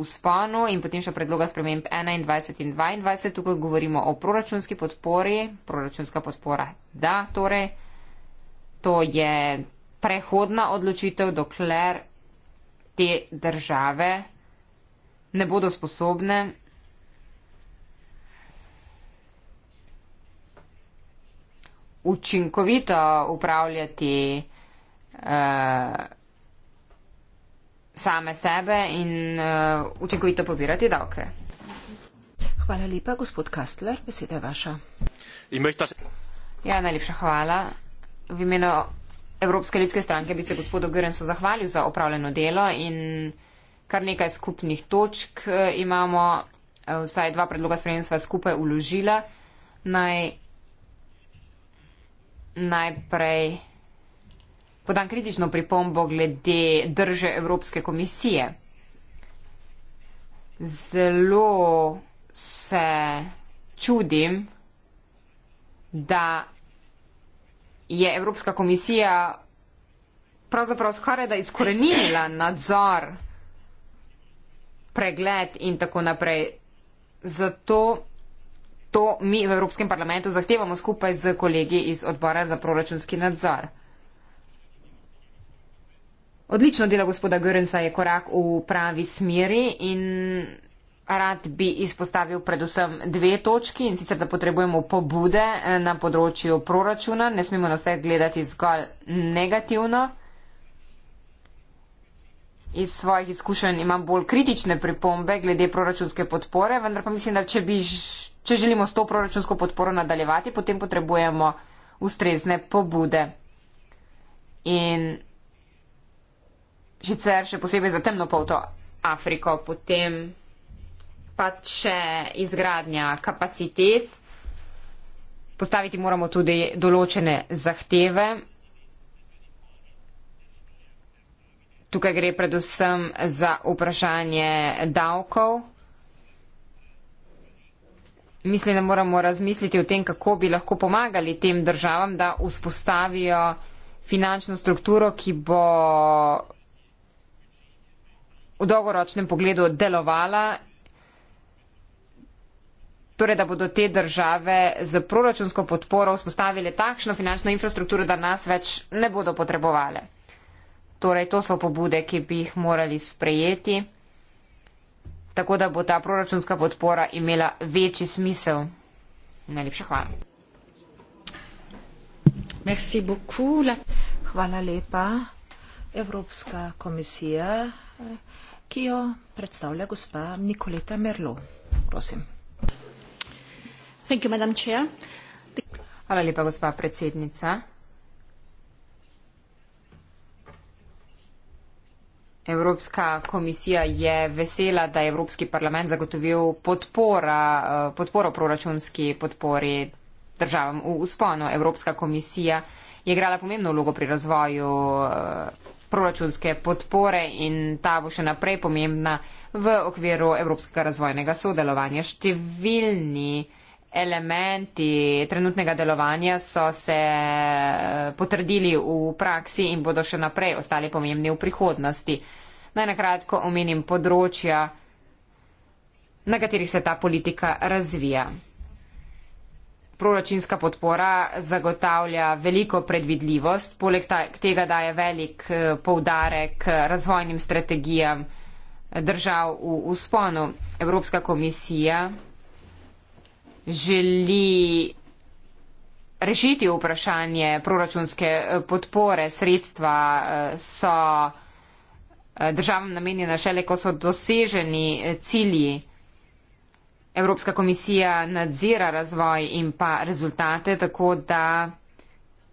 v sponu in potem še predloga sprememb 21 in 22. Tukaj govorimo o proračunski podpori. Proračunska podpora, da, torej, to je prehodna odločitev, dokler te države ne bodo sposobne. Učinkovito upravljati uh, same sebe in uh, učinkovito pobirati davke. Hvala lepa, gospod Kastler, beseda je vaša. Ja, najlepša hvala. V imenu Evropske ljudske stranke bi se gospodu Grensu zahvalil za opravljeno delo in kar nekaj skupnih točk eh, imamo, eh, vsaj dva predloga spremenstva skupaj uložila. Naj, najprej podam kritično pripombo glede drže Evropske komisije. Zelo se čudim, da je Evropska komisija pravzaprav skoraj da izkorenila nadzor, pregled in tako naprej. Zato to mi v Evropskem parlamentu zahtevamo skupaj z kolegi iz odbora za proračunski nadzor. Odlično delo gospoda Görensa je korak v pravi smeri in rad bi izpostavil predvsem dve točki in sicer, da potrebujemo pobude eh, na področju proračuna, ne smemo na vse gledati zgolj negativno. Iz svojih izkušenj imam bolj kritične pripombe glede proračunske podpore, vendar pa mislim, da če, bi, če želimo s to proračunsko podporo nadaljevati, potem potrebujemo ustrezne pobude. In sicer še posebej za temno polto Afriko, potem pa še izgradnja kapacitet. Postaviti moramo tudi določene zahteve. Tukaj gre predvsem za vprašanje davkov. Mislim, da moramo razmisliti o tem, kako bi lahko pomagali tem državam, da vzpostavijo finančno strukturo, ki bo v dolgoročnem pogledu delovala, torej da bodo te države z proračunsko podporo vzpostavile takšno finančno infrastrukturo, da nas več ne bodo potrebovali. Torej, to so pobude, ki bi jih morali sprejeti, tako da bo ta proračunska podpora imela večji smisel. Najlepša hvala. Hvala lepa, Evropska komisija ki jo predstavlja gospa Nikoleta Merlo. Prosim. You, Hvala lepa, gospa predsednica. Evropska komisija je vesela, da je Evropski parlament zagotovil podpora, eh, podporo proračunski podpori državam v usponu. Evropska komisija je igrala pomembno vlogo pri razvoju eh, proračunske podpore in ta bo še naprej pomembna v okviru Evropskega razvojnega sodelovanja. Številni elementi trenutnega delovanja so se eh, potrdili v praksi in bodo še naprej ostali pomembni v prihodnosti. Naj nakratko omenim področja, na katerih se ta politika razvija proračunska podpora zagotavlja veliko predvidljivost, poleg tega daje velik eh, poudarek razvojnim strategijam držav v usponu. Evropska komisija želi rešiti vprašanje proračunske eh, podpore. Sredstva eh, so državam namenjena šele, ko so doseženi cilji. Evropska komisija nadzira razvoj in pa rezultate, tako da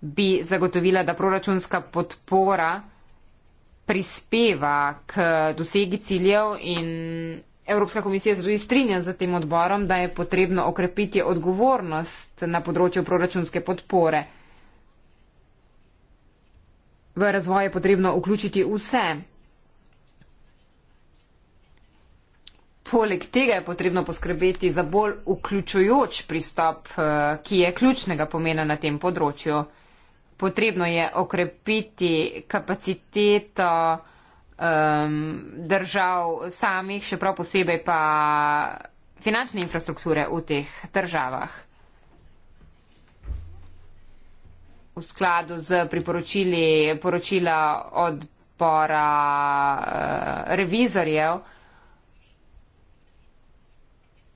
bi zagotovila, da proračunska podpora prispeva k dosegi ciljev in Evropska komisija se tudi strinja z tem odborom, da je potrebno okrepiti odgovornost na področju proračunske podpore. V razvoj je potrebno vključiti vse, Poleg tega je potrebno poskrbeti za bolj vključujoč pristop, eh, ki je ključnega pomena na tem področju. Potrebno je okrepiti kapaciteto um, držav samih, še prav posebej pa finančne infrastrukture v teh državah. V skladu z priporočili poročila odbora uh, revizorjev,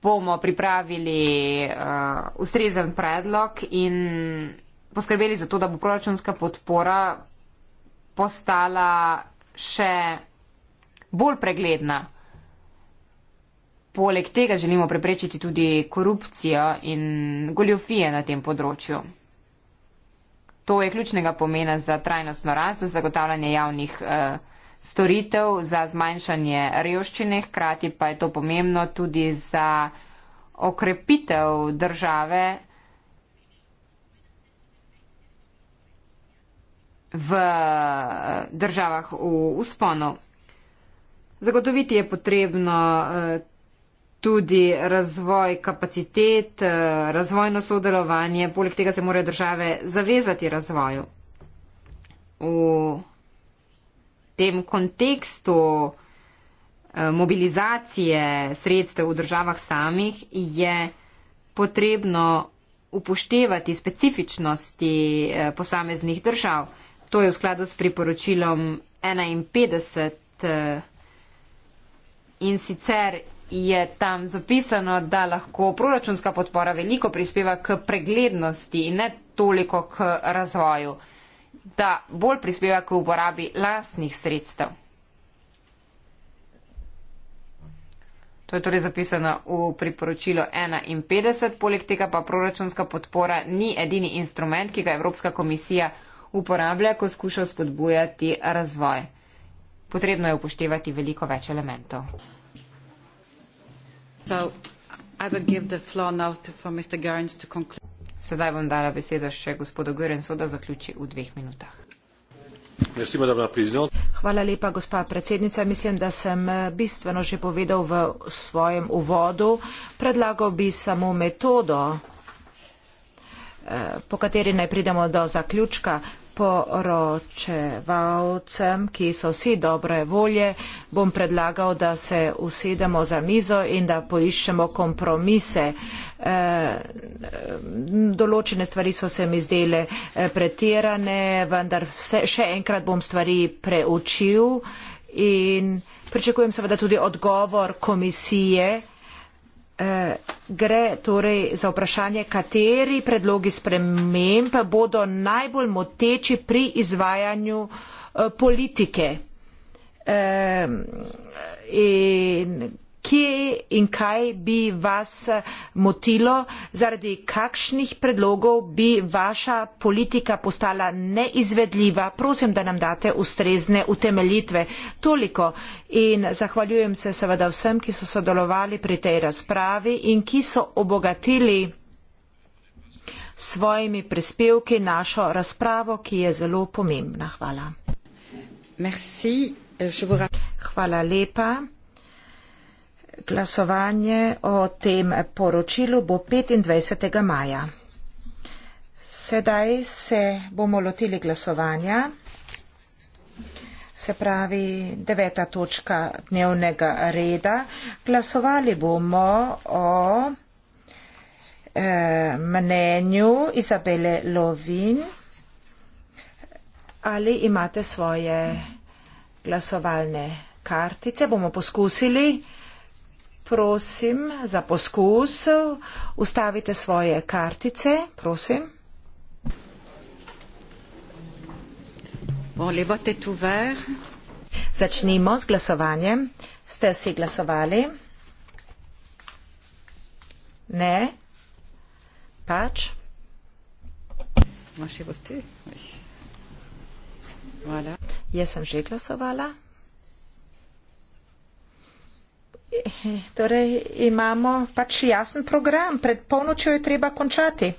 bomo pripravili uh, ustrezen predlog in poskrbeli za to, da bo proračunska podpora postala še bolj pregledna. Poleg tega želimo preprečiti tudi korupcijo in goljofije na tem področju. To je ključnega pomena za trajnostno rast, za zagotavljanje javnih. Uh, storitev za zmanjšanje revščine, hkrati pa je to pomembno tudi za okrepitev države v eh, državah v usponu. Zagotoviti je potrebno eh, tudi razvoj kapacitet, eh, razvojno sodelovanje, poleg tega se morajo države zavezati razvoju. V tem kontekstu eh, mobilizacije sredstev v državah samih je potrebno upoštevati specifičnosti eh, posameznih držav. To je v skladu s priporočilom 51 eh, in sicer je tam zapisano, da lahko proračunska podpora veliko prispeva k preglednosti in ne toliko k razvoju da bolj prispeva k uporabi lastnih sredstev. To je torej zapisano v priporočilo 51. Poleg tega pa proračunska podpora ni edini instrument, ki ga Evropska komisija uporablja, ko skuša spodbujati razvoj. Potrebno je upoštevati veliko več elementov. So, Sedaj bom dala besedo še gospodu Görensu, da zaključi v dveh minutah. Hvala lepa, gospa predsednica. Mislim, da sem eh, bistveno že povedal v svojem uvodu. Predlagal bi samo metodo, eh, po kateri naj pridemo do zaključka poročevalcem, ki so vsi dobre volje, bom predlagal, da se usedemo za mizo in da poiščemo kompromise. Eh, določene stvari so se mi zdele eh, pretirane, vendar vse, še enkrat bom stvari preučil in pričakujem seveda tudi odgovor komisije. Eh, gre torej za vprašanje, kateri predlogi sprememb bodo najbolj moteči pri izvajanju eh, politike. Eh, in kje in kaj bi vas motilo, zaradi kakšnih predlogov bi vaša politika postala neizvedljiva. Prosim, da nam date ustrezne utemeljitve. Toliko in zahvaljujem se seveda vsem, ki so sodelovali pri tej razpravi in ki so obogatili svojimi prispevki našo razpravo, ki je zelo pomembna. Hvala. Merci. Hvala lepa. Glasovanje o tem poročilu bo 25. maja. Sedaj se bomo lotili glasovanja, se pravi deveta točka dnevnega reda. Glasovali bomo o e, mnenju Izabele Lovin. Ali imate svoje glasovalne kartice? Bomo poskusili prosim za poskus. Ustavite svoje kartice, prosim. Začnimo z glasovanjem. Ste vsi glasovali? Ne? Pač? Jaz sem že glasovala. Torej imamo pač jasen program, pred polnočjo je treba končati.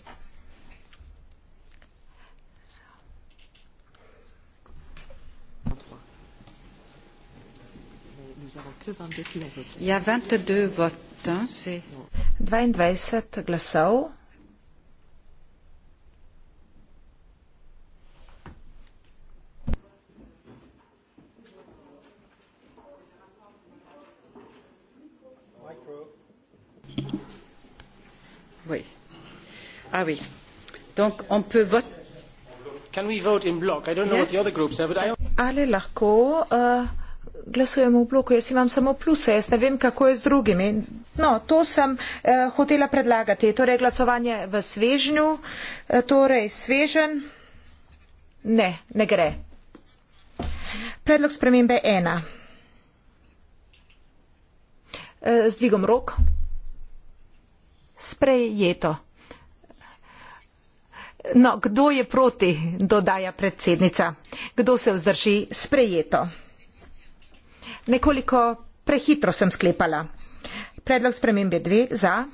Ja, 22 glasov. Oui. Ah oui. Donc on peut voter. Can we vote in block? I don't know yeah. what the other groups are, but I. Ale lahko uh, glasujemo v bloku. Jaz imam samo pluse, jaz ne vem, kako je z drugimi. No, to sem uh, hotela predlagati. Torej, glasovanje v svežnju. Uh, torej, svežen. Ne, ne gre. Predlog spremembe ena. Uh, z dvigom rok sprejeto. No, kdo je proti, dodaja predsednica. Kdo se vzdrži sprejeto? Nekoliko prehitro sem sklepala. Predlog spremembe dve za,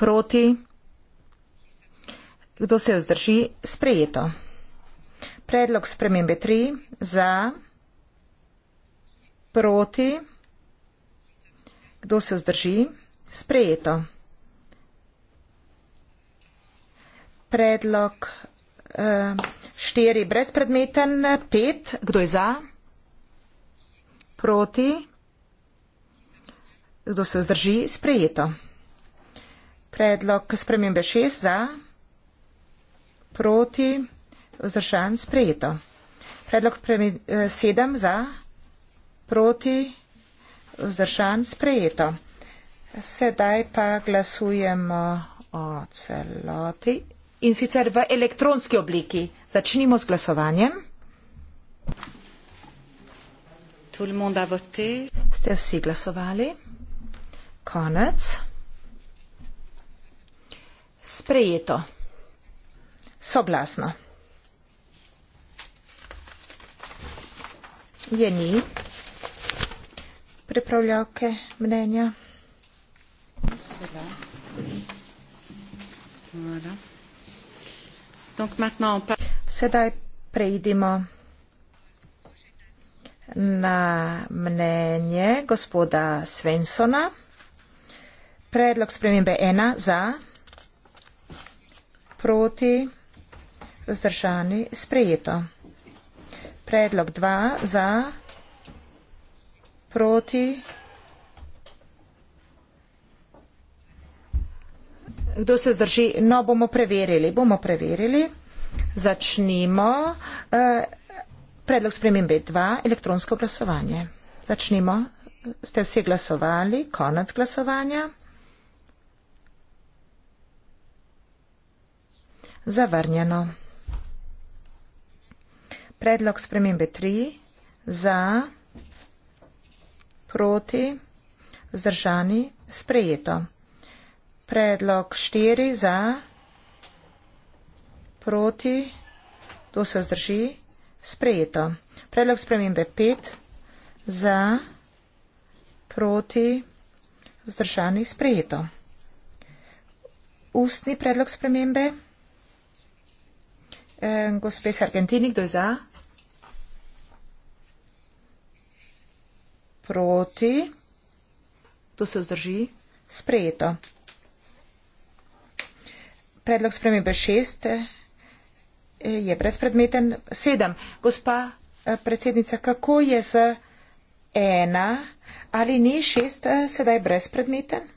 proti, kdo se vzdrži sprejeto. Predlog spremembe tri za, proti, kdo se vzdrži sprejeto. Sprejeto. Predlog eh, štiri brezpredmeten, pet. Kdo je za? Proti. Kdo se vzdrži? Sprejeto. Predlog spremembe šest za. Proti. Vzdržan. Sprejeto. Predlog premi, eh, sedem za. Proti. Vzdržan. Sprejeto. Sedaj pa glasujemo o celoti in sicer v elektronski obliki. Začnimo z glasovanjem. Ste vsi glasovali? Konec. Sprejeto. Soglasno. Je ni pripravljalke mnenja tous. Là. Voilà. Donc maintenant, on parle. na mnenje gospoda Svensona. Predlog spremembe ena za, proti, vzdržani, sprejeto. Predlog dva za, proti, vzdržani. kdo se zdrži. No, bomo preverili, bomo preverili. Začnimo. Eh, predlog spremembe 2, elektronsko glasovanje. Začnimo. Ste vsi glasovali, konec glasovanja. Zavrnjeno. Predlog spremembe 3, za, proti, zdržani, sprejeto. Predlog štiri za, proti, to se vzdrži, sprejeto. Predlog spremembe pet za, proti, vzdržani, sprejeto. Ustni predlog spremembe. E, gospe Sargentini, kdo je za? Proti, to se vzdrži, sprejeto. Predlog spremembe šest eh, je brezpredmeten. Sedem. Gospa eh, predsednica, kako je z ena ali ni šest eh, sedaj brezpredmeten?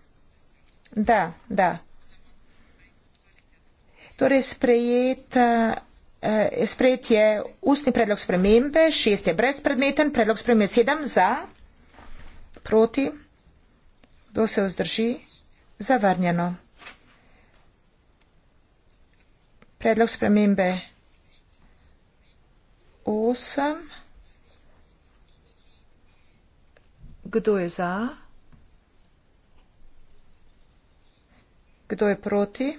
Da, da. Torej sprejet, sprejet je ustni predlog spremembe, šest je brezpredmeten, predlog spremembe sedem za, proti, kdo se vzdrži, zavrnjeno. predlog spremembe 8. Kdo je za? Kdo je proti?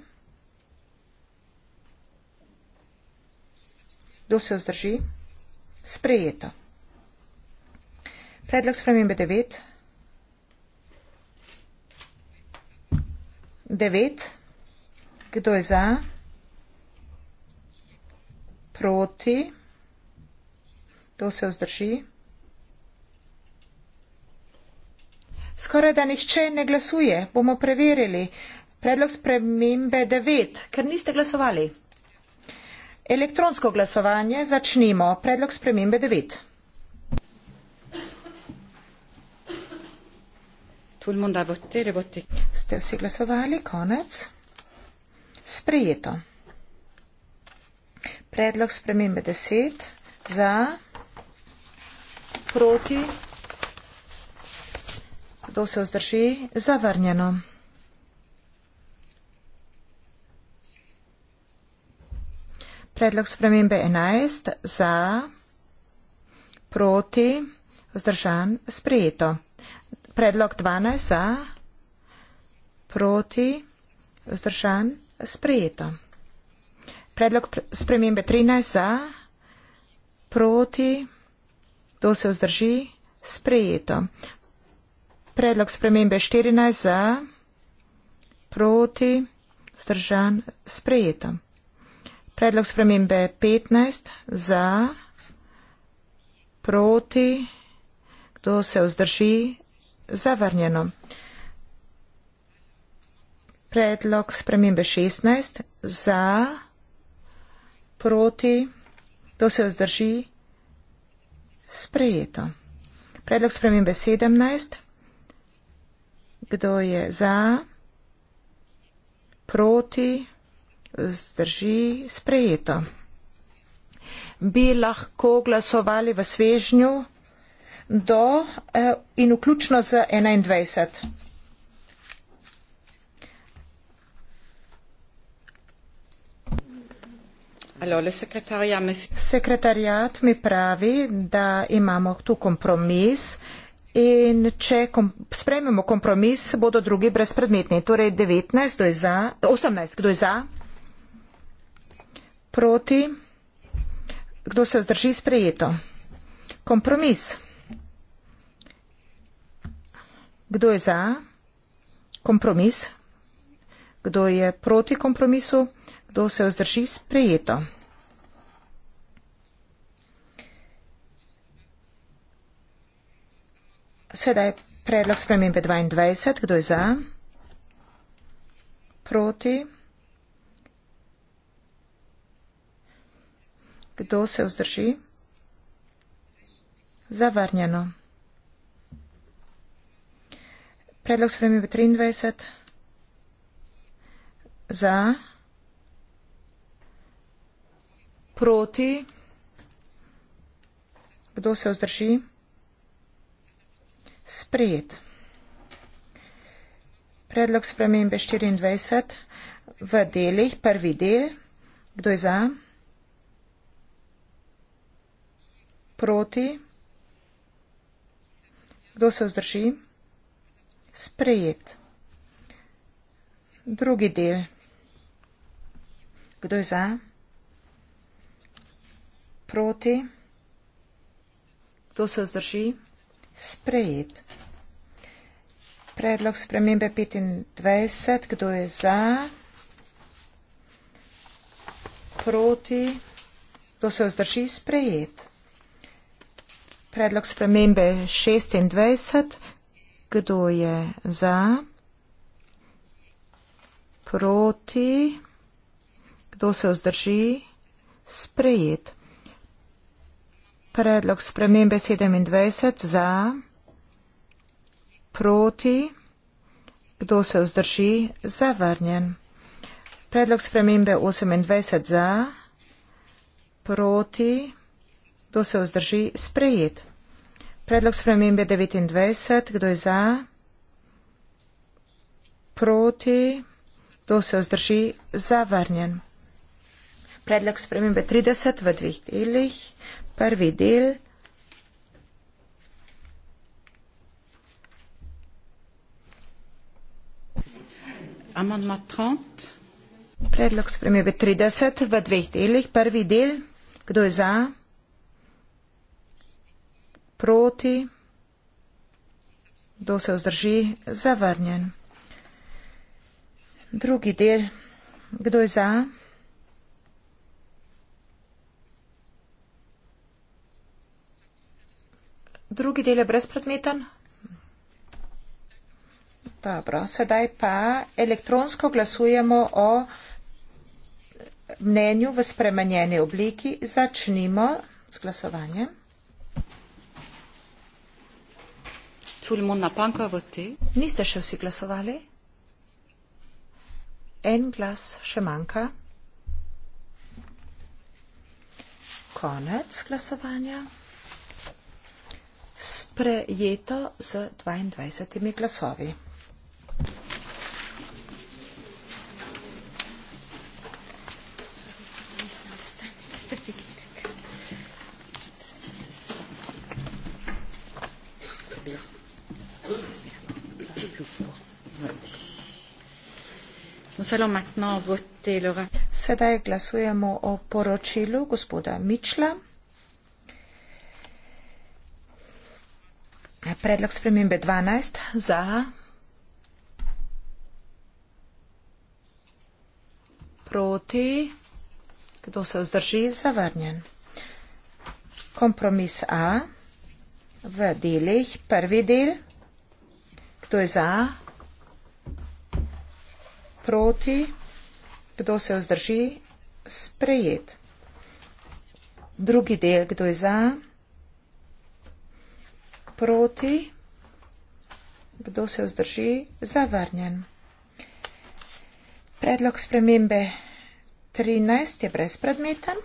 Kdo se vzdrži? Sprejeto. Predlog spremembe 9. 9. Kdo je za? proti. Kdo se vzdrži? Skoraj da nihče ne glasuje. Bomo preverili. Predlog spremembe 9, ker niste glasovali. Elektronsko glasovanje začnimo. Predlog spremembe 9. Ste vsi glasovali? Konec. Sprejeto predlog spremembe 10 za proti, kdo se vzdrži, zavrnjeno. Predlog spremembe 11 za proti, vzdržan, sprejeto. Predlog 12 za proti, vzdržan, sprejeto. Predlog spremembe 13 za, proti, kdo se vzdrži, sprejeto. Predlog spremembe 14 za, proti, vzdržan, sprejeto. Predlog spremembe 15 za, proti, kdo se vzdrži, zavrnjeno. Predlog spremembe 16 za, proti, vzdržan, sprejeto proti, kdo se vzdrži, sprejeto. Predlog spremembe 17. Kdo je za, proti, vzdrži, sprejeto. Bi lahko glasovali v svežnju do eh, in vključno z 21. Sekretarjat mi pravi, da imamo tu kompromis in če kom, sprememo kompromis, bodo drugi brezpredmetni. Torej 19, kdo je za? 18, kdo je za? Proti? Kdo se vzdrži sprejeto? Kompromis. Kdo je za? Kompromis. Kdo je proti kompromisu? Kdo se vzdrži sprejeto? Sedaj predlog spremembe 22. Kdo je za? Proti? Kdo se vzdrži? Zavrnjeno. Predlog spremembe 23. Za? proti? Kdo se vzdrži? Sprejet. Predlog spremembe 24 v delih, prvi del. Kdo je za? Proti? Kdo se vzdrži? Sprejet. Drugi del. Kdo je za? proti. To se zdrži. Sprejet. Predlog spremembe 25. Kdo je za? Proti. To se zdrži. Sprejet. Predlog spremembe 26. Kdo je za? Proti. Kdo se vzdrži? Sprejet predlog spremembe 27 za, proti, kdo se vzdrži, zavrnjen. Predlog spremembe 28 za, proti, kdo se vzdrži, sprejet. Predlog spremembe 29, kdo je za, proti, kdo se vzdrži, zavrnjen. Predlog spremembe 30 v dveh delih prvi del. Predlog spremembe 30 v dveh delih. Prvi del, kdo je za, proti, kdo se vzdrži, zavrnjen. Drugi del, kdo je za, proti, kdo se vzdrži, zavrnjen. Drugi del je brezpredmeten. Dobro, sedaj pa elektronsko glasujemo o mnenju v spremenjeni obliki. Začnimo z glasovanjem. Niste še vsi glasovali? En glas še manjka. Konec glasovanja sprejeto z 22 glasovi. Sedaj glasujemo o poročilu gospoda Mičla. Predlog spremembe 12 za. Proti. Kdo se vzdrži? Zavrnjen. Kompromis A v delih. Prvi del. Kdo je za? Proti. Kdo se vzdrži? Sprejet. Drugi del. Kdo je za? Proti proti, kdo se vzdrži, zavrnjen. Predlog spremembe 13 je brezpredmeten.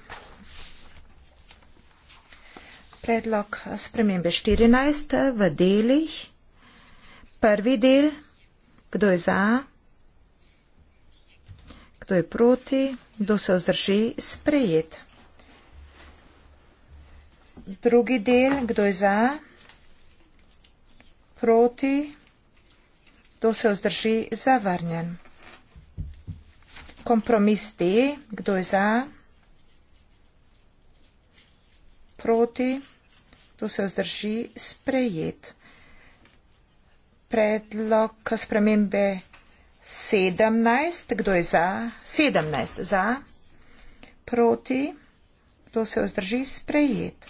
Predlog spremembe 14 v delih. Prvi del, kdo je za, kdo je proti, kdo se vzdrži, sprejet. Drugi del, kdo je za, proti, kdo se vzdrži, zavrnjen. Kompromis D, kdo je za, proti, kdo se vzdrži, sprejet. Predlog spremembe 17, kdo je za, 17 za, proti, kdo se vzdrži, sprejet.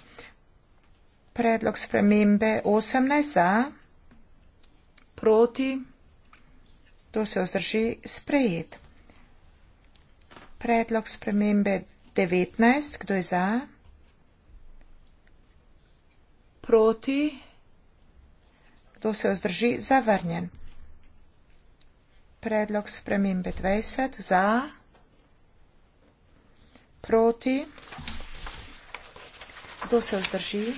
Predlog spremembe 18 za, proti, kdo se vzdrži, sprejet proti, to se vzdrži sprejet. Predlog spremembe 19, kdo je za? Proti, to se vzdrži zavrnjen. Predlog spremembe 20, za? Proti, kdo se vzdrži?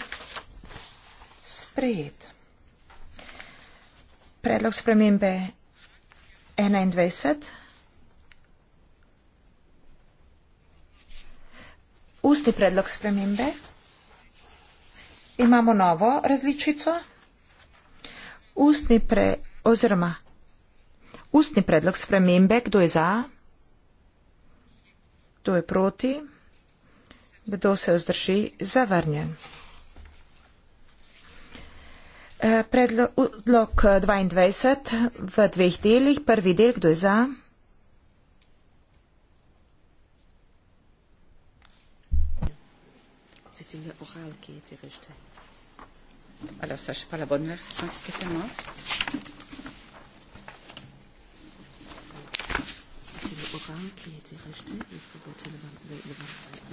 Sprejet predlog spremembe 21. Ustni predlog spremembe. Imamo novo različico. Ustni pre, oziroma ustni predlog spremembe, kdo je za, kdo je proti, kdo se vzdrži, zavrnjen. Eh, predlog 22 eh, v dveh delih. Prvi del, kdo je za?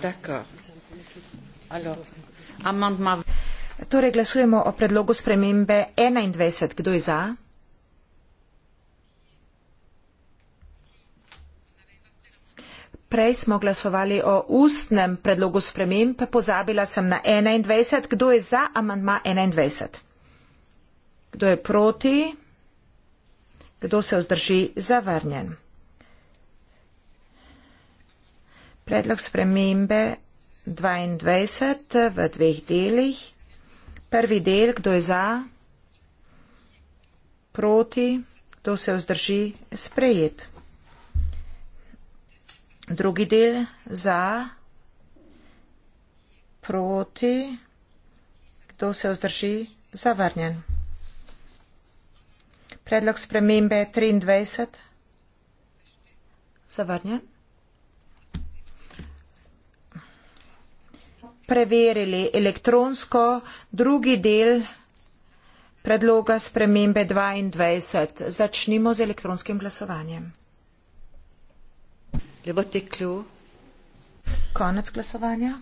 D'accord. Alors, amendement. Torej glasujemo o predlogu spremembe 21. Kdo je za? Prej smo glasovali o ustnem predlogu sprememb, pozabila sem na 21. Kdo je za amandma 21? Kdo je proti? Kdo se vzdrži zavrnjen? Predlog spremembe 22 v dveh delih. Prvi del, kdo je za, proti, kdo se vzdrži, sprejet. Drugi del, za, proti, kdo se vzdrži, zavrnjen. Predlog spremembe 23, zavrnjen. preverili elektronsko drugi del predloga spremembe 22. Začnimo z elektronskim glasovanjem. Konec glasovanja.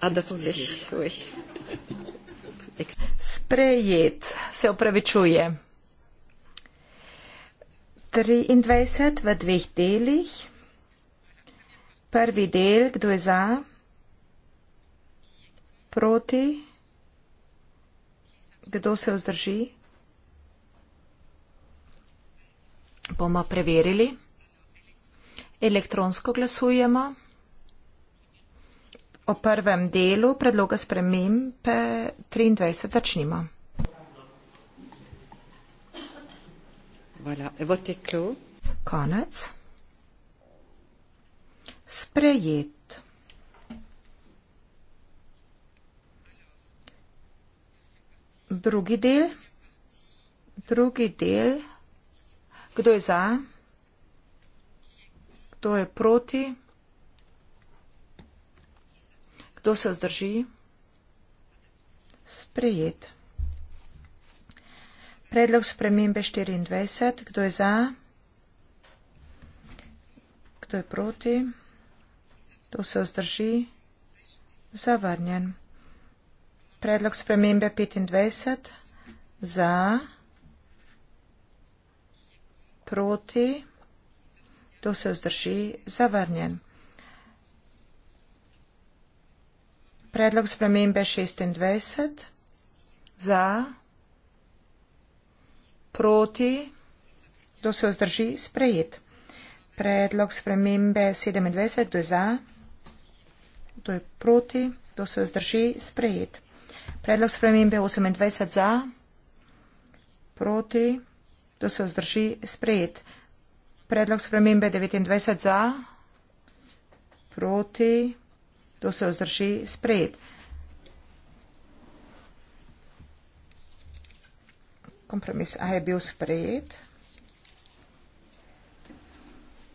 Ah, Sprejet, se opravičuje. 23 v dveh delih. Prvi del, kdo je za, proti, kdo se vzdrži, bomo preverili. Elektronsko glasujemo. O prvem delu predloga spremembe 23 začnimo. Voilà. Vote est clos. Konec. Sprejet. Drugi del. Drugi del. Kdo je za? Kdo je proti? Kdo se vzdrži? Sprejet. Predlog spremembe 24. Kdo je za? Kdo je proti? Kdo se vzdrži? Zavrnjen. Predlog spremembe 25. Za? Proti? Kdo se vzdrži? Zavrnjen. Predlog spremembe 26. Za? proti, kdo se vzdrži, sprejet. Predlog spremembe 27, kdo je za, kdo je proti, kdo se vzdrži, sprejet. Predlog spremembe 28 za, proti, kdo se vzdrži, sprejet. Predlog spremembe 29 za, proti, kdo se vzdrži, sprejet. kompromis A je bil sprejet.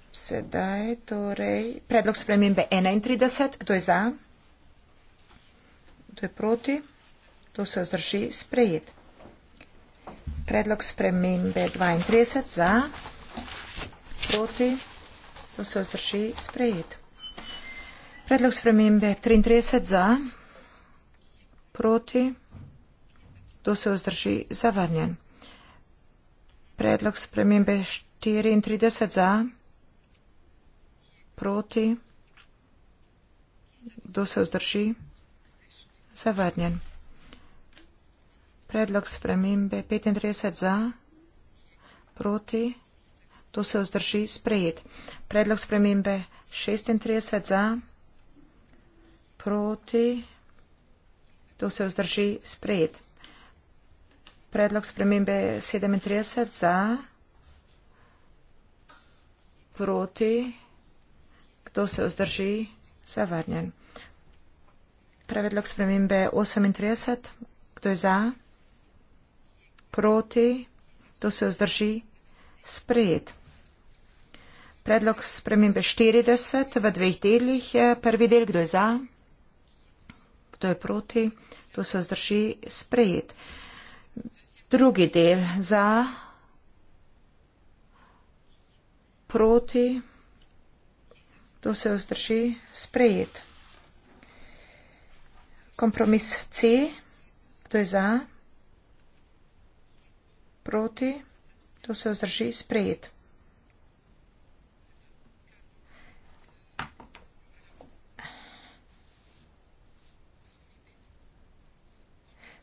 Sedaj torej predlog spremembe 31. Kdo je za? Kdo je proti? Kdo se zdrži? Sprejet. Predlog spremembe 32. Za? Proti? Kdo se zdrži? Sprejet. Predlog spremembe 33. Za? Proti? Kdo se zdrži? Zavrnjen predlog spremembe 34 za, proti, kdo se vzdrži, zavrnjen. Predlog spremembe 35 za, proti, kdo se vzdrži, sprejet. Predlog spremembe 36 za, proti, kdo se vzdrži, sprejet predlog spremembe 37 za, proti, kdo se vzdrži, zavrnjen. Predlog spremembe 38, kdo je za, proti, kdo se vzdrži, sprejet. Predlog spremembe 40 v dveh delih je prvi del, kdo je za, kdo je proti, kdo se vzdrži, sprejet drugi del za, proti, to se vzdrži, sprejet. Kompromis C, to je za, proti, to se vzdrži, sprejet.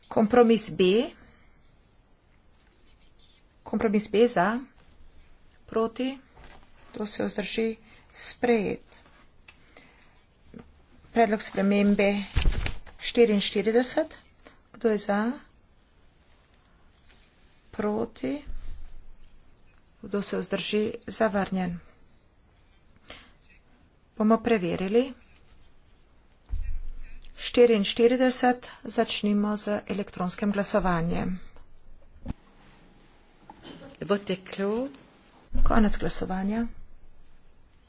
Kompromis B, kompromis beza proti, to se vzdrži sprejet. Predlog spremembe 44. Kdo je za? Proti. Kdo se vzdrži? Zavrnjen. Bomo preverili. 44. Začnimo z elektronskim glasovanjem v teklu. Konec glasovanja.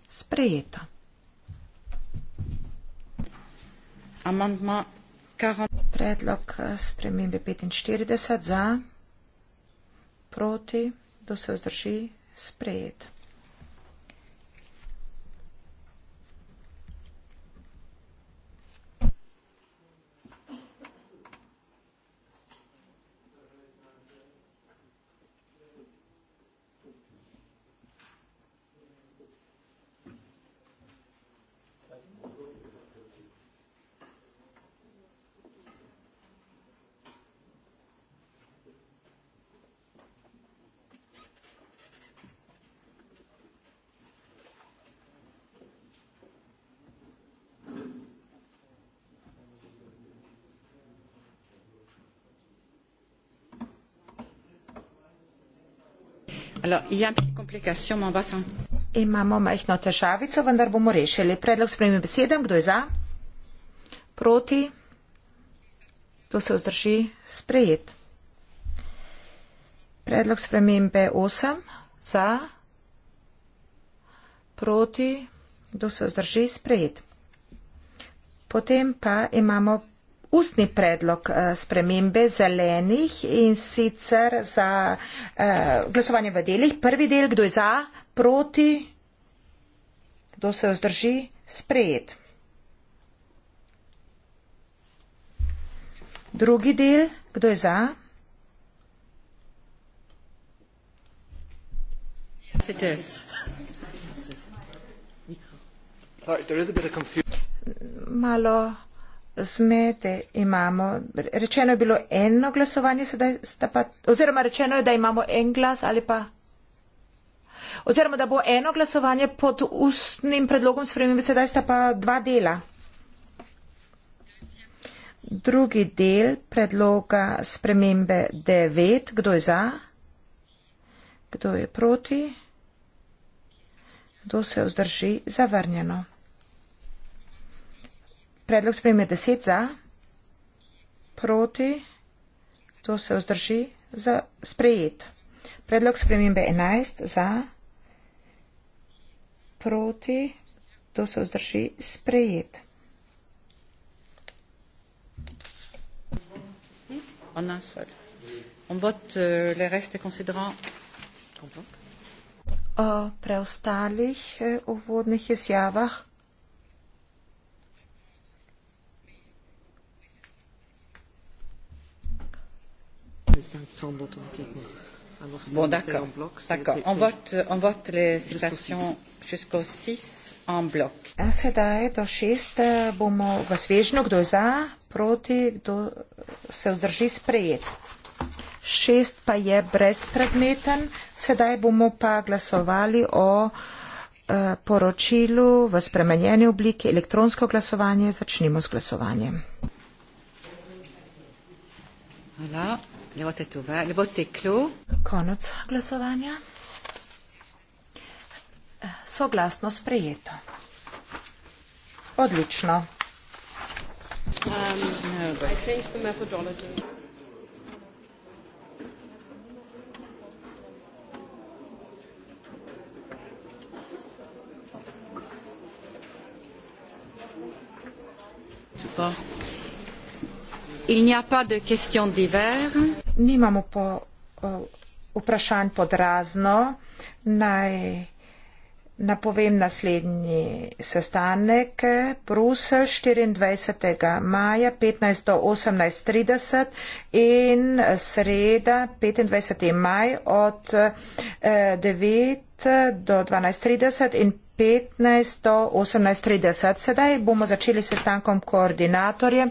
Sprejeto. Amandma 40. Predlog eh, spremembe 45 za, proti, da se vzdrži, sprejeto. Alo, ja, komplikacijom obasem. Imamo majhno težavico, vendar bomo rešili. Predlog spremi besedem, kdo je za? Proti? To se vzdrži sprejet. Predlog spremembe 8 za, proti, da se zdrži sprejet. Potem pa imamo ustni predlog eh, spremembe zelenih in sicer za eh, glasovanje v delih. Prvi del, kdo je za, proti, kdo se vzdrži, sprejet. Drugi del, kdo je za. Malo zmede imamo. Rečeno je bilo eno glasovanje, sedaj sta pa, oziroma rečeno je, da imamo en glas ali pa. Oziroma, da bo eno glasovanje pod ustnim predlogom spremembe, sedaj sta pa dva dela. Drugi del predloga spremembe 9, kdo je za, kdo je proti, kdo se vzdrži, zavrnjeno. Predlog sprejme deset za, proti, to se vzdrži za sprejet. Predlog spremembe 11 za, proti, to se vzdrži sprejet. En un seul. On vote euh, les restes considérant. On vote. Uh, preostalih uh, uvodnih izjavah. distingue tant votre antique. Bon, d'accord. D'accord. On vote, on vote les citations jusqu'au 6 en bloc. Sedaj do 6 eh, bomo v svežnju, kdo je za, proti, kdo se vzdrži sprejet. 6 pa je brezpredmeten. Sedaj bomo pa glasovali o eh, poročilu v spremenjeni obliki elektronsko glasovanje. Začnimo s glasovanjem. Hvala. Levote tuva, levote klu. Konec glasovanja. Soglasno sprejeto. Odlično. Um, no, So. Il n'y a pas de question d'hiver. Nimamo pa uh, vprašanj pod razno. Naj napovem naslednji sestanek. Brusel 24. maja 15. do 18.30 in sreda 25. maj od uh, e, 9. do 12.30 in 15. do 18.30. Sedaj bomo začeli sestankom koordinatorjem.